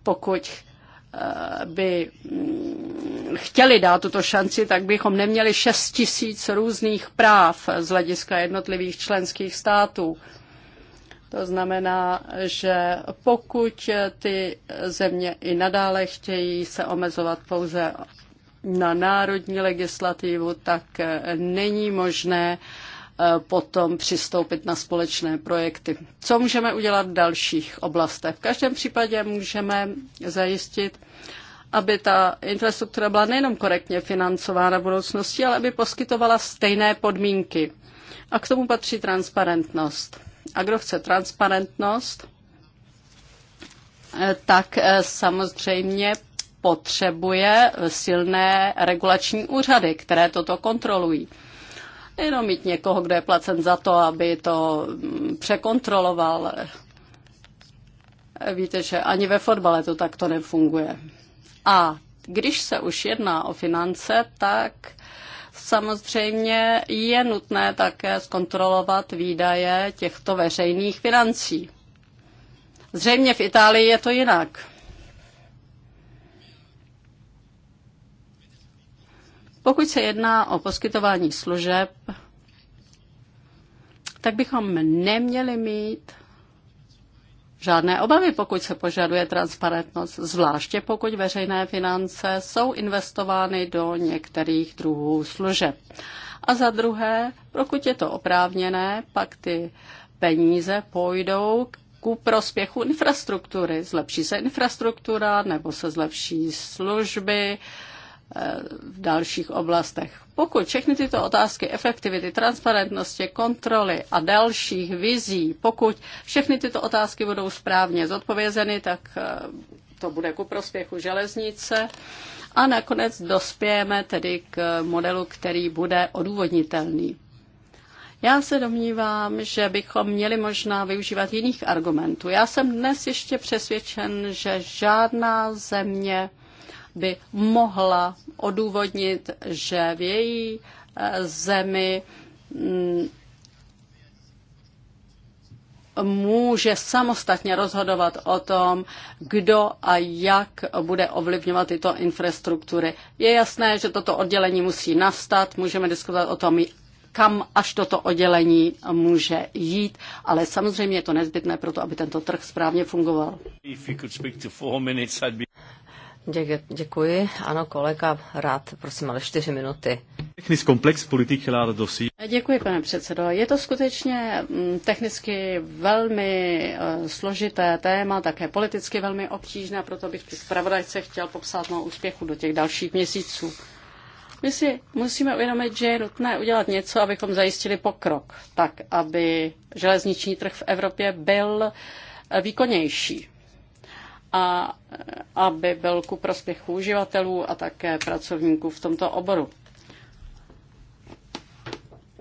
Pokud eh, by mm, chtěli dát tuto šanci, tak bychom neměli 6 tisíc různých práv z hlediska jednotlivých členských států. To znamená, že pokud ty země i nadále chtějí se omezovat pouze na národní legislativu, tak není možné eh, potom přistoupit na společné projekty. Co můžeme udělat v dalších oblastech? V každém případě můžeme zajistit, aby ta infrastruktura byla nejenom korektně financována v budoucnosti, ale aby poskytovala stejné podmínky. A k tomu patří transparentnost. A kdo chce transparentnost, eh, tak eh, samozřejmě potřebuje silné regulační úřady, které toto kontrolují. Jenom mít někoho, kdo je placen za to, aby to mm, překontroloval. Eh, víte, že ani ve fotbale to takto nefunguje. A když se už jedná o finance, tak samozřejmě je nutné také zkontrolovat výdaje těchto veřejných financí. Zřejmě v Itálii je to jinak. Pokud se jedná o poskytování služeb, tak bychom neměli mít žádné obavy, pokud se požaduje transparentnost, zvláště pokud veřejné finance jsou investovány do některých druhů služeb. A za druhé, pokud je to oprávněné, pak ty peníze půjdou ku prospěchu infrastruktury. Zlepší se infrastruktura nebo se zlepší služby eh, v dalších oblastech. Pokud všechny tyto otázky efektivity, transparentnosti, kontroly a dalších vizí, pokud všechny tyto otázky budou správně zodpovězeny, tak eh, to bude ku prospěchu železnice a nakonec dospějeme tedy k modelu, který bude odůvodnitelný. Já se domnívám, že bychom měli možná využívat jiných argumentů. Já jsem dnes ještě přesvědčen, že žádná země by mohla odůvodnit, že v její eh, zemi mm, může samostatně rozhodovat o tom, kdo a jak bude ovlivňovat tyto infrastruktury. Je jasné, že toto oddělení musí nastat, můžeme diskutovat o tom, kam až toto oddělení může jít, ale samozřejmě je to nezbytné pro to, aby tento trh správně fungoval. Dě- děkuji. Ano, kolega, rád, prosím, ale čtyři minuty. Technický komplex politik dosí. Děkuji, pane předsedo. Je to skutečně mm, technicky velmi eh, složité téma, také politicky velmi obtížné, proto bych zpravodajce chtěl popsat na úspěchu do těch dalších měsíců. My si musíme uvědomit, že je nutné udělat něco, abychom zajistili pokrok, tak aby železniční trh v Evropě byl eh, výkonnější a aby byl ku prospěchu uživatelů a také pracovníků v tomto oboru.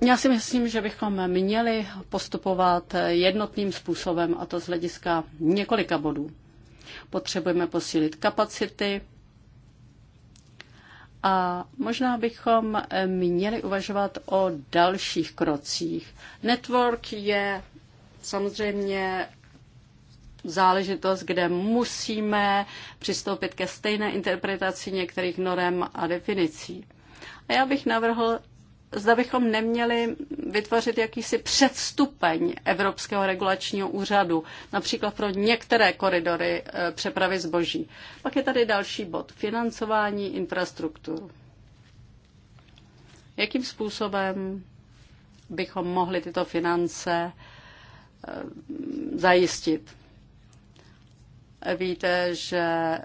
Já si myslím, že bychom měli postupovat jednotným způsobem, a to z hlediska několika bodů. Potřebujeme posílit kapacity a možná bychom měli uvažovat o dalších krocích. Network je samozřejmě záležitost, kde musíme přistoupit ke stejné interpretaci některých norem a definicí. A já bych navrhl, zda bychom neměli vytvořit jakýsi předstupeň Evropského regulačního úřadu, například pro některé koridory eh, přepravy zboží. Pak je tady další bod, financování infrastruktur. Jakým způsobem bychom mohli tyto finance eh, zajistit? Víte, že eh,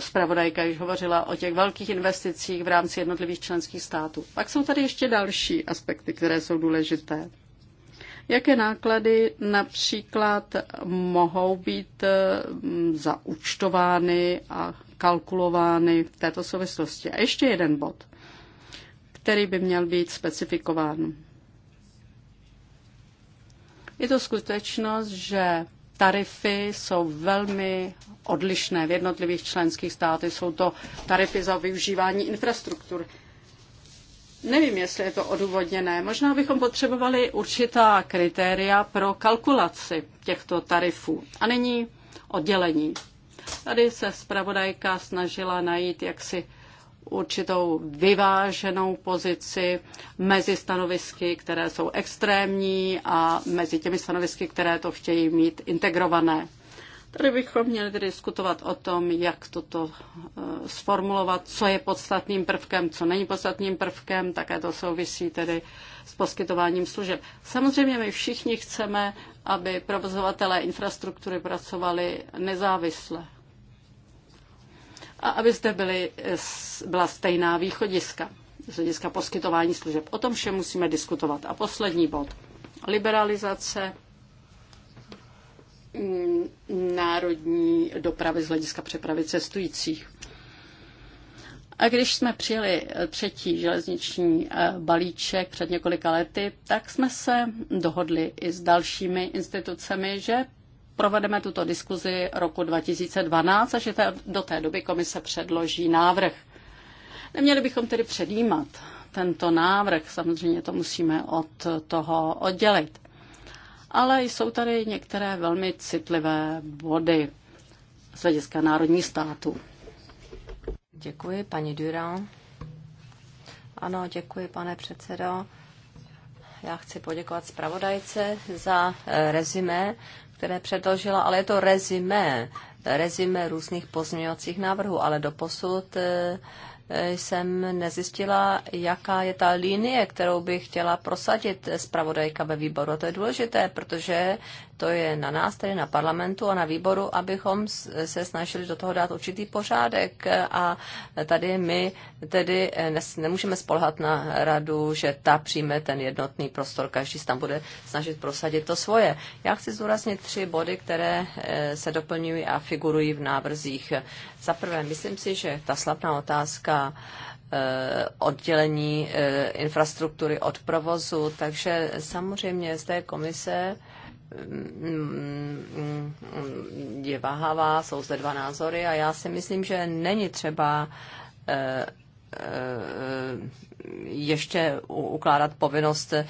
zpravodajka již hovořila o těch velkých investicích v rámci jednotlivých členských států. Pak jsou tady ještě další aspekty, které jsou důležité. Jaké náklady například mohou být eh, zaúčtovány a kalkulovány v této souvislosti? A ještě jeden bod, který by měl být specifikován. Je to skutečnost, že tarify jsou velmi odlišné v jednotlivých členských státech. Jsou to tarify za využívání infrastruktur. Nevím, jestli je to odůvodněné. Možná bychom potřebovali určitá kritéria pro kalkulaci těchto tarifů. A nyní oddělení. Tady se zpravodajka snažila najít jaksi určitou vyváženou pozici mezi stanovisky, které jsou extrémní a mezi těmi stanovisky, které to chtějí mít integrované. Tady bychom měli tedy diskutovat o tom, jak toto uh, sformulovat, co je podstatným prvkem, co není podstatným prvkem, také to souvisí tedy s poskytováním služeb. Samozřejmě my všichni chceme, aby provozovatelé infrastruktury pracovali nezávisle a aby zde byly, eh, byla stejná východiska z hlediska poskytování služeb. O tom vše musíme diskutovat. A poslední bod. Liberalizace mm, národní dopravy z hlediska přepravy cestujících. A když jsme přijeli eh, třetí železniční eh, balíček před několika lety, tak jsme se dohodli i s dalšími institucemi, že provedeme tuto diskuzi roku 2012 a že do té doby komise předloží návrh. Neměli bychom tedy předjímat tento návrh, samozřejmě to musíme od toho oddělit. Ale jsou tady některé velmi citlivé body z hlediska národní státu. Děkuji, paní Dura. Ano, děkuji, pane předsedo. Já chci poděkovat zpravodajce za eh, rezime které předložila, ale je to rezimé, rezimé různých pozměňovacích návrhů, ale do posud eh, jsem nezjistila, jaká je ta linie, kterou bych chtěla prosadit eh, zpravodajka ve výboru. A to je důležité, protože to je na nás, tedy na parlamentu a na výboru, abychom se snažili do toho dát určitý pořádek a tady my tedy nemůžeme spolhat na radu, že ta přijme ten jednotný prostor, každý se tam bude snažit prosadit to svoje. Já chci zúraznit tři body, které eh, se doplňují a figurují v návrzích. Za prvé, myslím si, že ta slavná otázka eh, oddělení eh, infrastruktury od provozu, takže samozřejmě z té komise je váhavá, jsou zde dva názory a já si myslím, že není třeba eh, eh, ještě ukládat povinnost eh,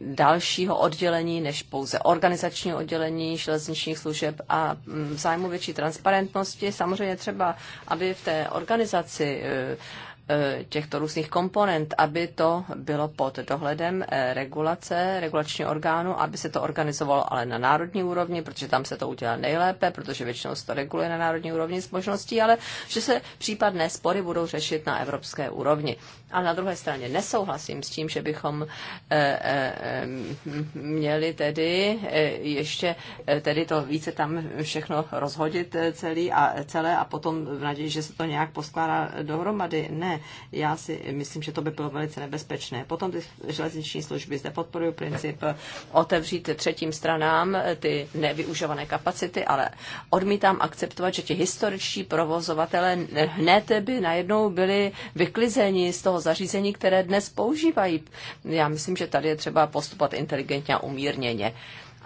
dalšího oddělení než pouze organizačního oddělení železničních služeb a mm, zájmu větší transparentnosti samozřejmě třeba, aby v té organizaci Eh, těchto různých komponent, aby to bylo pod dohledem eh, regulace, regulačního orgánu, aby se to organizovalo ale na národní úrovni, protože tam se to udělá nejlépe, protože většinou se to reguluje na národní úrovni s možností, ale že se případné spory budou řešit na evropské úrovni. A na druhé straně nesouhlasím s tím, že bychom eh, měli tedy ještě tedy to více tam všechno rozhodit celý a celé a potom v naději, že se to nějak poskládá dohromady. Ne, já si myslím, že to by bylo velice nebezpečné. Potom ty železniční služby zde podporují princip otevřít třetím stranám ty nevyužované kapacity, ale odmítám akceptovat, že ti historičtí provozovatele hned by najednou byli vyklizeni z toho zařízení, které dnes používají. Já myslím, že tady je třeba postupovat inteligentně a umírněně.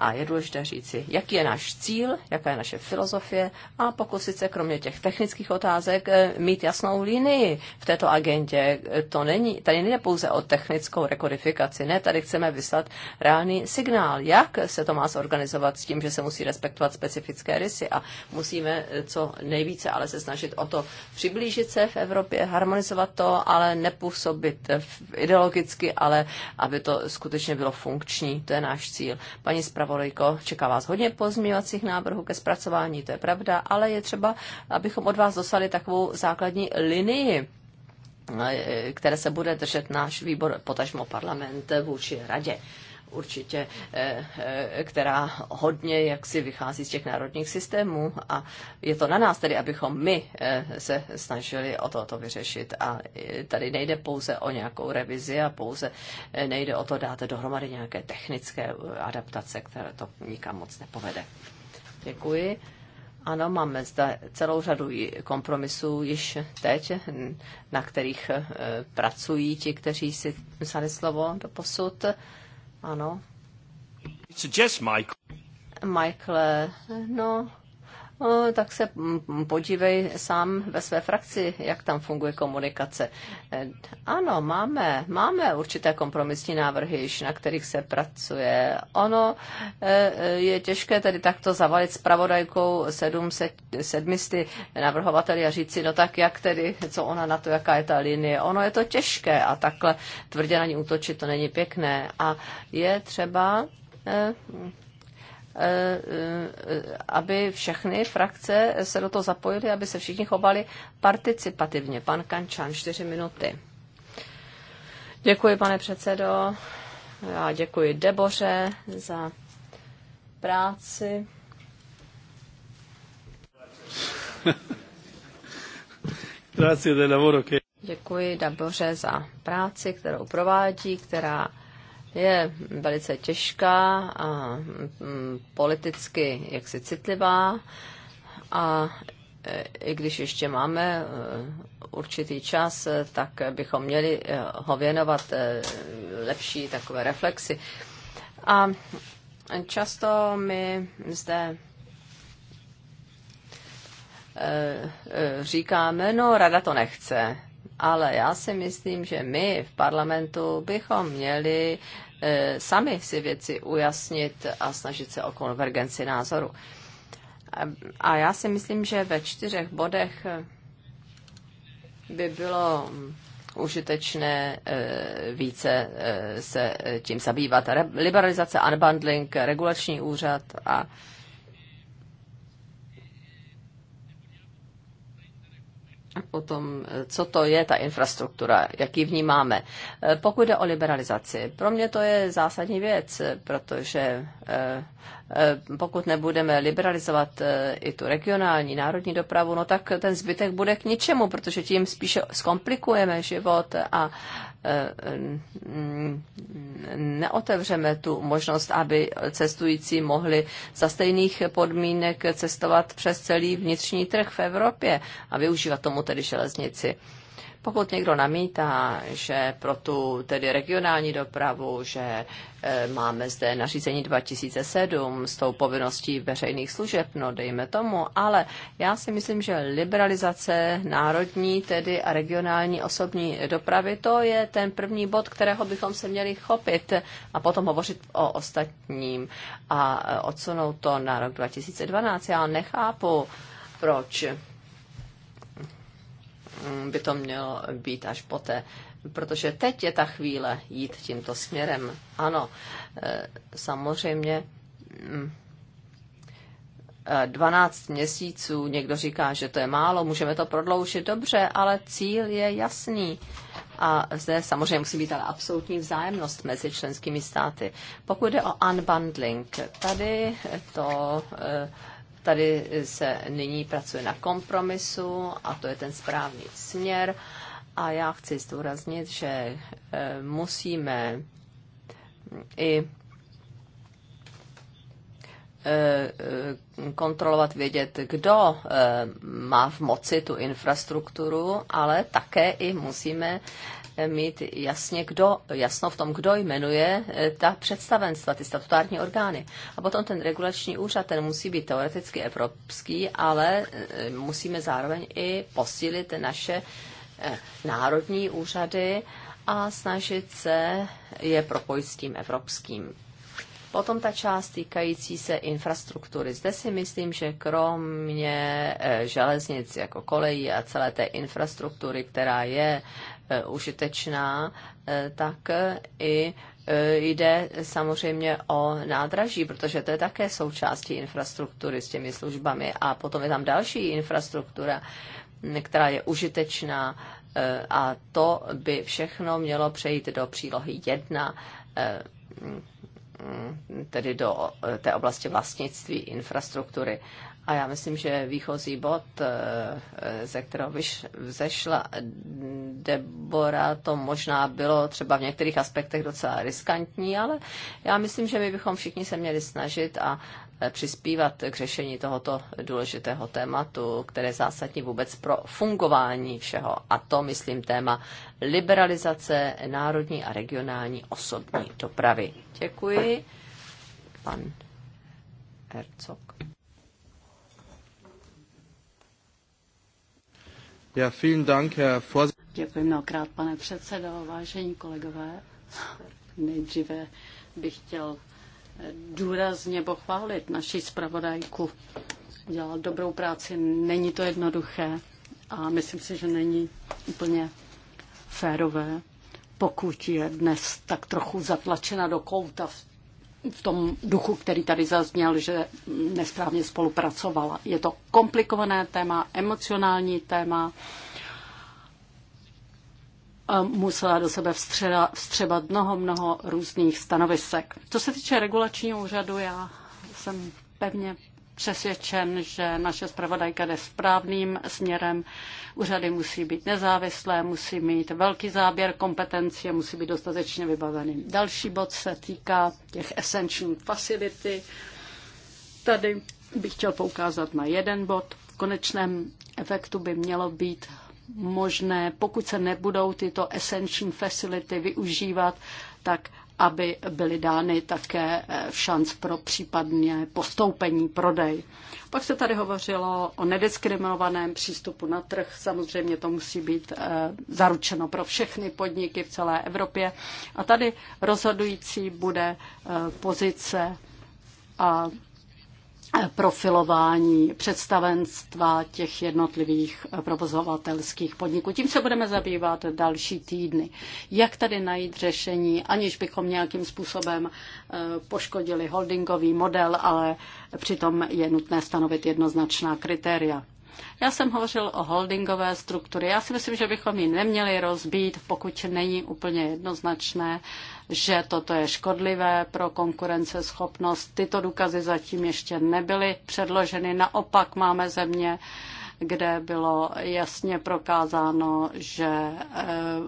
A je důležité říci, jaký je náš cíl, jaká je naše filozofie a pokusit se kromě těch technických otázek eh, mít jasnou linii v této agendě. To není, tady nejde pouze o technickou rekodifikaci, ne, tady chceme vyslat reálný signál, jak se to má zorganizovat s tím, že se musí respektovat specifické rysy a musíme eh, co nejvíce ale se snažit o to přiblížit se v Evropě, harmonizovat to, ale nepůsobit ideologicky, ale aby to skutečně bylo funkční. To je náš cíl. Paní zpravodajko, čeká vás hodně pozměňovacích návrhů ke zpracování, to je pravda, ale je třeba, abychom od vás dostali takovou základní linii, eh, které se bude držet náš výbor, potažmo parlament vůči radě určitě, eh, eh, která hodně jaksi vychází z těch národních systémů a je to na nás tedy, abychom my eh, se snažili o toto vyřešit a tady nejde pouze o nějakou revizi a pouze nejde o to dát dohromady nějaké technické adaptace, které to nikam moc nepovede. Děkuji. Ano, máme zde celou řadu kompromisů již teď, na kterých pracují ti, kteří si vzali slovo do posud. Ano. Suggest, Michael. Michael, no, Eh, tak se mm, podívej sám ve své frakci, jak tam funguje komunikace. Eh, ano, máme, máme určité kompromisní návrhy, na kterých se pracuje. Ono eh, je těžké tedy takto zavalit s pravodajkou sedmisty navrhovateli a říct si, no tak jak tedy, co ona na to, jaká je ta linie. Ono je to těžké a takhle tvrdě na ní útočit, to není pěkné. A je třeba Eh, eh, aby všechny frakce se do toho zapojily, aby se všichni chovali participativně. Pan Kančan, čtyři minuty. Děkuji, pane předsedo. Já děkuji Deboře za práci. Děkuji Deboře za práci, kterou provádí, která je velice těžká a mm, politicky jaksi citlivá a e, i když ještě máme e, určitý čas, e, tak bychom měli ho věnovat lepší takové reflexy. A často my zde říkáme, no rada to nechce, ale já si myslím, že my v parlamentu bychom měli e, sami si věci ujasnit a snažit se o konvergenci názoru. A já si myslím, že ve čtyřech bodech by bylo užitečné e, více e, se tím zabývat. Liberalizace, unbundling, regulační úřad a O tom, eh, co to je ta infrastruktura, jak ji vnímáme. Eh, pokud jde o liberalizaci, pro mě to je zásadní věc, protože eh, pokud nebudeme liberalizovat i tu regionální, národní dopravu, no tak ten zbytek bude k ničemu, protože tím spíše zkomplikujeme život a neotevřeme tu možnost, aby cestující mohli za stejných podmínek cestovat přes celý vnitřní trh v Evropě a využívat tomu tedy železnici. Pokud někdo namítá, že pro tu tedy regionální dopravu, že e, máme zde nařízení 2007 s tou povinností veřejných služeb, no dejme tomu, ale já si myslím, že liberalizace národní tedy a regionální osobní dopravy, to je ten první bod, kterého bychom se měli chopit a potom hovořit o ostatním a e, odsunout to na rok 2012. Já nechápu, proč by to mělo být až poté. Protože teď je ta chvíle jít tímto směrem. Ano, eh, samozřejmě 12 mm, eh, měsíců, někdo říká, že to je málo, můžeme to prodloužit dobře, ale cíl je jasný. A zde samozřejmě musí být ale absolutní vzájemnost mezi členskými státy. Pokud jde o unbundling, tady to eh, Tady se nyní pracuje na kompromisu a to je ten správný směr. A já chci zdůraznit, že e, musíme i e, e, kontrolovat, vědět, kdo má v moci tu infrastrukturu, ale také i musíme mít jasně kdo, jasno v tom, kdo jmenuje eh, ta představenstva, ty statutární orgány. A potom ten regulační úřad, ten musí být teoreticky evropský, ale eh, musíme zároveň i posílit naše eh, národní úřady a snažit se je propojit s tím evropským. Potom ta část týkající se infrastruktury. Zde si myslím, že kromě železnic jako kolejí a celé té infrastruktury, která je Eh, užitečná, eh, tak eh, i jde samozřejmě o nádraží, protože to je také součástí infrastruktury s těmi službami. A potom je tam další infrastruktura, která je užitečná a to by všechno mělo přejít do přílohy 1, tedy do té oblasti vlastnictví infrastruktury. A já myslím, že výchozí bod, eh, eh, ze kterého vzešla Debora, to možná bylo třeba v některých aspektech docela riskantní, ale já myslím, že my bychom všichni se měli snažit a eh, přispívat k řešení tohoto důležitého tématu, které je zásadní vůbec pro fungování všeho. A to, myslím, téma liberalizace národní a regionální osobní dopravy. Děkuji. Pan Herzog. Ja, vielen Dank, Herr Děkuji mnohokrát, pane předsedo, vážení kolegové. Nejdříve bych chtěl eh, důrazně pochválit naši zpravodajku. Dělal dobrou práci, není to jednoduché a myslím si, že není úplně férové, pokud je dnes tak trochu zatlačena do kouta v v tom duchu, který tady zazněl, že nesprávně spolupracovala. Je to komplikované téma, emocionální téma. Musela do sebe vstřeba, vstřebat mnoho, mnoho různých stanovisek. Co se týče regulačního úřadu, já jsem pevně přesvědčen, že naše zpravodajka jde správným směrem. Úřady musí být nezávislé, musí mít velký záběr kompetencí a musí být dostatečně vybavený. Další bod se týká těch essential facility. Tady bych chtěl poukázat na jeden bod. V konečném efektu by mělo být možné, pokud se nebudou tyto essential facility využívat, tak aby byly dány také eh, šanc pro případně postoupení prodej. Pak se tady hovořilo o nediskriminovaném přístupu na trh. Samozřejmě to musí být eh, zaručeno pro všechny podniky v celé Evropě. A tady rozhodující bude eh, pozice a profilování představenstva těch jednotlivých provozovatelských podniků. Tím se budeme zabývat další týdny. Jak tady najít řešení, aniž bychom nějakým způsobem eh, poškodili holdingový model, ale přitom je nutné stanovit jednoznačná kritéria. Já jsem hovořil o holdingové struktury. Já si myslím, že bychom ji neměli rozbít, pokud není úplně jednoznačné, že toto je škodlivé pro konkurenceschopnost. Tyto důkazy zatím ještě nebyly předloženy. Naopak máme země, kde bylo jasně prokázáno, že eh,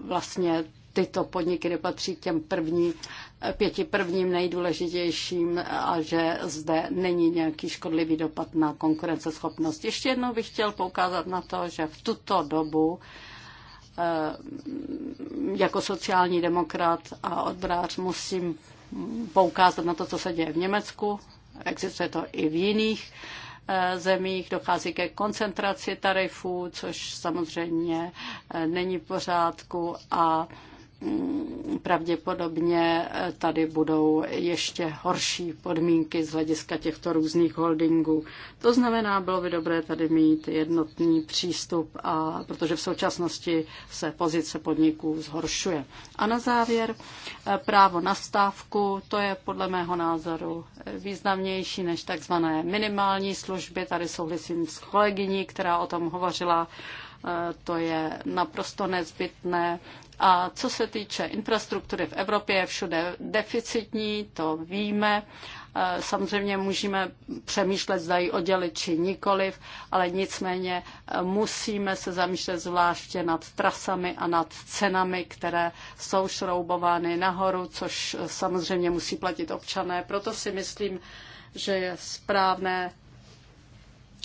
vlastně tyto podniky nepatří k těm první, eh, pěti prvním nejdůležitějším a že zde není nějaký škodlivý dopad na konkurenceschopnost. Ještě jednou bych chtěl poukázat na to, že v tuto dobu Eh, jako sociální demokrat a odbrář musím poukázat na to, co se děje v Německu. Existuje to i v jiných eh, zemích, dochází ke koncentraci tarifů, což samozřejmě eh, není v pořádku a Mm, pravděpodobně eh, tady budou ještě horší podmínky z hlediska těchto různých holdingů. To znamená, bylo by dobré tady mít jednotný přístup, a, protože v současnosti se pozice podniků zhoršuje. A na závěr eh, právo na stávku, to je podle mého názoru významnější než takzvané minimální služby. Tady souhlasím s kolegyní, která o tom hovořila eh, to je naprosto nezbytné a co se týče infrastruktury v Evropě, je všude deficitní, to víme. E, samozřejmě můžeme přemýšlet, zda ji oddělit či nikoliv, ale nicméně e, musíme se zamýšlet zvláště nad trasami a nad cenami, které jsou šroubovány nahoru, což e, samozřejmě musí platit občané. Proto si myslím, že je správné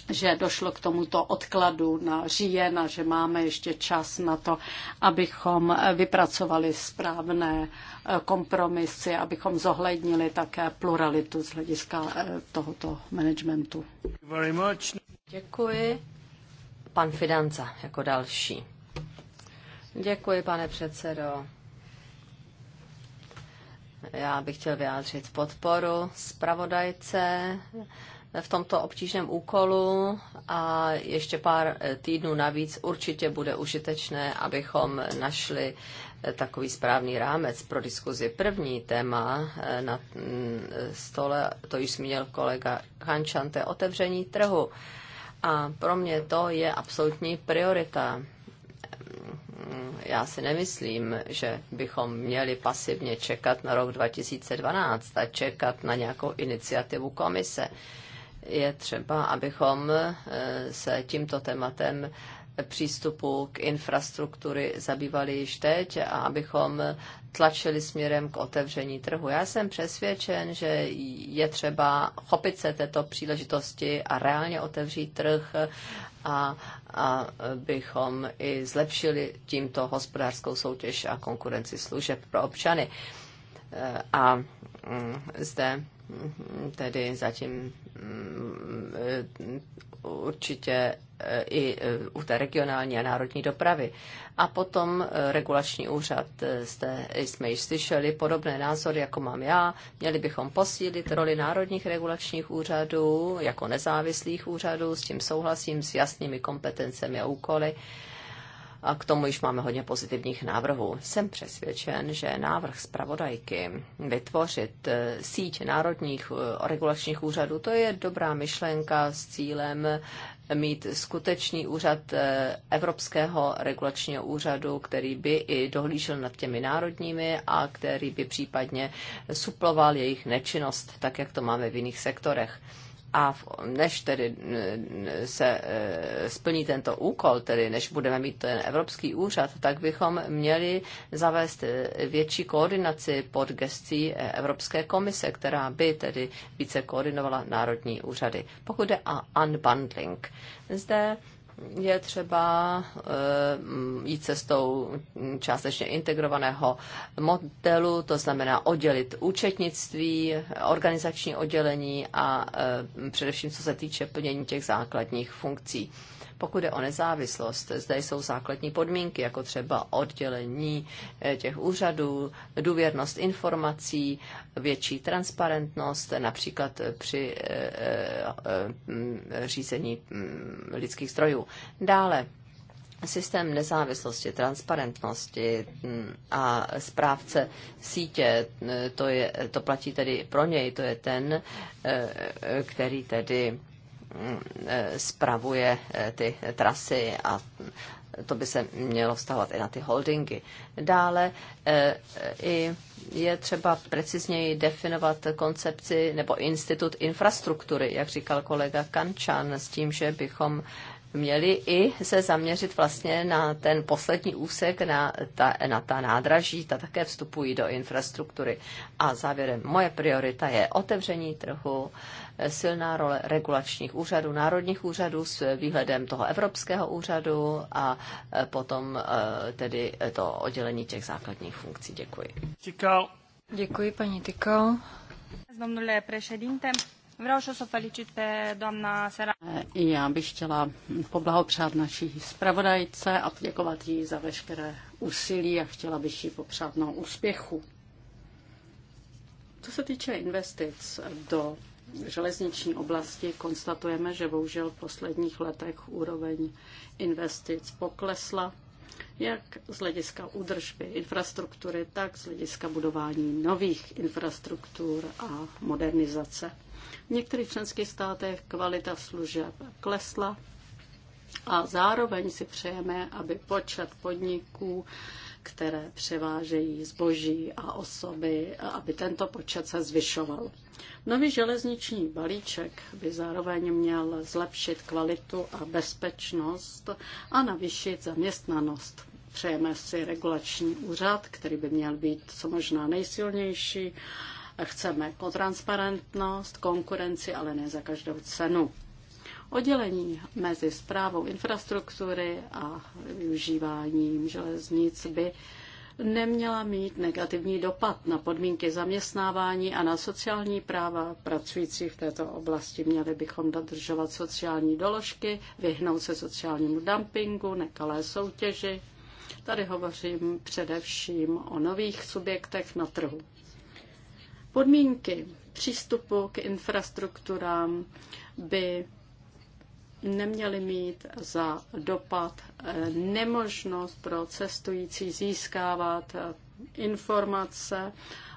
že došlo k tomuto odkladu na říjen a že máme ještě čas na to, abychom vypracovali správné eh, kompromisy, abychom zohlednili také pluralitu z hlediska eh, tohoto managementu. Děkuji. Pan Fidanca jako další. Děkuji, pane předsedo. Já bych chtěl vyjádřit podporu zpravodajce v tomto obtížném úkolu a ještě pár týdnů navíc určitě bude užitečné, abychom našli takový správný rámec pro diskuzi. První téma eh, na mm, stole, to již zmínil kolega Hančan, to je otevření trhu. A pro mě to je absolutní priorita. Já si nemyslím, že bychom měli pasivně čekat na rok 2012 a čekat na nějakou iniciativu komise je třeba, abychom eh, se tímto tématem přístupu k infrastruktury zabývali již teď a abychom tlačili směrem k otevření trhu. Já jsem přesvědčen, že je třeba chopit se této příležitosti a reálně otevřít trh a, a bychom i zlepšili tímto hospodářskou soutěž a konkurenci služeb pro občany. Eh, a mm, zde tedy zatím mm, určitě eh, i eh, u té regionální a národní dopravy. A potom eh, regulační úřad, jste, jsme již slyšeli podobné názory, jako mám já. Měli bychom posílit roli národních regulačních úřadů jako nezávislých úřadů, s tím souhlasím, s jasnými kompetencemi a úkoly a k tomu již máme hodně pozitivních návrhů. Jsem přesvědčen, že návrh zpravodajky vytvořit eh, síť národních eh, regulačních úřadů, to je dobrá myšlenka s cílem mít skutečný úřad eh, Evropského regulačního úřadu, který by i dohlížel nad těmi národními a který by případně suploval jejich nečinnost, tak jak to máme v jiných sektorech. A než tedy se e, splní tento úkol, tedy než budeme mít ten Evropský úřad, tak bychom měli zavést e, větší koordinaci pod gestí e, Evropské komise, která by tedy více koordinovala národní úřady. Pokud jde o unbundling, zde je třeba eh, jít cestou částečně integrovaného modelu, to znamená oddělit účetnictví, organizační oddělení a eh, především co se týče plnění těch základních funkcí. Pokud je o nezávislost, zde jsou základní podmínky, jako třeba oddělení eh, těch úřadů, důvěrnost informací, větší transparentnost, například při eh, eh, mm, řízení mm, lidských zdrojů. Dále systém nezávislosti, transparentnosti mm, a správce sítě, to, je, to platí tedy pro něj, to je ten, který tedy Eh, spravuje eh, ty trasy a to by se mělo vztahovat i na ty holdingy. Dále eh, i je třeba precizněji definovat koncepci nebo institut infrastruktury, jak říkal kolega Kančan, s tím, že bychom měli i se zaměřit vlastně na ten poslední úsek, na ta, na ta nádraží, ta také vstupují do infrastruktury. A závěrem, moje priorita je otevření trhu, eh, silná role regulačních úřadů, národních úřadů s výhledem toho Evropského úřadu a e, potom e, tedy to oddělení těch základních funkcí. Děkuji. Tikal. Děkuji, paní Tikal. Domnule președinte, Vreau și o felicit pe doamna Sera. E, já bych chtěla poblahopřát naší zpravodajce a poděkovat jí za veškeré úsilí a chtěla bych jí popřát na úspěchu. Co se týče investic do železniční oblasti konstatujeme, že bohužel v posledních letech úroveň investic poklesla, jak z hlediska údržby infrastruktury, tak z hlediska budování nových infrastruktur a modernizace. V některých členských státech kvalita služeb klesla a zároveň si přejeme, aby počet podniků které převážejí zboží a osoby, aby tento počet se zvyšoval. Nový železniční balíček by zároveň měl zlepšit kvalitu a bezpečnost a navýšit zaměstnanost. Přejeme si regulační úřad, který by měl být co možná nejsilnější. Chceme transparentnost, konkurenci, ale ne za každou cenu. Oddělení mezi zprávou infrastruktury a využíváním železnic by neměla mít negativní dopad na podmínky zaměstnávání a na sociální práva pracující v této oblasti. Měli bychom dodržovat sociální doložky, vyhnout se sociálnímu dumpingu, nekalé soutěži. Tady hovořím především o nových subjektech na trhu. Podmínky přístupu k infrastrukturám by neměly mít za dopad eh, nemožnost pro cestující získávat eh, informace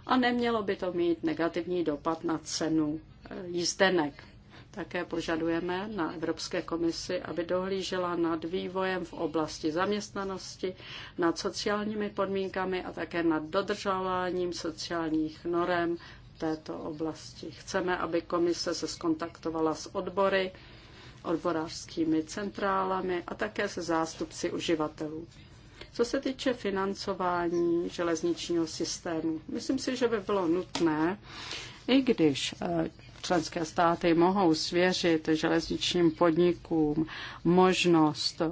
a nemělo by to mít negativní dopad na cenu eh, jízdenek. Také požadujeme na Evropské komisi, aby dohlížela nad vývojem v oblasti zaměstnanosti, nad sociálními podmínkami a také nad dodržováním sociálních norem této oblasti. Chceme, aby komise se skontaktovala s odbory, odborářskými centrálami a také se zástupci uživatelů. Co se týče financování železničního systému, myslím si, že by bylo nutné, i když eh, členské státy mohou svěřit železničním podnikům možnost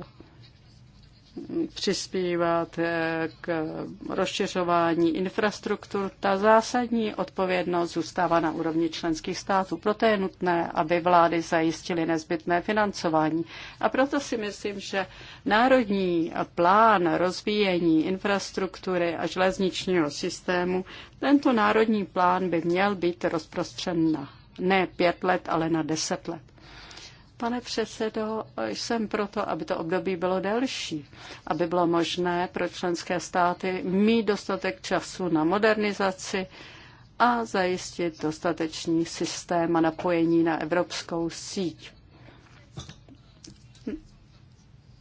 přispívat eh, k rozšiřování infrastruktur, ta zásadní odpovědnost zůstává na úrovni členských států. Proto je nutné, aby vlády zajistily nezbytné financování. A proto si myslím, že národní plán rozvíjení infrastruktury a železničního systému, tento národní plán by měl být rozprostřen na ne pět let, ale na deset let. Pane předsedo, jsem proto, aby to období bylo delší, aby bylo možné pro členské státy mít dostatek času na modernizaci a zajistit dostatečný systém a napojení na evropskou síť.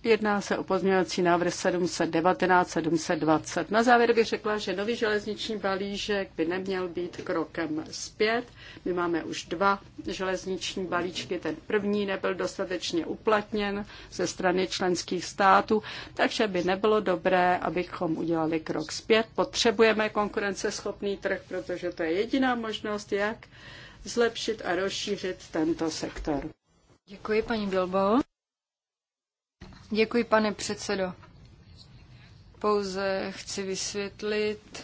Jedná se o pozměňovací návrh 719, 720. Na závěr bych řekla, že nový železniční balíček by neměl být krokem zpět. My máme už dva železniční balíčky. Ten první nebyl dostatečně uplatněn ze strany členských států, takže by nebylo dobré, abychom udělali krok zpět. Potřebujeme konkurenceschopný trh, protože to je jediná možnost, jak zlepšit a rozšířit tento sektor. Děkuji, paní Bilbo. Děkuji, pane předsedo. Pouze chci vysvětlit,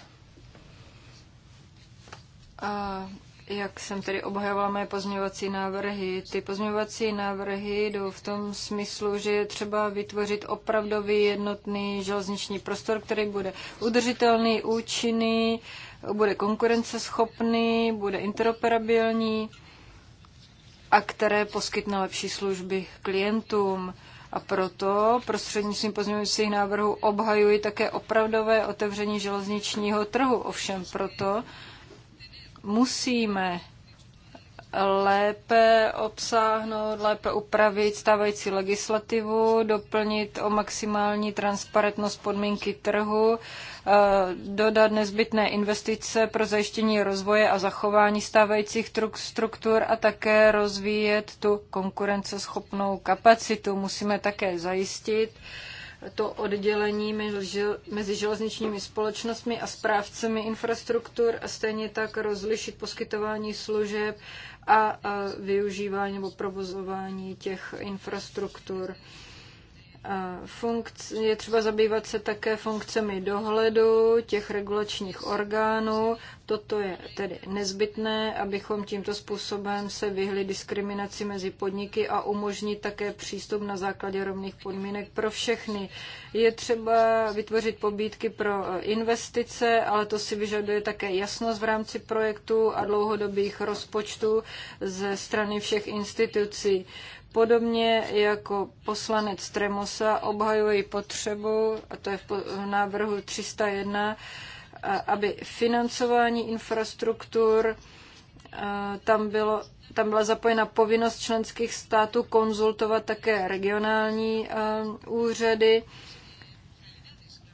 a jak jsem tedy obhajovala mé pozměňovací návrhy. Ty pozměňovací návrhy jdou v tom smyslu, že je třeba vytvořit opravdový jednotný železniční prostor, který bude udržitelný, účinný, bude konkurenceschopný, bude interoperabilní a které poskytne lepší služby klientům. A proto prostřednictvím pozměňujících návrhů obhajuji také opravdové otevření železničního trhu. Ovšem proto musíme lépe obsáhnout, lépe upravit stávající legislativu, doplnit o maximální transparentnost podmínky trhu, eh, dodat nezbytné investice pro zajištění rozvoje a zachování stávajících struktur a také rozvíjet tu konkurenceschopnou kapacitu. Musíme také zajistit, to oddělení mezi železničními společnostmi a správcemi infrastruktur a stejně tak rozlišit poskytování služeb a využívání nebo provozování těch infrastruktur je třeba zabývat se také funkcemi dohledu těch regulačních orgánů. Toto je tedy nezbytné, abychom tímto způsobem se vyhli diskriminaci mezi podniky a umožnit také přístup na základě rovných podmínek pro všechny. Je třeba vytvořit pobídky pro eh, investice, ale to si vyžaduje také jasnost v rámci projektu a dlouhodobých rozpočtů ze strany všech institucí. Podobně jako poslanec Tremosa obhajuje potřebu, a to je v návrhu 301, aby financování infrastruktur tam bylo tam byla zapojena povinnost členských států konzultovat také regionální úřady,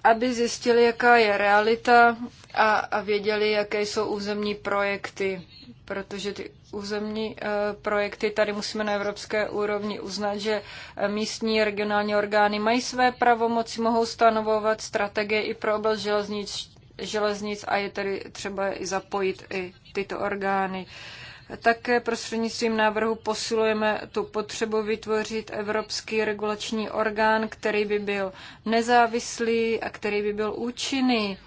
aby zjistili, jaká je realita a, a věděli, jaké jsou územní projekty, protože ty územní eh, projekty tady musíme na evropské úrovni uznat, že eh, místní regionální orgány mají své pravomoci, mohou stanovovat strategie i pro oblast železnic, železnic a je tedy třeba i zapojit i tyto orgány. Také prostřednictvím návrhu posilujeme tu potřebu vytvořit evropský regulační orgán, který by byl nezávislý a který by byl účinný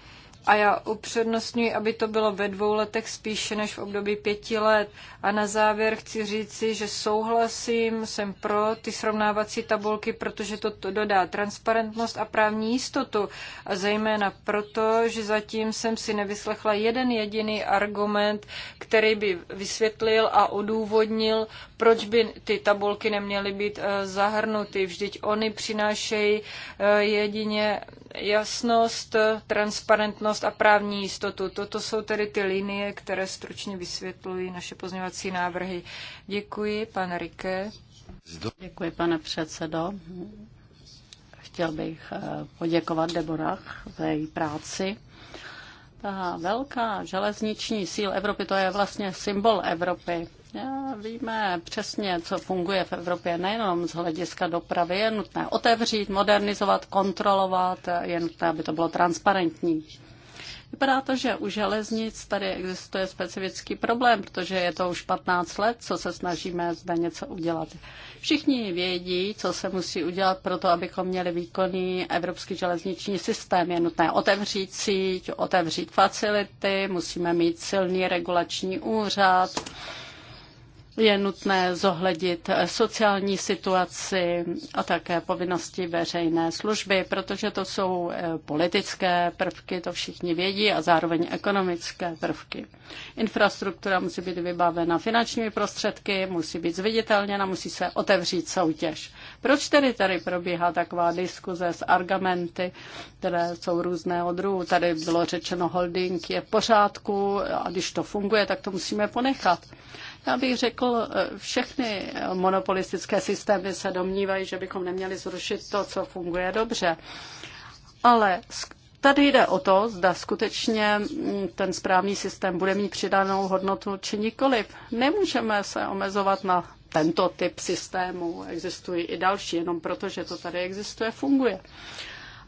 a já upřednostňuji, aby to bylo ve dvou letech spíše než v období pěti let. A na závěr chci říci, že souhlasím, jsem pro ty srovnávací tabulky, protože to dodá transparentnost a právní jistotu. A zejména proto, že zatím jsem si nevyslechla jeden jediný argument, který by vysvětlil a odůvodnil, proč by ty tabulky neměly být eh, zahrnuty. Vždyť oni přinášejí eh, jedině jasnost, transparentnost, bezpečnost a právní jistotu. Toto jsou tedy ty linie, které stručně vysvětlují naše pozměvací návrhy. Děkuji, pan Rike. Děkuji, pane předsedo. Chtěl bych eh, poděkovat Deborah za její práci. Ta velká železniční síl Evropy, to je vlastně symbol Evropy. Já víme přesně, co funguje v Evropě, nejenom z hlediska dopravy. Je nutné otevřít, modernizovat, kontrolovat, je nutné, aby to bylo transparentní. Vypadá to, že u železnic tady existuje specifický problém, protože je to už 15 let, co se snažíme zde něco udělat. Všichni vědí, co se musí udělat pro to, abychom měli výkonný evropský železniční systém. Je nutné otevřít síť, otevřít facility, musíme mít silný regulační úřad je nutné zohlednit sociální situaci a také povinnosti veřejné služby, protože to jsou eh, politické prvky, to všichni vědí, a zároveň ekonomické prvky. Infrastruktura musí být vybavena finančními prostředky, musí být zviditelněna, musí se otevřít soutěž. Proč tedy tady probíhá taková diskuze s argumenty, které jsou od druhu? Tady bylo řečeno, holding je v pořádku a když to funguje, tak to musíme ponechat. Já bych řekl, eh, všechny monopolistické systémy se domnívají, že bychom neměli zrušit to, co funguje dobře. Ale tady jde o to, zda skutečně mm, ten správný systém bude mít přidanou hodnotu či nikoliv. Nemůžeme se omezovat na tento typ systému. Existují i další, jenom proto, že to tady existuje, funguje.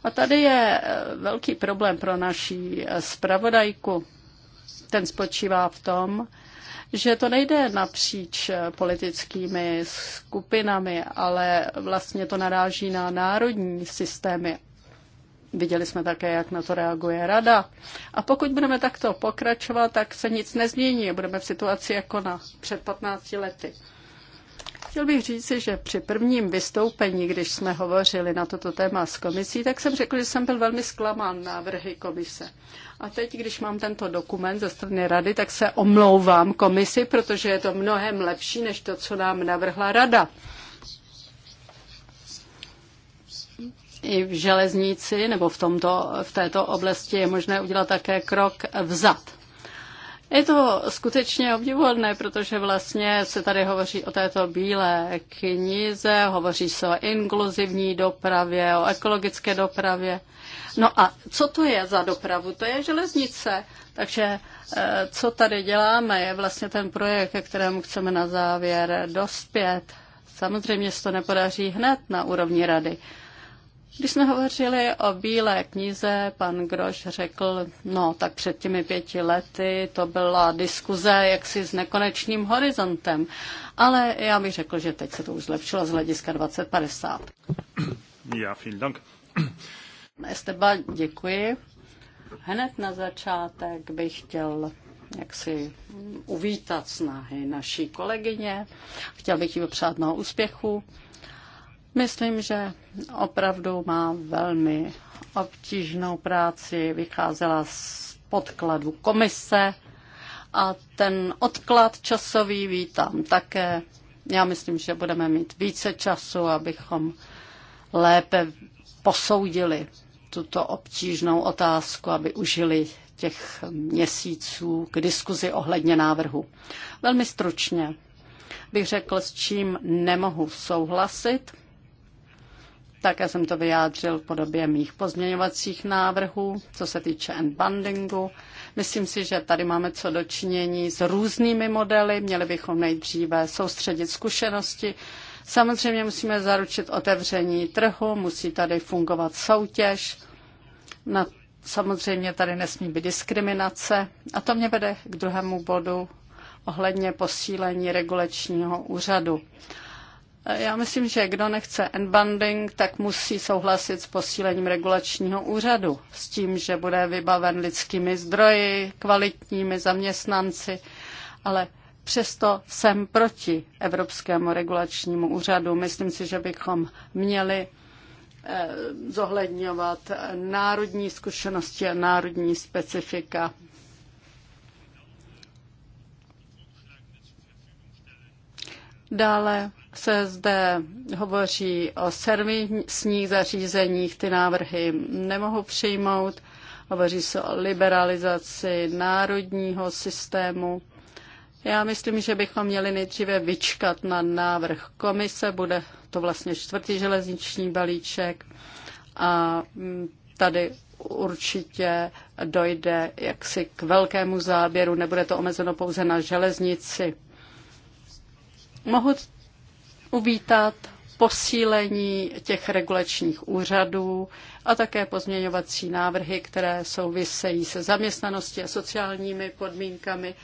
A tady je eh, velký problém pro naší spravodajku. Eh, ten spočívá v tom, že to nejde napříč eh, politickými skupinami, ale vlastně to naráží na národní systémy. Viděli jsme také, jak na to reaguje rada. A pokud budeme takto pokračovat, tak se nic nezmění. Budeme v situaci jako na před 15 lety. Chtěl bych říci, že při prvním vystoupení, když jsme hovořili na toto téma s komisí, tak jsem řekl, že jsem byl velmi zklamán návrhy komise. A teď, když mám tento dokument ze strany rady, tak se omlouvám komisi, protože je to mnohem lepší než to, co nám navrhla rada. I v železnici nebo v, tomto, v této oblasti je možné udělat také krok vzad. Je to skutečně obdivuhodné, protože vlastně se tady hovoří o této bílé knize, hovoří se o inkluzivní dopravě, o ekologické dopravě. No a co to je za dopravu? To je železnice. Takže eh, co tady děláme, je vlastně ten projekt, ke kterému chceme na závěr dospět. Samozřejmě se to nepodaří hned na úrovni rady. Když jsme hovořili o Bílé knize, pan Groš řekl, no tak před těmi pěti lety to byla diskuze jaksi s nekonečným horizontem, ale já bych řekl, že teď se to už zlepšilo z hlediska 2050. Ja, vielen Dank. Esteba, děkuji. Hned na začátek bych chtěl jak si uvítat snahy naší kolegyně. Chtěl bych jí popřát mnoho úspěchu. Myslím, že opravdu má velmi obtížnou práci, vycházela z podkladu komise a ten odklad časový vítám také. Já myslím, že budeme mít více času, abychom lépe posoudili tuto obtížnou otázku aby užili těch měsíců k diskuzi ohledně návrhu. Velmi stručně bych řekl, s čím nemohu souhlasit. já jsem to vyjádřil v podobě mých pozměňovacích návrhů, co se týče unbundingu. Myslím si, že tady máme co dočinění s různými modely. Měli bychom nejdříve soustředit zkušenosti Samozřejmě musíme zaručit otevření trhu, musí tady fungovat soutěž, na, samozřejmě tady nesmí být diskriminace. A to mě vede k druhému bodu ohledně posílení regulačního úřadu. Já myslím, že kdo nechce endbanding, tak musí souhlasit s posílením regulačního úřadu, s tím, že bude vybaven lidskými zdroji, kvalitními zaměstnanci, ale Přesto jsem proti Evropskému regulačnímu úřadu. Myslím si, že bychom měli eh, zohledňovat národní zkušenosti a národní specifika. Dále se zde hovoří o servisních zařízeních, ty návrhy nemohu přijmout. Hovoří se o liberalizaci národního systému. Já myslím, že bychom měli nejdříve vyčkat na návrh komise, bude to vlastně čtvrtý železniční balíček a mm, tady určitě dojde jaksi k velkému záběru, nebude to omezeno pouze na železnici. Mohu uvítat posílení těch regulačních úřadů a také pozměňovací návrhy, které souvisejí se zaměstnaností a sociálními podmínkami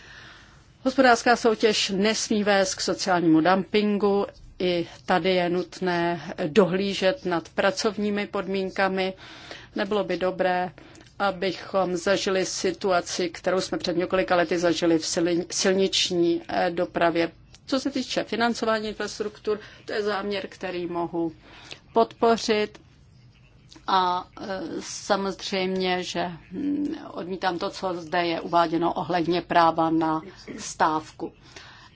Hospodářská soutěž nesmí vést k sociálnímu dumpingu. I tady je nutné dohlížet nad pracovními podmínkami. Nebylo by dobré, abychom zažili situaci, kterou jsme před několika lety zažili v silniční eh, dopravě. Co se týče financování infrastruktur, to je záměr, který mohu podpořit a e, samozřejmě, že hm, odmítám to, co zde je uváděno ohledně práva na stávku.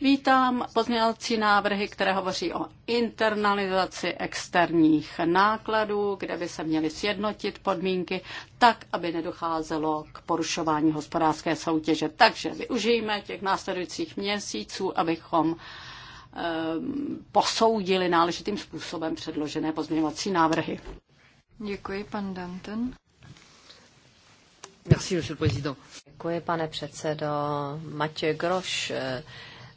Vítám pozměňovací návrhy, které hovoří o internalizaci externích nákladů, kde by se měly sjednotit podmínky tak, aby nedocházelo k porušování hospodářské soutěže. Takže využijeme těch následujících měsíců, abychom e, posoudili náležitým způsobem předložené pozměňovací návrhy. Děkuji, pan Danten. Merci, monsieur le président. Děkuji, pane předsedo. Matěj Groš eh,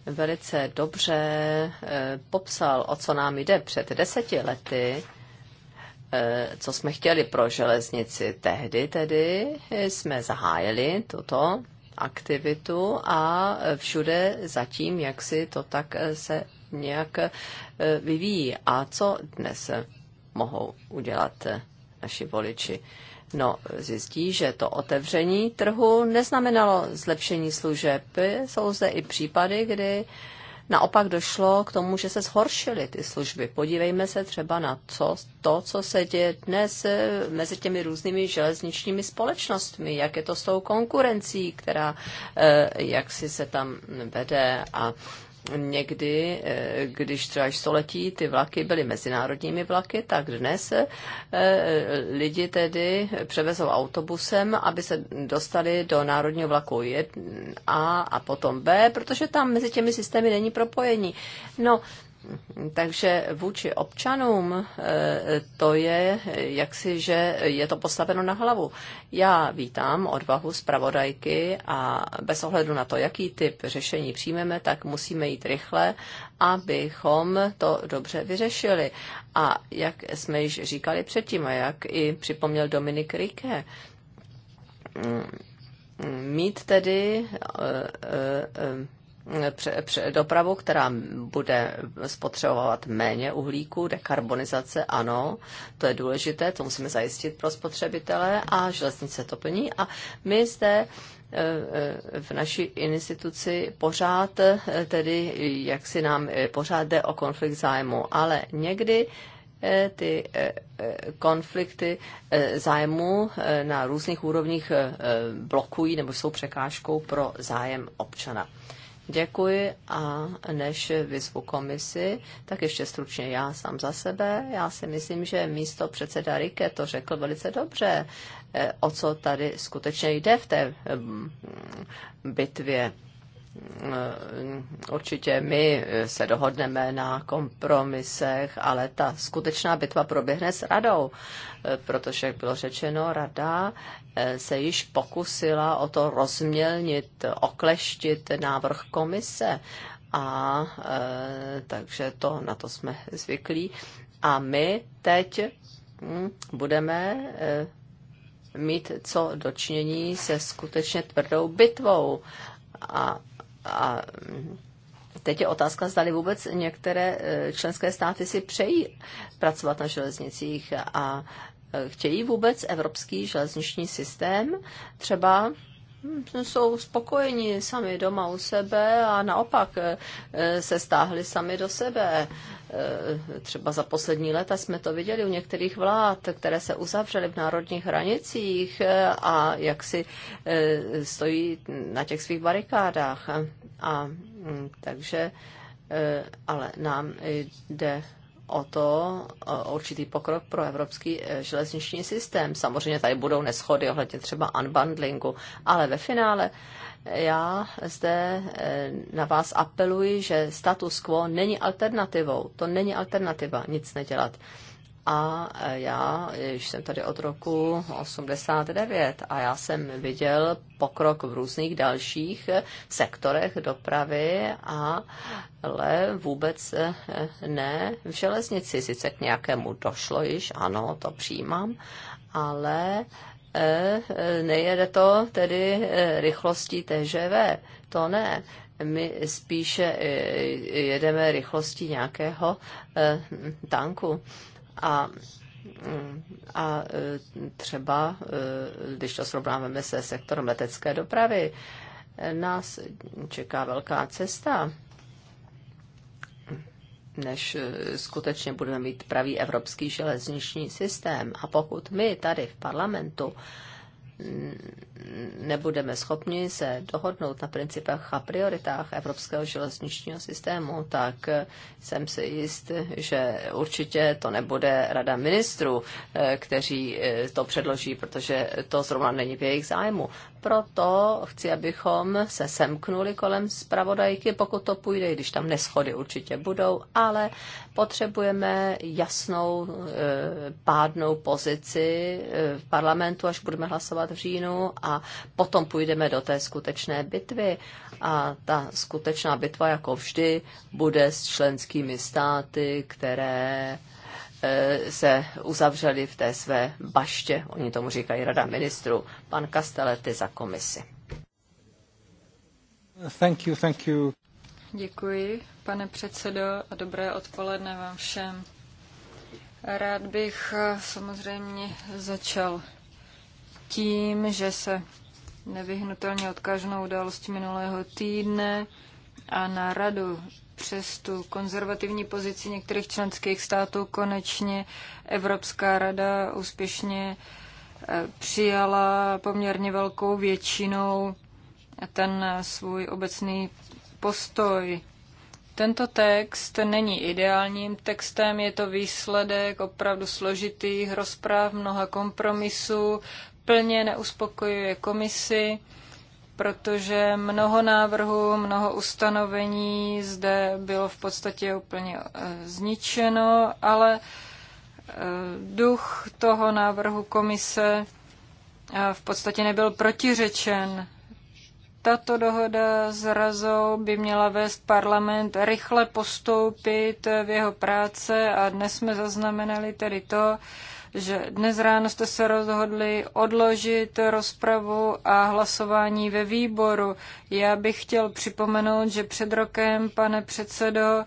velice dobře eh, popsal, o co nám jde před deseti lety eh, co jsme chtěli pro železnici tehdy, tedy jsme zahájili tuto aktivitu a všude zatím, jak si to tak se nějak vyvíjí. A co dnes mohou udělat naši voliči. No, zjistí, že to otevření trhu neznamenalo zlepšení služeb. Jsou zde i případy, kdy naopak došlo k tomu, že se zhoršily ty služby. Podívejme se třeba na co, to, co se děje dnes eh, mezi těmi různými železničními společnostmi, jak je to s tou konkurencí, která eh, jak si se tam vede a někdy, eh, když třeba století ty vlaky byly mezinárodními vlaky, tak dnes eh, lidi tedy převezou autobusem, aby se dostali do národního vlaku A a potom B, protože tam mezi těmi systémy není propojení. No, takže vůči občanům eh, to je jaksi, že je to postaveno na hlavu. Já vítám odvahu zpravodajky a bez ohledu na to, jaký typ řešení přijmeme, tak musíme jít rychle, abychom to dobře vyřešili. A jak jsme již říkali předtím a jak i připomněl Dominik Rike, mm, mm, mít tedy eh, eh, dopravu, která bude spotřebovat méně uhlíku, dekarbonizace, ano, to je důležité, to musíme zajistit pro spotřebitele a železnice to plní. A my zde e, e, v naší instituci pořád e, tedy, jak si nám pořád jde o konflikt zájmu, ale někdy ty konflikty zájmu na různých úrovních blokují nebo jsou překážkou pro zájem občana. Děkuji a než vyzvu komisi, tak ještě stručně já sám za sebe. Já si myslím, že místo předseda Rike to řekl velice dobře, e, o co tady skutečně jde v té mm, bitvě Eh, určitě my se dohodneme na kompromisech, ale ta skutečná bitva proběhne s radou, eh, protože, jak bylo řečeno, rada eh, se již pokusila o to rozmělnit, okleštit návrh komise. A takže to, na to jsme zvyklí. A my teď hm, budeme mít co dočinění se skutečně tvrdou bitvou. A a Teď je otázka, zda vůbec některé e, členské státy si přejí pracovat na železnicích a e, chtějí vůbec evropský železniční systém. Třeba hm, jsou spokojeni sami doma u sebe a naopak e, se stáhli sami do sebe Eh, třeba za poslední leta jsme to viděli u některých vlád, které se uzavřely v národních hranicích eh, a jak si eh, stojí na těch svých barikádách. A mm, takže, ale nám jde o to o určitý pokrok pro evropský železniční systém. Samozřejmě tady budou neschody ohledně třeba unbundlingu, ale ve finále já zde eh, na vás apeluji, že status quo není alternativou. To není alternativa nic nedělat. A eh, já již jsem tady od roku 89 a já jsem viděl pokrok v různých dalších eh, sektorech dopravy, a, ale vůbec ne v železnici. Sice k nějakému došlo již, ano, to přijímám, ale E, nejede to tedy e, rychlostí TGV, to ne. My spíše e, jedeme rychlostí nějakého tanku. A a třeba, když to srovnáme se sektorem letecké dopravy, nás čeká velká cesta než eh, skutečně budeme mít pravý evropský železniční systém. A pokud my tady v parlamentu mm, nebudeme schopni se dohodnout na principech a prioritách evropského železničního systému, tak eh, jsem si jist, že určitě to nebude rada ministrů, eh, kteří to předloží, protože to zrovna není v jejich zájmu proto chci, abychom se semknuli kolem zpravodajky, pokud to půjde, i když tam neschody určitě budou, ale potřebujeme jasnou e, pádnou pozici e, v parlamentu, až budeme hlasovat v říjnu a potom půjdeme do té skutečné bitvy. A ta skutečná bitva, jako vždy, bude s členskými státy, které Eh, se uzavřeli v té své baště, oni tomu říkají rada ministrů, pan Kastelety za komisi. Thank you, thank you. Děkuji, pane předsedo, a dobré odpoledne vám všem. Rád bych eh, samozřejmě začal tím, že se nevyhnutelně odkážu na události minulého týdne a na radu přes tu konzervativní pozici některých členských států konečně Evropská rada úspěšně eh, přijala poměrně velkou většinou ten svůj obecný postoj. Tento text není ideálním textem, je to výsledek opravdu složitých rozpráv, mnoha kompromisů, plně neuspokojuje komisi protože mnoho návrhů, mnoho ustanovení zde bylo v podstatě úplně eh, zničeno, ale eh, duch toho návrhu komise eh, v podstatě nebyl protiřečen. Tato dohoda s Razou by měla vést parlament rychle postoupit v jeho práce a dnes jsme zaznamenali tedy to, že dnes ráno jste se rozhodli odložit rozpravu a hlasování ve výboru. Já bych chtěl připomenout, že před rokem, pane předsedo,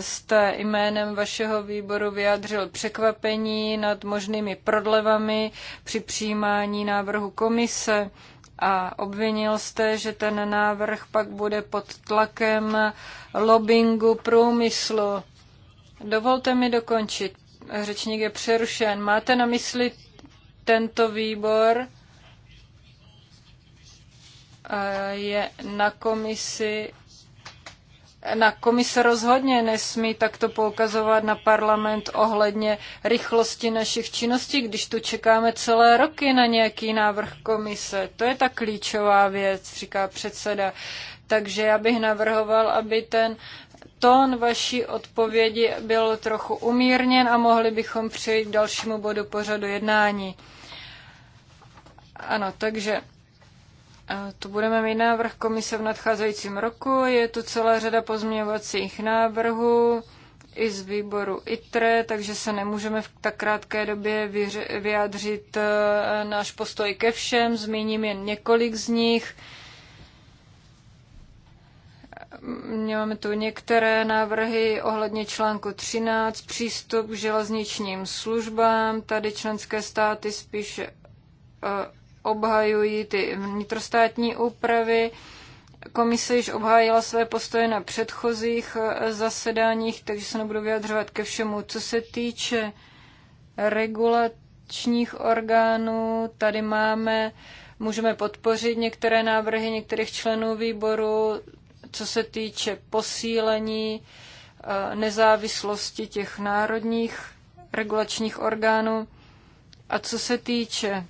jste jménem vašeho výboru vyjádřil překvapení nad možnými prodlevami při přijímání návrhu komise a obvinil jste, že ten návrh pak bude pod tlakem lobbingu průmyslu. Dovolte mi dokončit. Řečník je přerušen. Máte na mysli tento výbor? Je na komisi. Na komise rozhodně nesmí takto poukazovat na parlament ohledně rychlosti našich činností, když tu čekáme celé roky na nějaký návrh komise. To je ta klíčová věc, říká předseda. Takže já bych navrhoval, aby ten tón vaší odpovědi byl trochu umírněn a mohli bychom přejít k dalšímu bodu pořadu jednání. Ano, takže eh, to budeme mít návrh komise v nadcházejícím roku. Je tu celá řada pozměňovacích návrhů i z výboru ITRE, takže se nemůžeme v tak krátké době vyjádřit eh, náš postoj ke všem. Zmíním jen několik z nich. Máme tu některé návrhy ohledně článku 13, přístup k železničním službám. Tady členské státy spíš eh, obhajují ty vnitrostátní úpravy. Komise již obhájila své postoje na předchozích eh, zasedáních, takže se nebudu vyjadřovat ke všemu. Co se týče regulačních orgánů, tady máme, můžeme podpořit některé návrhy některých členů výboru, co se týče posílení eh, nezávislosti těch národních regulačních orgánů a co se týče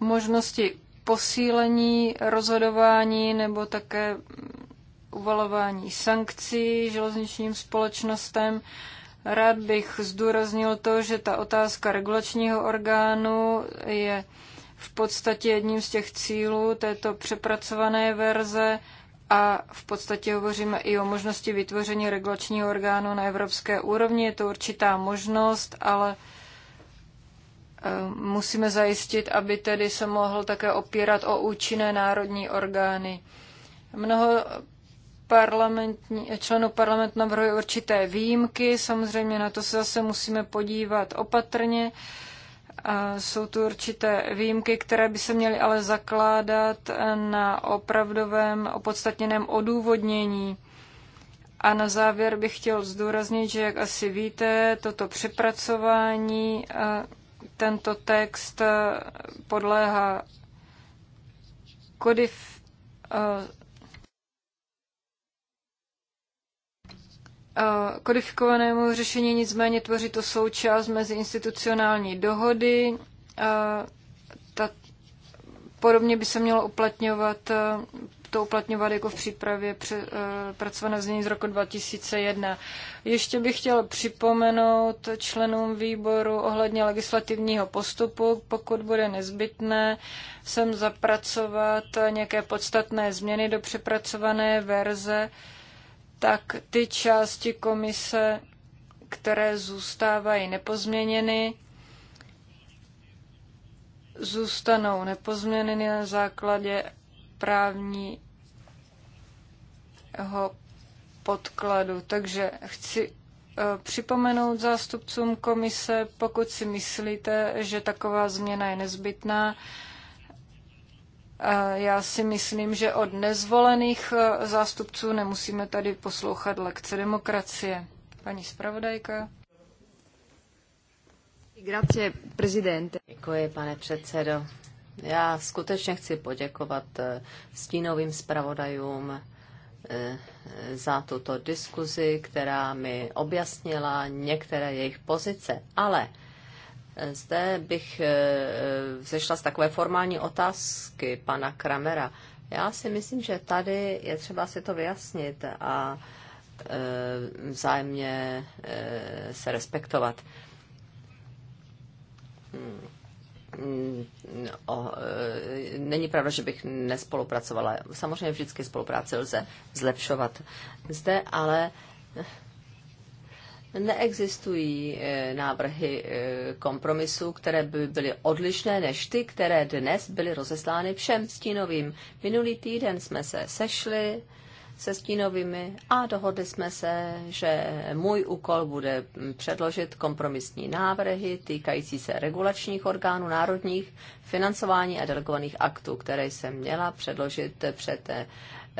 možnosti posílení rozhodování nebo také uvalování sankcí železničním společnostem. Rád bych zdůraznil to, že ta otázka regulačního orgánu je v podstatě jedním z těch cílů této přepracované verze a v podstatě hovoříme i o možnosti vytvoření regulačního orgánu na evropské úrovni. Je to určitá možnost, ale eh, musíme zajistit, aby tedy se mohl také opírat o účinné národní orgány. Mnoho parlamentní, členů parlamentu navrhuje určité výjimky, samozřejmě na to se zase musíme podívat opatrně. Uh, jsou tu určité výjimky, které by se měly ale zakládat na opravdovém opodstatněném odůvodnění. A na závěr bych chtěl zdůraznit, že jak asi víte, toto přepracování, tento text podléhá kodif, kodifikovanému řešení, nicméně tvoří to součást mezi institucionální dohody. Ta, podobně by se mělo uplatňovat, to uplatňovat jako v přípravě pře, pracované znění z roku 2001. Ještě bych chtěl připomenout členům výboru ohledně legislativního postupu, pokud bude nezbytné, sem zapracovat nějaké podstatné změny do přepracované verze, tak ty části komise, které zůstávají nepozměněny, zůstanou nepozměněny na základě právního podkladu. Takže chci eh, připomenout zástupcům komise, pokud si myslíte, že taková změna je nezbytná, já si myslím, že od nezvolených e, zástupců nemusíme tady poslouchat lekce demokracie. Paní zpravodajka. Grazie, prezidente. Děkuji, pane předsedo. Já skutečně chci poděkovat e, stínovým zpravodajům e, za tuto diskuzi, která mi objasnila některé jejich pozice. Ale zde bych sešla eh, z takové formální otázky pana Kramera. Já si myslím, že tady je třeba si to vyjasnit a eh, vzájemně eh, se respektovat. Hmm. No, není pravda, že bych nespolupracovala. Samozřejmě vždycky spolupráci lze zlepšovat. Zde ale neexistují eh, návrhy eh, kompromisů, které by byly odlišné než ty, které dnes byly rozeslány všem stínovým. Minulý týden jsme se sešli se stínovými a dohodli jsme se, že můj úkol bude předložit kompromisní návrhy týkající se regulačních orgánů národních, financování a delegovaných aktů, které jsem měla předložit před eh,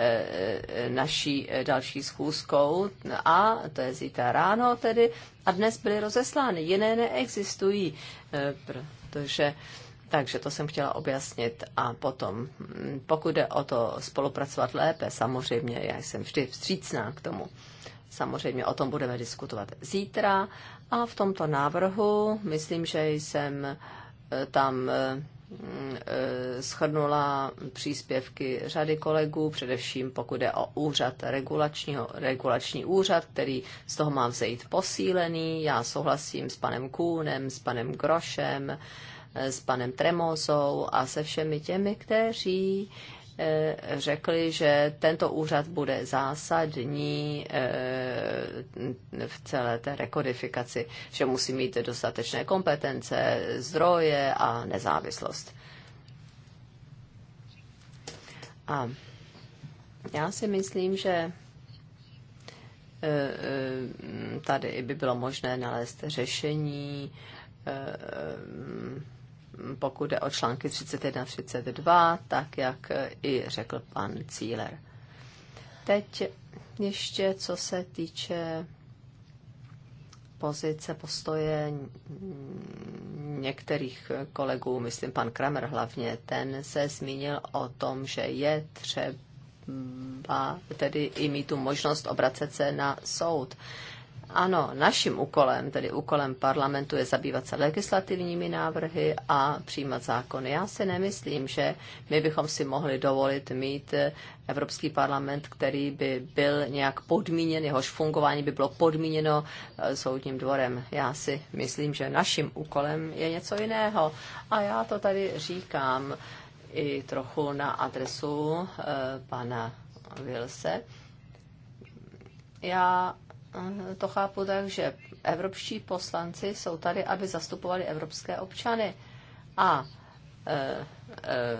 E, e, naší e, další schůzkou a to je zítra ráno tedy a dnes byly rozeslány. Jiné neexistují, protože takže to jsem chtěla objasnit a potom, hm, pokud jde o to spolupracovat lépe, samozřejmě já jsem vždy vstřícná k tomu. Samozřejmě o tom budeme diskutovat zítra a v tomto návrhu myslím, že jsem tam Eh, schrnula příspěvky řady kolegů, především pokud je o úřad regulačního, regulační úřad, který z toho má vzejít posílený. Já souhlasím s panem Kůnem, s panem Grošem, eh, s panem Tremozou a se všemi těmi, kteří Eh, řekli, že tento úřad bude zásadní eh, v celé té rekodifikaci, že musí mít dostatečné kompetence, zdroje a nezávislost. A já si myslím, že eh, tady by bylo možné nalézt řešení pokud jde o články 31 a 32, tak jak i řekl pan Cíler. Teď ještě co se týče pozice, postoje některých kolegů, myslím pan Kramer hlavně, ten se zmínil o tom, že je třeba tedy i mít tu možnost obracet se na soud. Ano, naším úkolem, tedy úkolem parlamentu, je zabývat se legislativními návrhy a přijímat zákony. Já si nemyslím, že my bychom si mohli dovolit mít eh, Evropský parlament, který by byl nějak podmíněn, jehož fungování by bylo podmíněno eh, soudním dvorem. Já si myslím, že naším úkolem je něco jiného. A já to tady říkám i trochu na adresu eh, pana Vilse. Já to chápu tak, že evropští poslanci jsou tady, aby zastupovali evropské občany. A, e, e,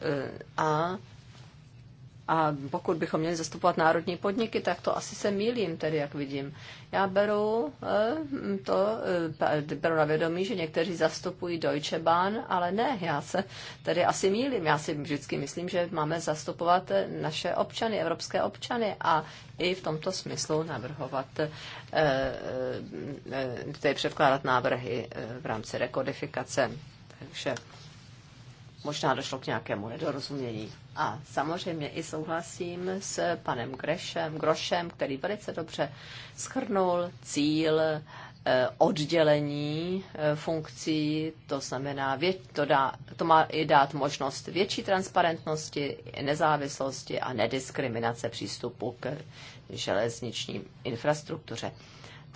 e, a, a, a a pokud bychom měli zastupovat národní podniky, tak to asi se mílím, tedy jak vidím. Já beru eh, to, eh, beru na vědomí, že někteří zastupují Deutsche Bahn, ale ne, já se tedy asi mílím. Já si vždycky myslím, že máme zastupovat naše občany, evropské občany a i v tomto smyslu navrhovat, eh, tedy předkládat návrhy v rámci rekodifikace. Takže možná došlo k nějakému nedorozumění. A samozřejmě i souhlasím s panem Grešem, Grošem, který velice dobře schrnul cíl eh, oddělení eh, funkcí, to znamená, to, dá, to má i dát možnost větší transparentnosti, nezávislosti a nediskriminace přístupu k železniční infrastruktuře.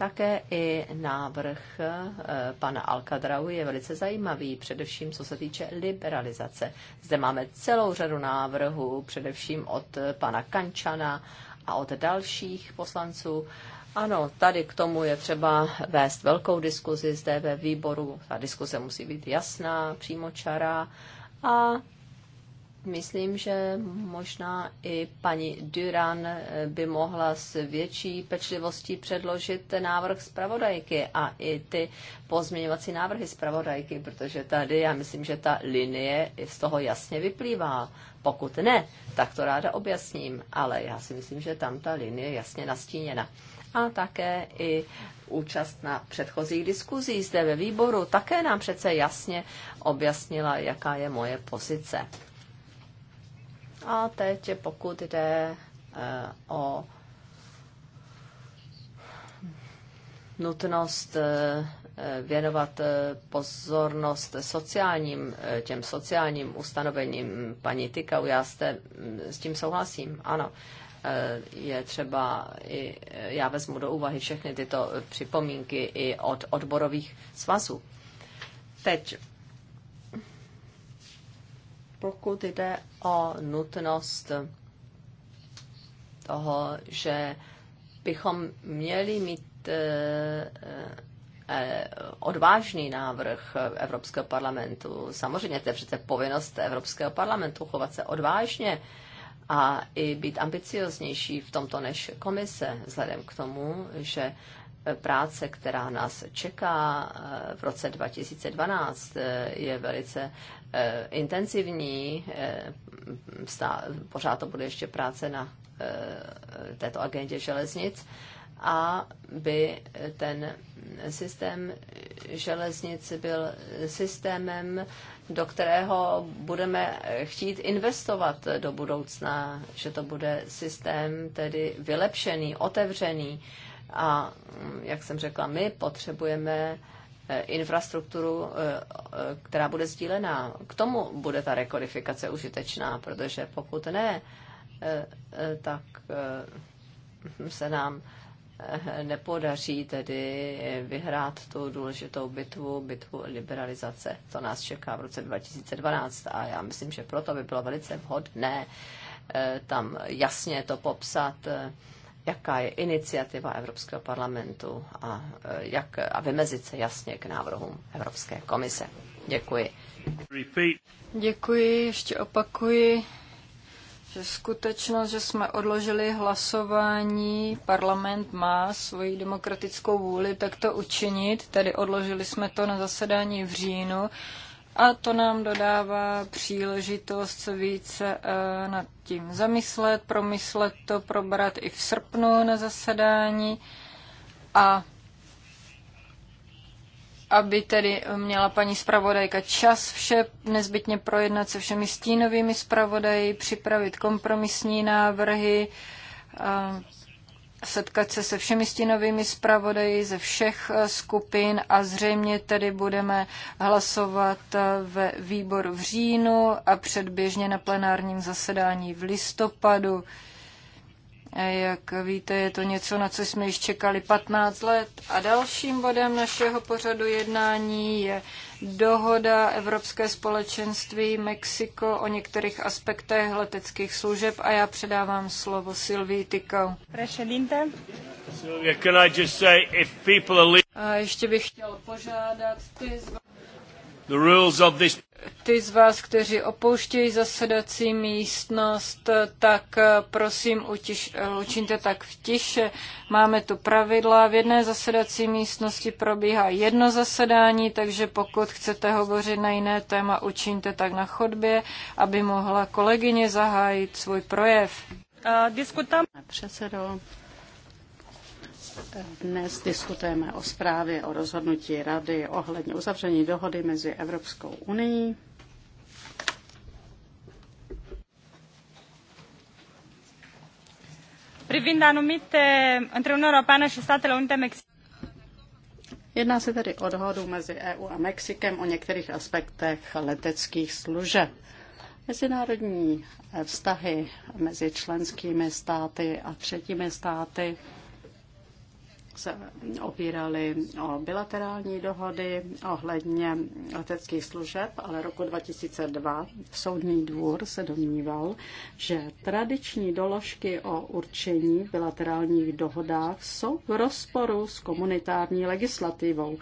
Také i návrh eh, pana Alkadrau je velice zajímavý, především co se týče liberalizace. Zde máme celou řadu návrhů, především od eh, pana Kančana a od dalších poslanců. Ano, tady k tomu je třeba vést velkou diskuzi zde ve výboru. Ta diskuze musí být jasná, přímočará a myslím, že možná i paní Duran eh, by mohla s větší pečlivostí předložit návrh zpravodajky a i ty pozměňovací návrhy zpravodajky, protože tady já myslím, že ta linie z toho jasně vyplývá. Pokud ne, tak to ráda objasním, ale já si myslím, že tam ta linie je jasně nastíněna. A také i účast na předchozích diskuzích zde ve výboru také nám přece jasně objasnila, jaká je moje pozice a teď, pokud jde eh, o nutnost eh, věnovat eh, pozornost sociálním, těm sociálním ustanovením paní Tykau. Já s, s tím souhlasím, ano. Je třeba, i, já vezmu do úvahy všechny tyto připomínky i od odborových svazů. Teď pokud jde o nutnost toho, že bychom měli mít eh, eh, odvážný návrh Evropského parlamentu. Samozřejmě to je přece povinnost Evropského parlamentu chovat se odvážně a i být ambicioznější v tomto než komise, vzhledem k tomu, že práce, která nás čeká eh, v roce 2012, eh, je velice eh, intenzivní. Pořád to bude ještě práce na této agendě železnic a by ten systém železnic byl systémem, do kterého budeme chtít investovat do budoucna, že to bude systém tedy vylepšený, otevřený, a mm, jak jsem řekla, my potřebujeme e, infrastrukturu, e, e, která bude sdílená. K tomu bude ta rekodifikace užitečná, protože pokud ne, tak se nám nepodaří tedy vyhrát tu důležitou bitvu, bitvu liberalizace. To nás čeká v roce 2012 a já myslím, že proto by bylo velice vhodné tam jasně to popsat, jaká je iniciativa Evropského parlamentu a, e, jak, a vymezit se jasně k návrhům Evropské komise. Děkuji. Děkuji, ještě opakuji, že skutečnost, že jsme odložili hlasování, parlament má svoji demokratickou vůli tak to učinit, tedy odložili jsme to na zasedání v říjnu a to nám dodává příležitost se více eh, nad tím zamyslet, promyslet to, probrat i v srpnu na zasedání a aby tedy měla paní zpravodajka čas vše nezbytně projednat se všemi stínovými zpravodaji, připravit kompromisní návrhy, eh, setkat se se všemi stínovými zpravodaji ze všech eh, skupin a zřejmě tedy budeme hlasovat eh, ve výboru v říjnu a předběžně na plenárním zasedání v listopadu. Jak víte, je to něco, na co jsme již čekali 15 let. A dalším bodem našeho pořadu jednání je dohoda Evropské společenství Mexiko o některých aspektech leteckých služeb a já předávám slovo Silvii Tykau. A ještě bych chtěl požádat ty z... The rules of this ty z vás, kteří opouštějí zasedací místnost, tak eh, prosím utiš, eh, učiňte tak v tiše. Máme tu pravidla. V jedné zasedací místnosti probíhá jedno zasedání, takže pokud chcete hovořit na jiné téma, učiňte tak na chodbě, aby mohla kolegyně zahájit svůj projev. Eh, Diskutám. Předsedo, dnes diskutujeme o zprávě o rozhodnutí Rady ohledně uzavření dohody mezi Evropskou unii privind anumite între Uniunea Europeană și Statele Unite Jedná se tedy o dohodu mezi EU a Mexikem o některých aspektech leteckých služeb. Mezinárodní vztahy mezi členskými státy a třetími státy se opírali o bilaterální dohody ohledně leteckých služeb, ale roku 2002 Soudní dvůr se domníval, že tradiční doložky o určení v bilaterálních dohodách jsou v rozporu s komunitární legislativou.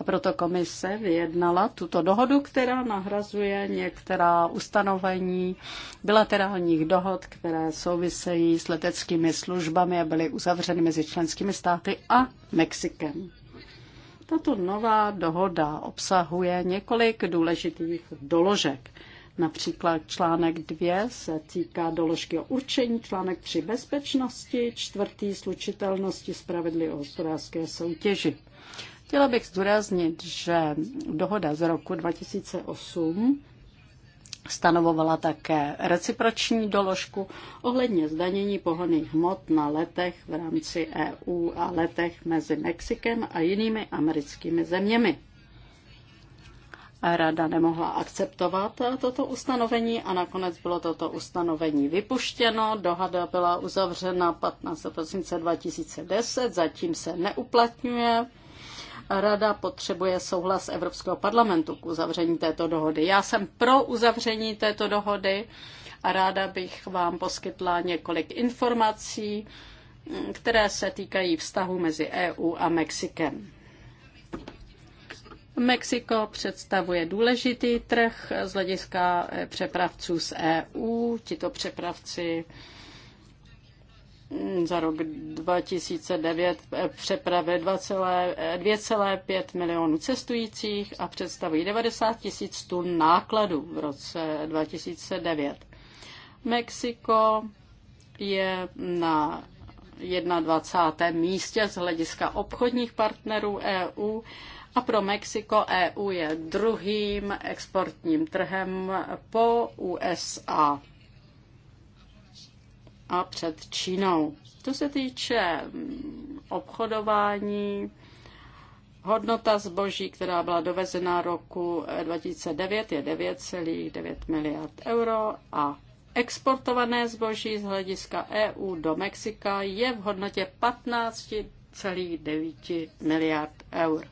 A proto komise vyjednala tuto dohodu, která nahrazuje některá ustanovení bilaterálních dohod, které souvisejí s leteckými službami a byly uzavřeny mezi členskými státy a Mexikem. Tato nová dohoda obsahuje několik důležitých doložek. Například článek 2 se týká doložky o určení, článek 3 bezpečnosti, čtvrtý slučitelnosti spravedlivé hospodářské soutěži. Chtěla bych zdůraznit, že dohoda z roku 2008 Stanovovala také reciproční doložku ohledně zdanění pohoných hmot na letech v rámci EU a letech mezi Mexikem a jinými americkými zeměmi. Rada nemohla akceptovat toto ustanovení a nakonec bylo toto ustanovení vypuštěno. Dohada byla uzavřena 15. prosince 2010, zatím se neuplatňuje. Rada potřebuje souhlas Evropského parlamentu k uzavření této dohody. Já jsem pro uzavření této dohody a ráda bych vám poskytla několik informací, které se týkají vztahu mezi EU a Mexikem. Mexiko představuje důležitý trh z hlediska přepravců z EU. Tito přepravci Mm, za rok 2009 eh, přepravy 2,5 milionů cestujících a představují 90 tisíc tun nákladů v roce 2009. Mexiko je na 21. místě z hlediska obchodních partnerů EU a pro Mexiko EU je druhým exportním trhem po USA a před Čínou. To se týče mm, obchodování, hodnota zboží, která byla dovezena roku 2009, eh, je 9,9 miliard euro a exportované zboží z hlediska EU do Mexika je v hodnotě 15,9 miliard eur.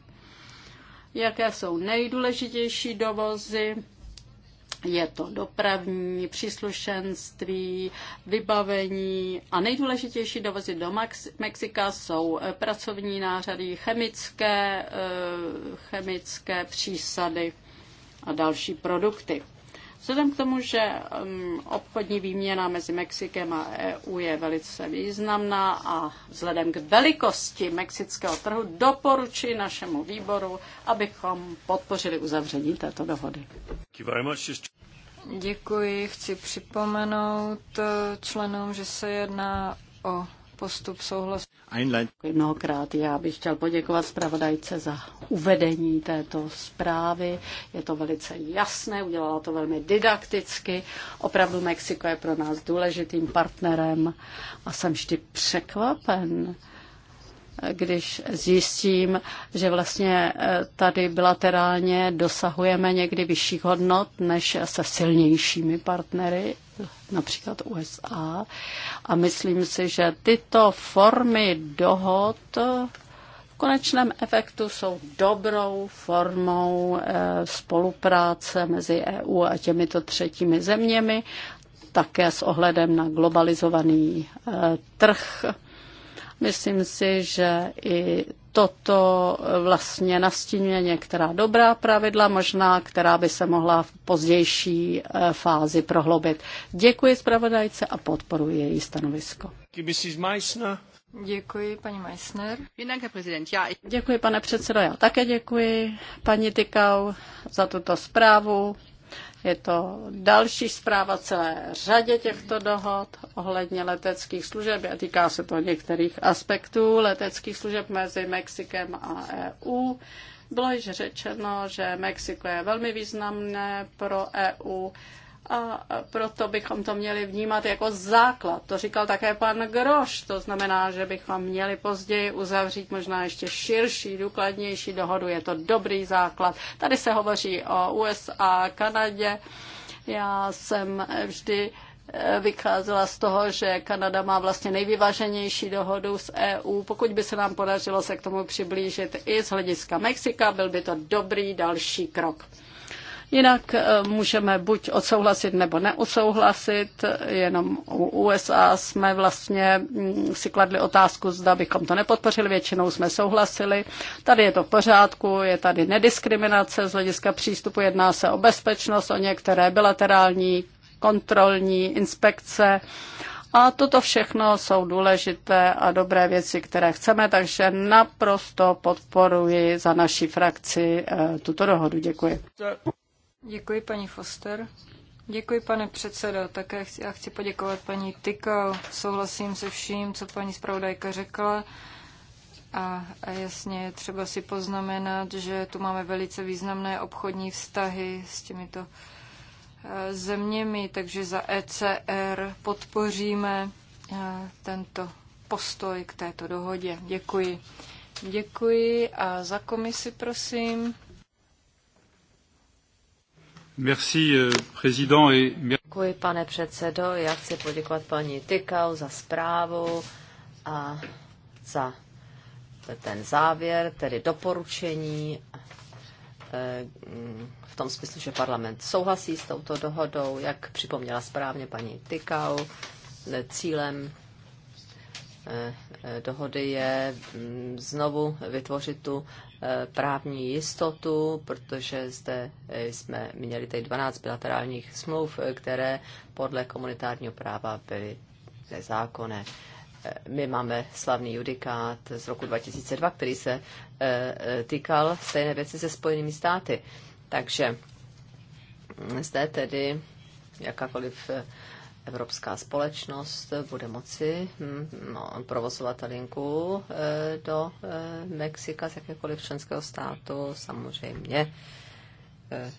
Jaké jsou nejdůležitější dovozy? je to dopravní, příslušenství, vybavení a nejdůležitější dovozy do Mexika jsou eh, pracovní nářady, chemické, eh, chemické přísady a další produkty. Vzhledem k tomu, že um, obchodní výměna mezi Mexikem a EU je velice významná a vzhledem k velikosti mexického trhu doporučuji našemu výboru, abychom podpořili uzavření této dohody. Děkuji. Chci připomenout eh, členům, že se jedná o postup souhlasu. mnohokrát. Já bych chtěl poděkovat zpravodajce za uvedení této zprávy. Je to velice jasné, udělala to velmi didakticky. Opravdu Mexiko je pro nás důležitým partnerem a jsem vždy překvapen, když zjistím, že vlastně e, tady bilaterálně dosahujeme někdy vyšších hodnot než se silnějšími partnery, například USA. A myslím si, že tyto formy dohod e, v konečném efektu jsou dobrou formou e, spolupráce mezi EU a těmito třetími zeměmi, také s ohledem na globalizovaný trh Myslím si, že i toto vlastně nastínuje některá dobrá pravidla, možná, která by se mohla v pozdější eh, fázi prohlobit. Děkuji zpravodajce a podporuji její stanovisko. Děkuji, paní Meissner. Děkuji, pane předsedo, já také děkuji paní Tykau za tuto zprávu. Je to další zpráva celé řadě těchto dohod ohledně leteckých služeb a týká se to některých aspektů leteckých služeb mezi Mexikem a EU. Bylo již řečeno, že Mexiko je velmi významné pro EU a proto bychom to měli vnímat jako základ. To říkal také pan Groš, to znamená, že bychom měli později uzavřít možná ještě širší, důkladnější dohodu. Je to dobrý základ. Tady se hovoří o USA, Kanadě. Já jsem vždy eh, vycházela z toho, že Kanada má vlastně nejvyváženější dohodu s EU. Pokud by se nám podařilo se k tomu přiblížit i z hlediska Mexika, byl by to dobrý další krok. Jinak eh, můžeme buď odsouhlasit nebo neodsouhlasit, jenom u USA jsme vlastně mm, si kladli otázku, zda bychom to nepodpořili, většinou jsme souhlasili. Tady je to v pořádku, je tady nediskriminace z hlediska přístupu, jedná se o bezpečnost, o některé bilaterální kontrolní inspekce. A toto všechno jsou důležité a dobré věci, které chceme, takže naprosto podporuji za naší frakci eh, tuto dohodu. Děkuji. Děkuji, paní Foster. Děkuji, pane předsedo. Také chci, já chci poděkovat paní Tykal. Souhlasím se vším, co paní zpravodajka řekla. A, a jasně je třeba si poznamenat, že tu máme velice významné obchodní vztahy s těmito eh, zeměmi, takže za ECR podpoříme eh, tento postoj k této dohodě. Děkuji. Děkuji a za komisi prosím. Euh, Děkuji, pane předsedo. Já chci poděkovat paní Tykau za zprávu a za ten závěr, tedy doporučení eh, v tom smyslu, že parlament souhlasí s touto dohodou, jak připomněla správně paní Tykau, cílem Eh, eh, dohody je mm, znovu vytvořit tu eh, právní jistotu, protože zde jsme měli tady 12 bilaterálních smluv, které podle komunitárního práva byly nezákonné. My máme slavný judikát z roku 2002, který se týkal stejné věci se Spojenými státy. Takže mm, zde tedy jakákoliv evropská společnost bude moci hm, no, provozovat linku eh, do eh, Mexika z jakékoliv členského státu, samozřejmě eh,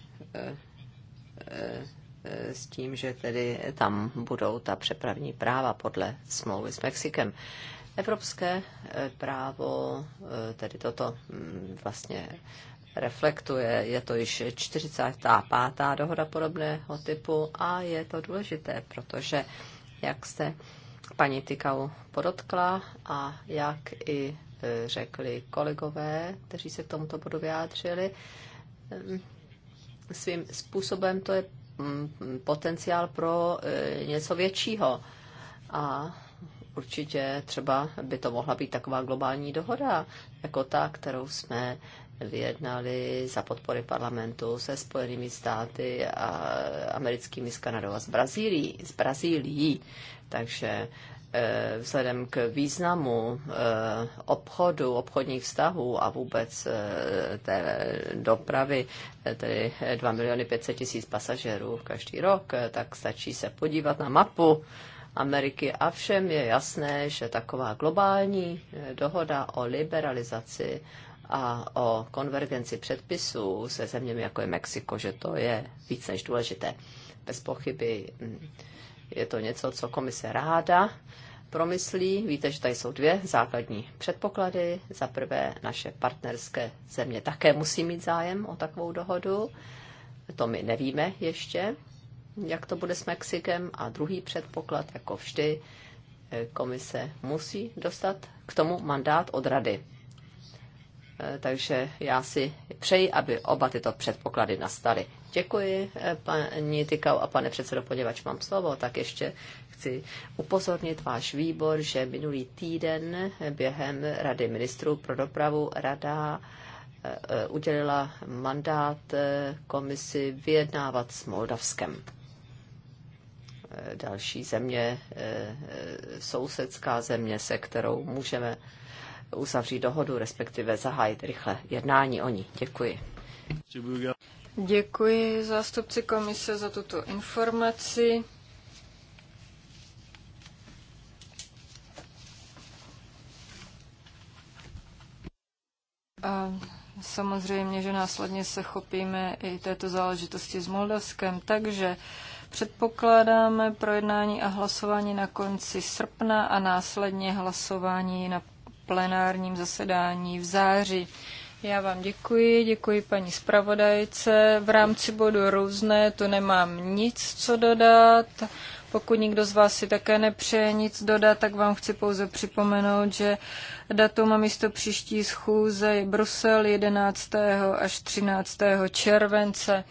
s tím, že tedy tam budou ta přepravní práva podle smlouvy s Mexikem. Evropské právo tedy toto hm, vlastně reflektuje. Je to již 45. dohoda podobného typu a je to důležité, protože jak se paní Tykau podotkla a jak i e, řekli kolegové, kteří se k tomuto bodu vyjádřili, e, svým způsobem to je mm, potenciál pro e, něco většího. A určitě třeba by to mohla být taková globální dohoda, jako ta, kterou jsme vyjednali za podpory parlamentu se Spojenými státy a americkými z Kanadou a s Brazílií. S Brazílií. Takže eh, vzhledem k významu eh, obchodu, obchodních vztahů a vůbec eh, té dopravy, tedy 2 miliony 500 tisíc pasažerů každý rok, tak stačí se podívat na mapu Ameriky a všem je jasné, že taková globální dohoda o liberalizaci a o konvergenci předpisů se zeměmi, jako je Mexiko, že to je víc než důležité. Bez pochyby hm, je to něco, co komise ráda promyslí. Víte, že tady jsou dvě základní předpoklady. Za prvé, naše partnerské země také musí mít zájem o takovou dohodu. To my nevíme ještě, jak to bude s Mexikem. A druhý předpoklad, jako vždy, eh, komise musí dostat k tomu mandát od rady. Eh, takže já si přeji, aby oba tyto předpoklady nastaly. Děkuji, eh, paní Tykau a pane předsedo, poněvadž mám slovo, tak ještě chci upozornit váš výbor, že minulý týden během Rady ministrů pro dopravu Rada eh, udělila mandát komisi vyjednávat s Moldavskem. Další země, sousedská země, se kterou můžeme uzavřít dohodu, respektive zahájit rychle jednání o ní. Děkuji. Děkuji zástupci komise za tuto informaci. A samozřejmě, že následně se chopíme i této záležitosti s Moldavskem, takže předpokládáme projednání a hlasování na konci srpna a následně hlasování na plenárním zasedání v září. Já vám děkuji, děkuji paní zpravodajce. V rámci bodu různé to nemám nic, co dodat. Pokud nikdo z vás si také nepřeje nic dodat, tak vám chci pouze připomenout, že datum a místo příští schůze je Brusel 11. až 13. července.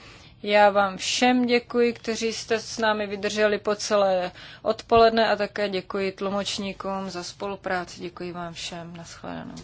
Já vám všem děkuji, kteří jste s námi vydrželi po celé odpoledne a také děkuji tlumočníkům za spolupráci. Děkuji vám všem. Naschledanou.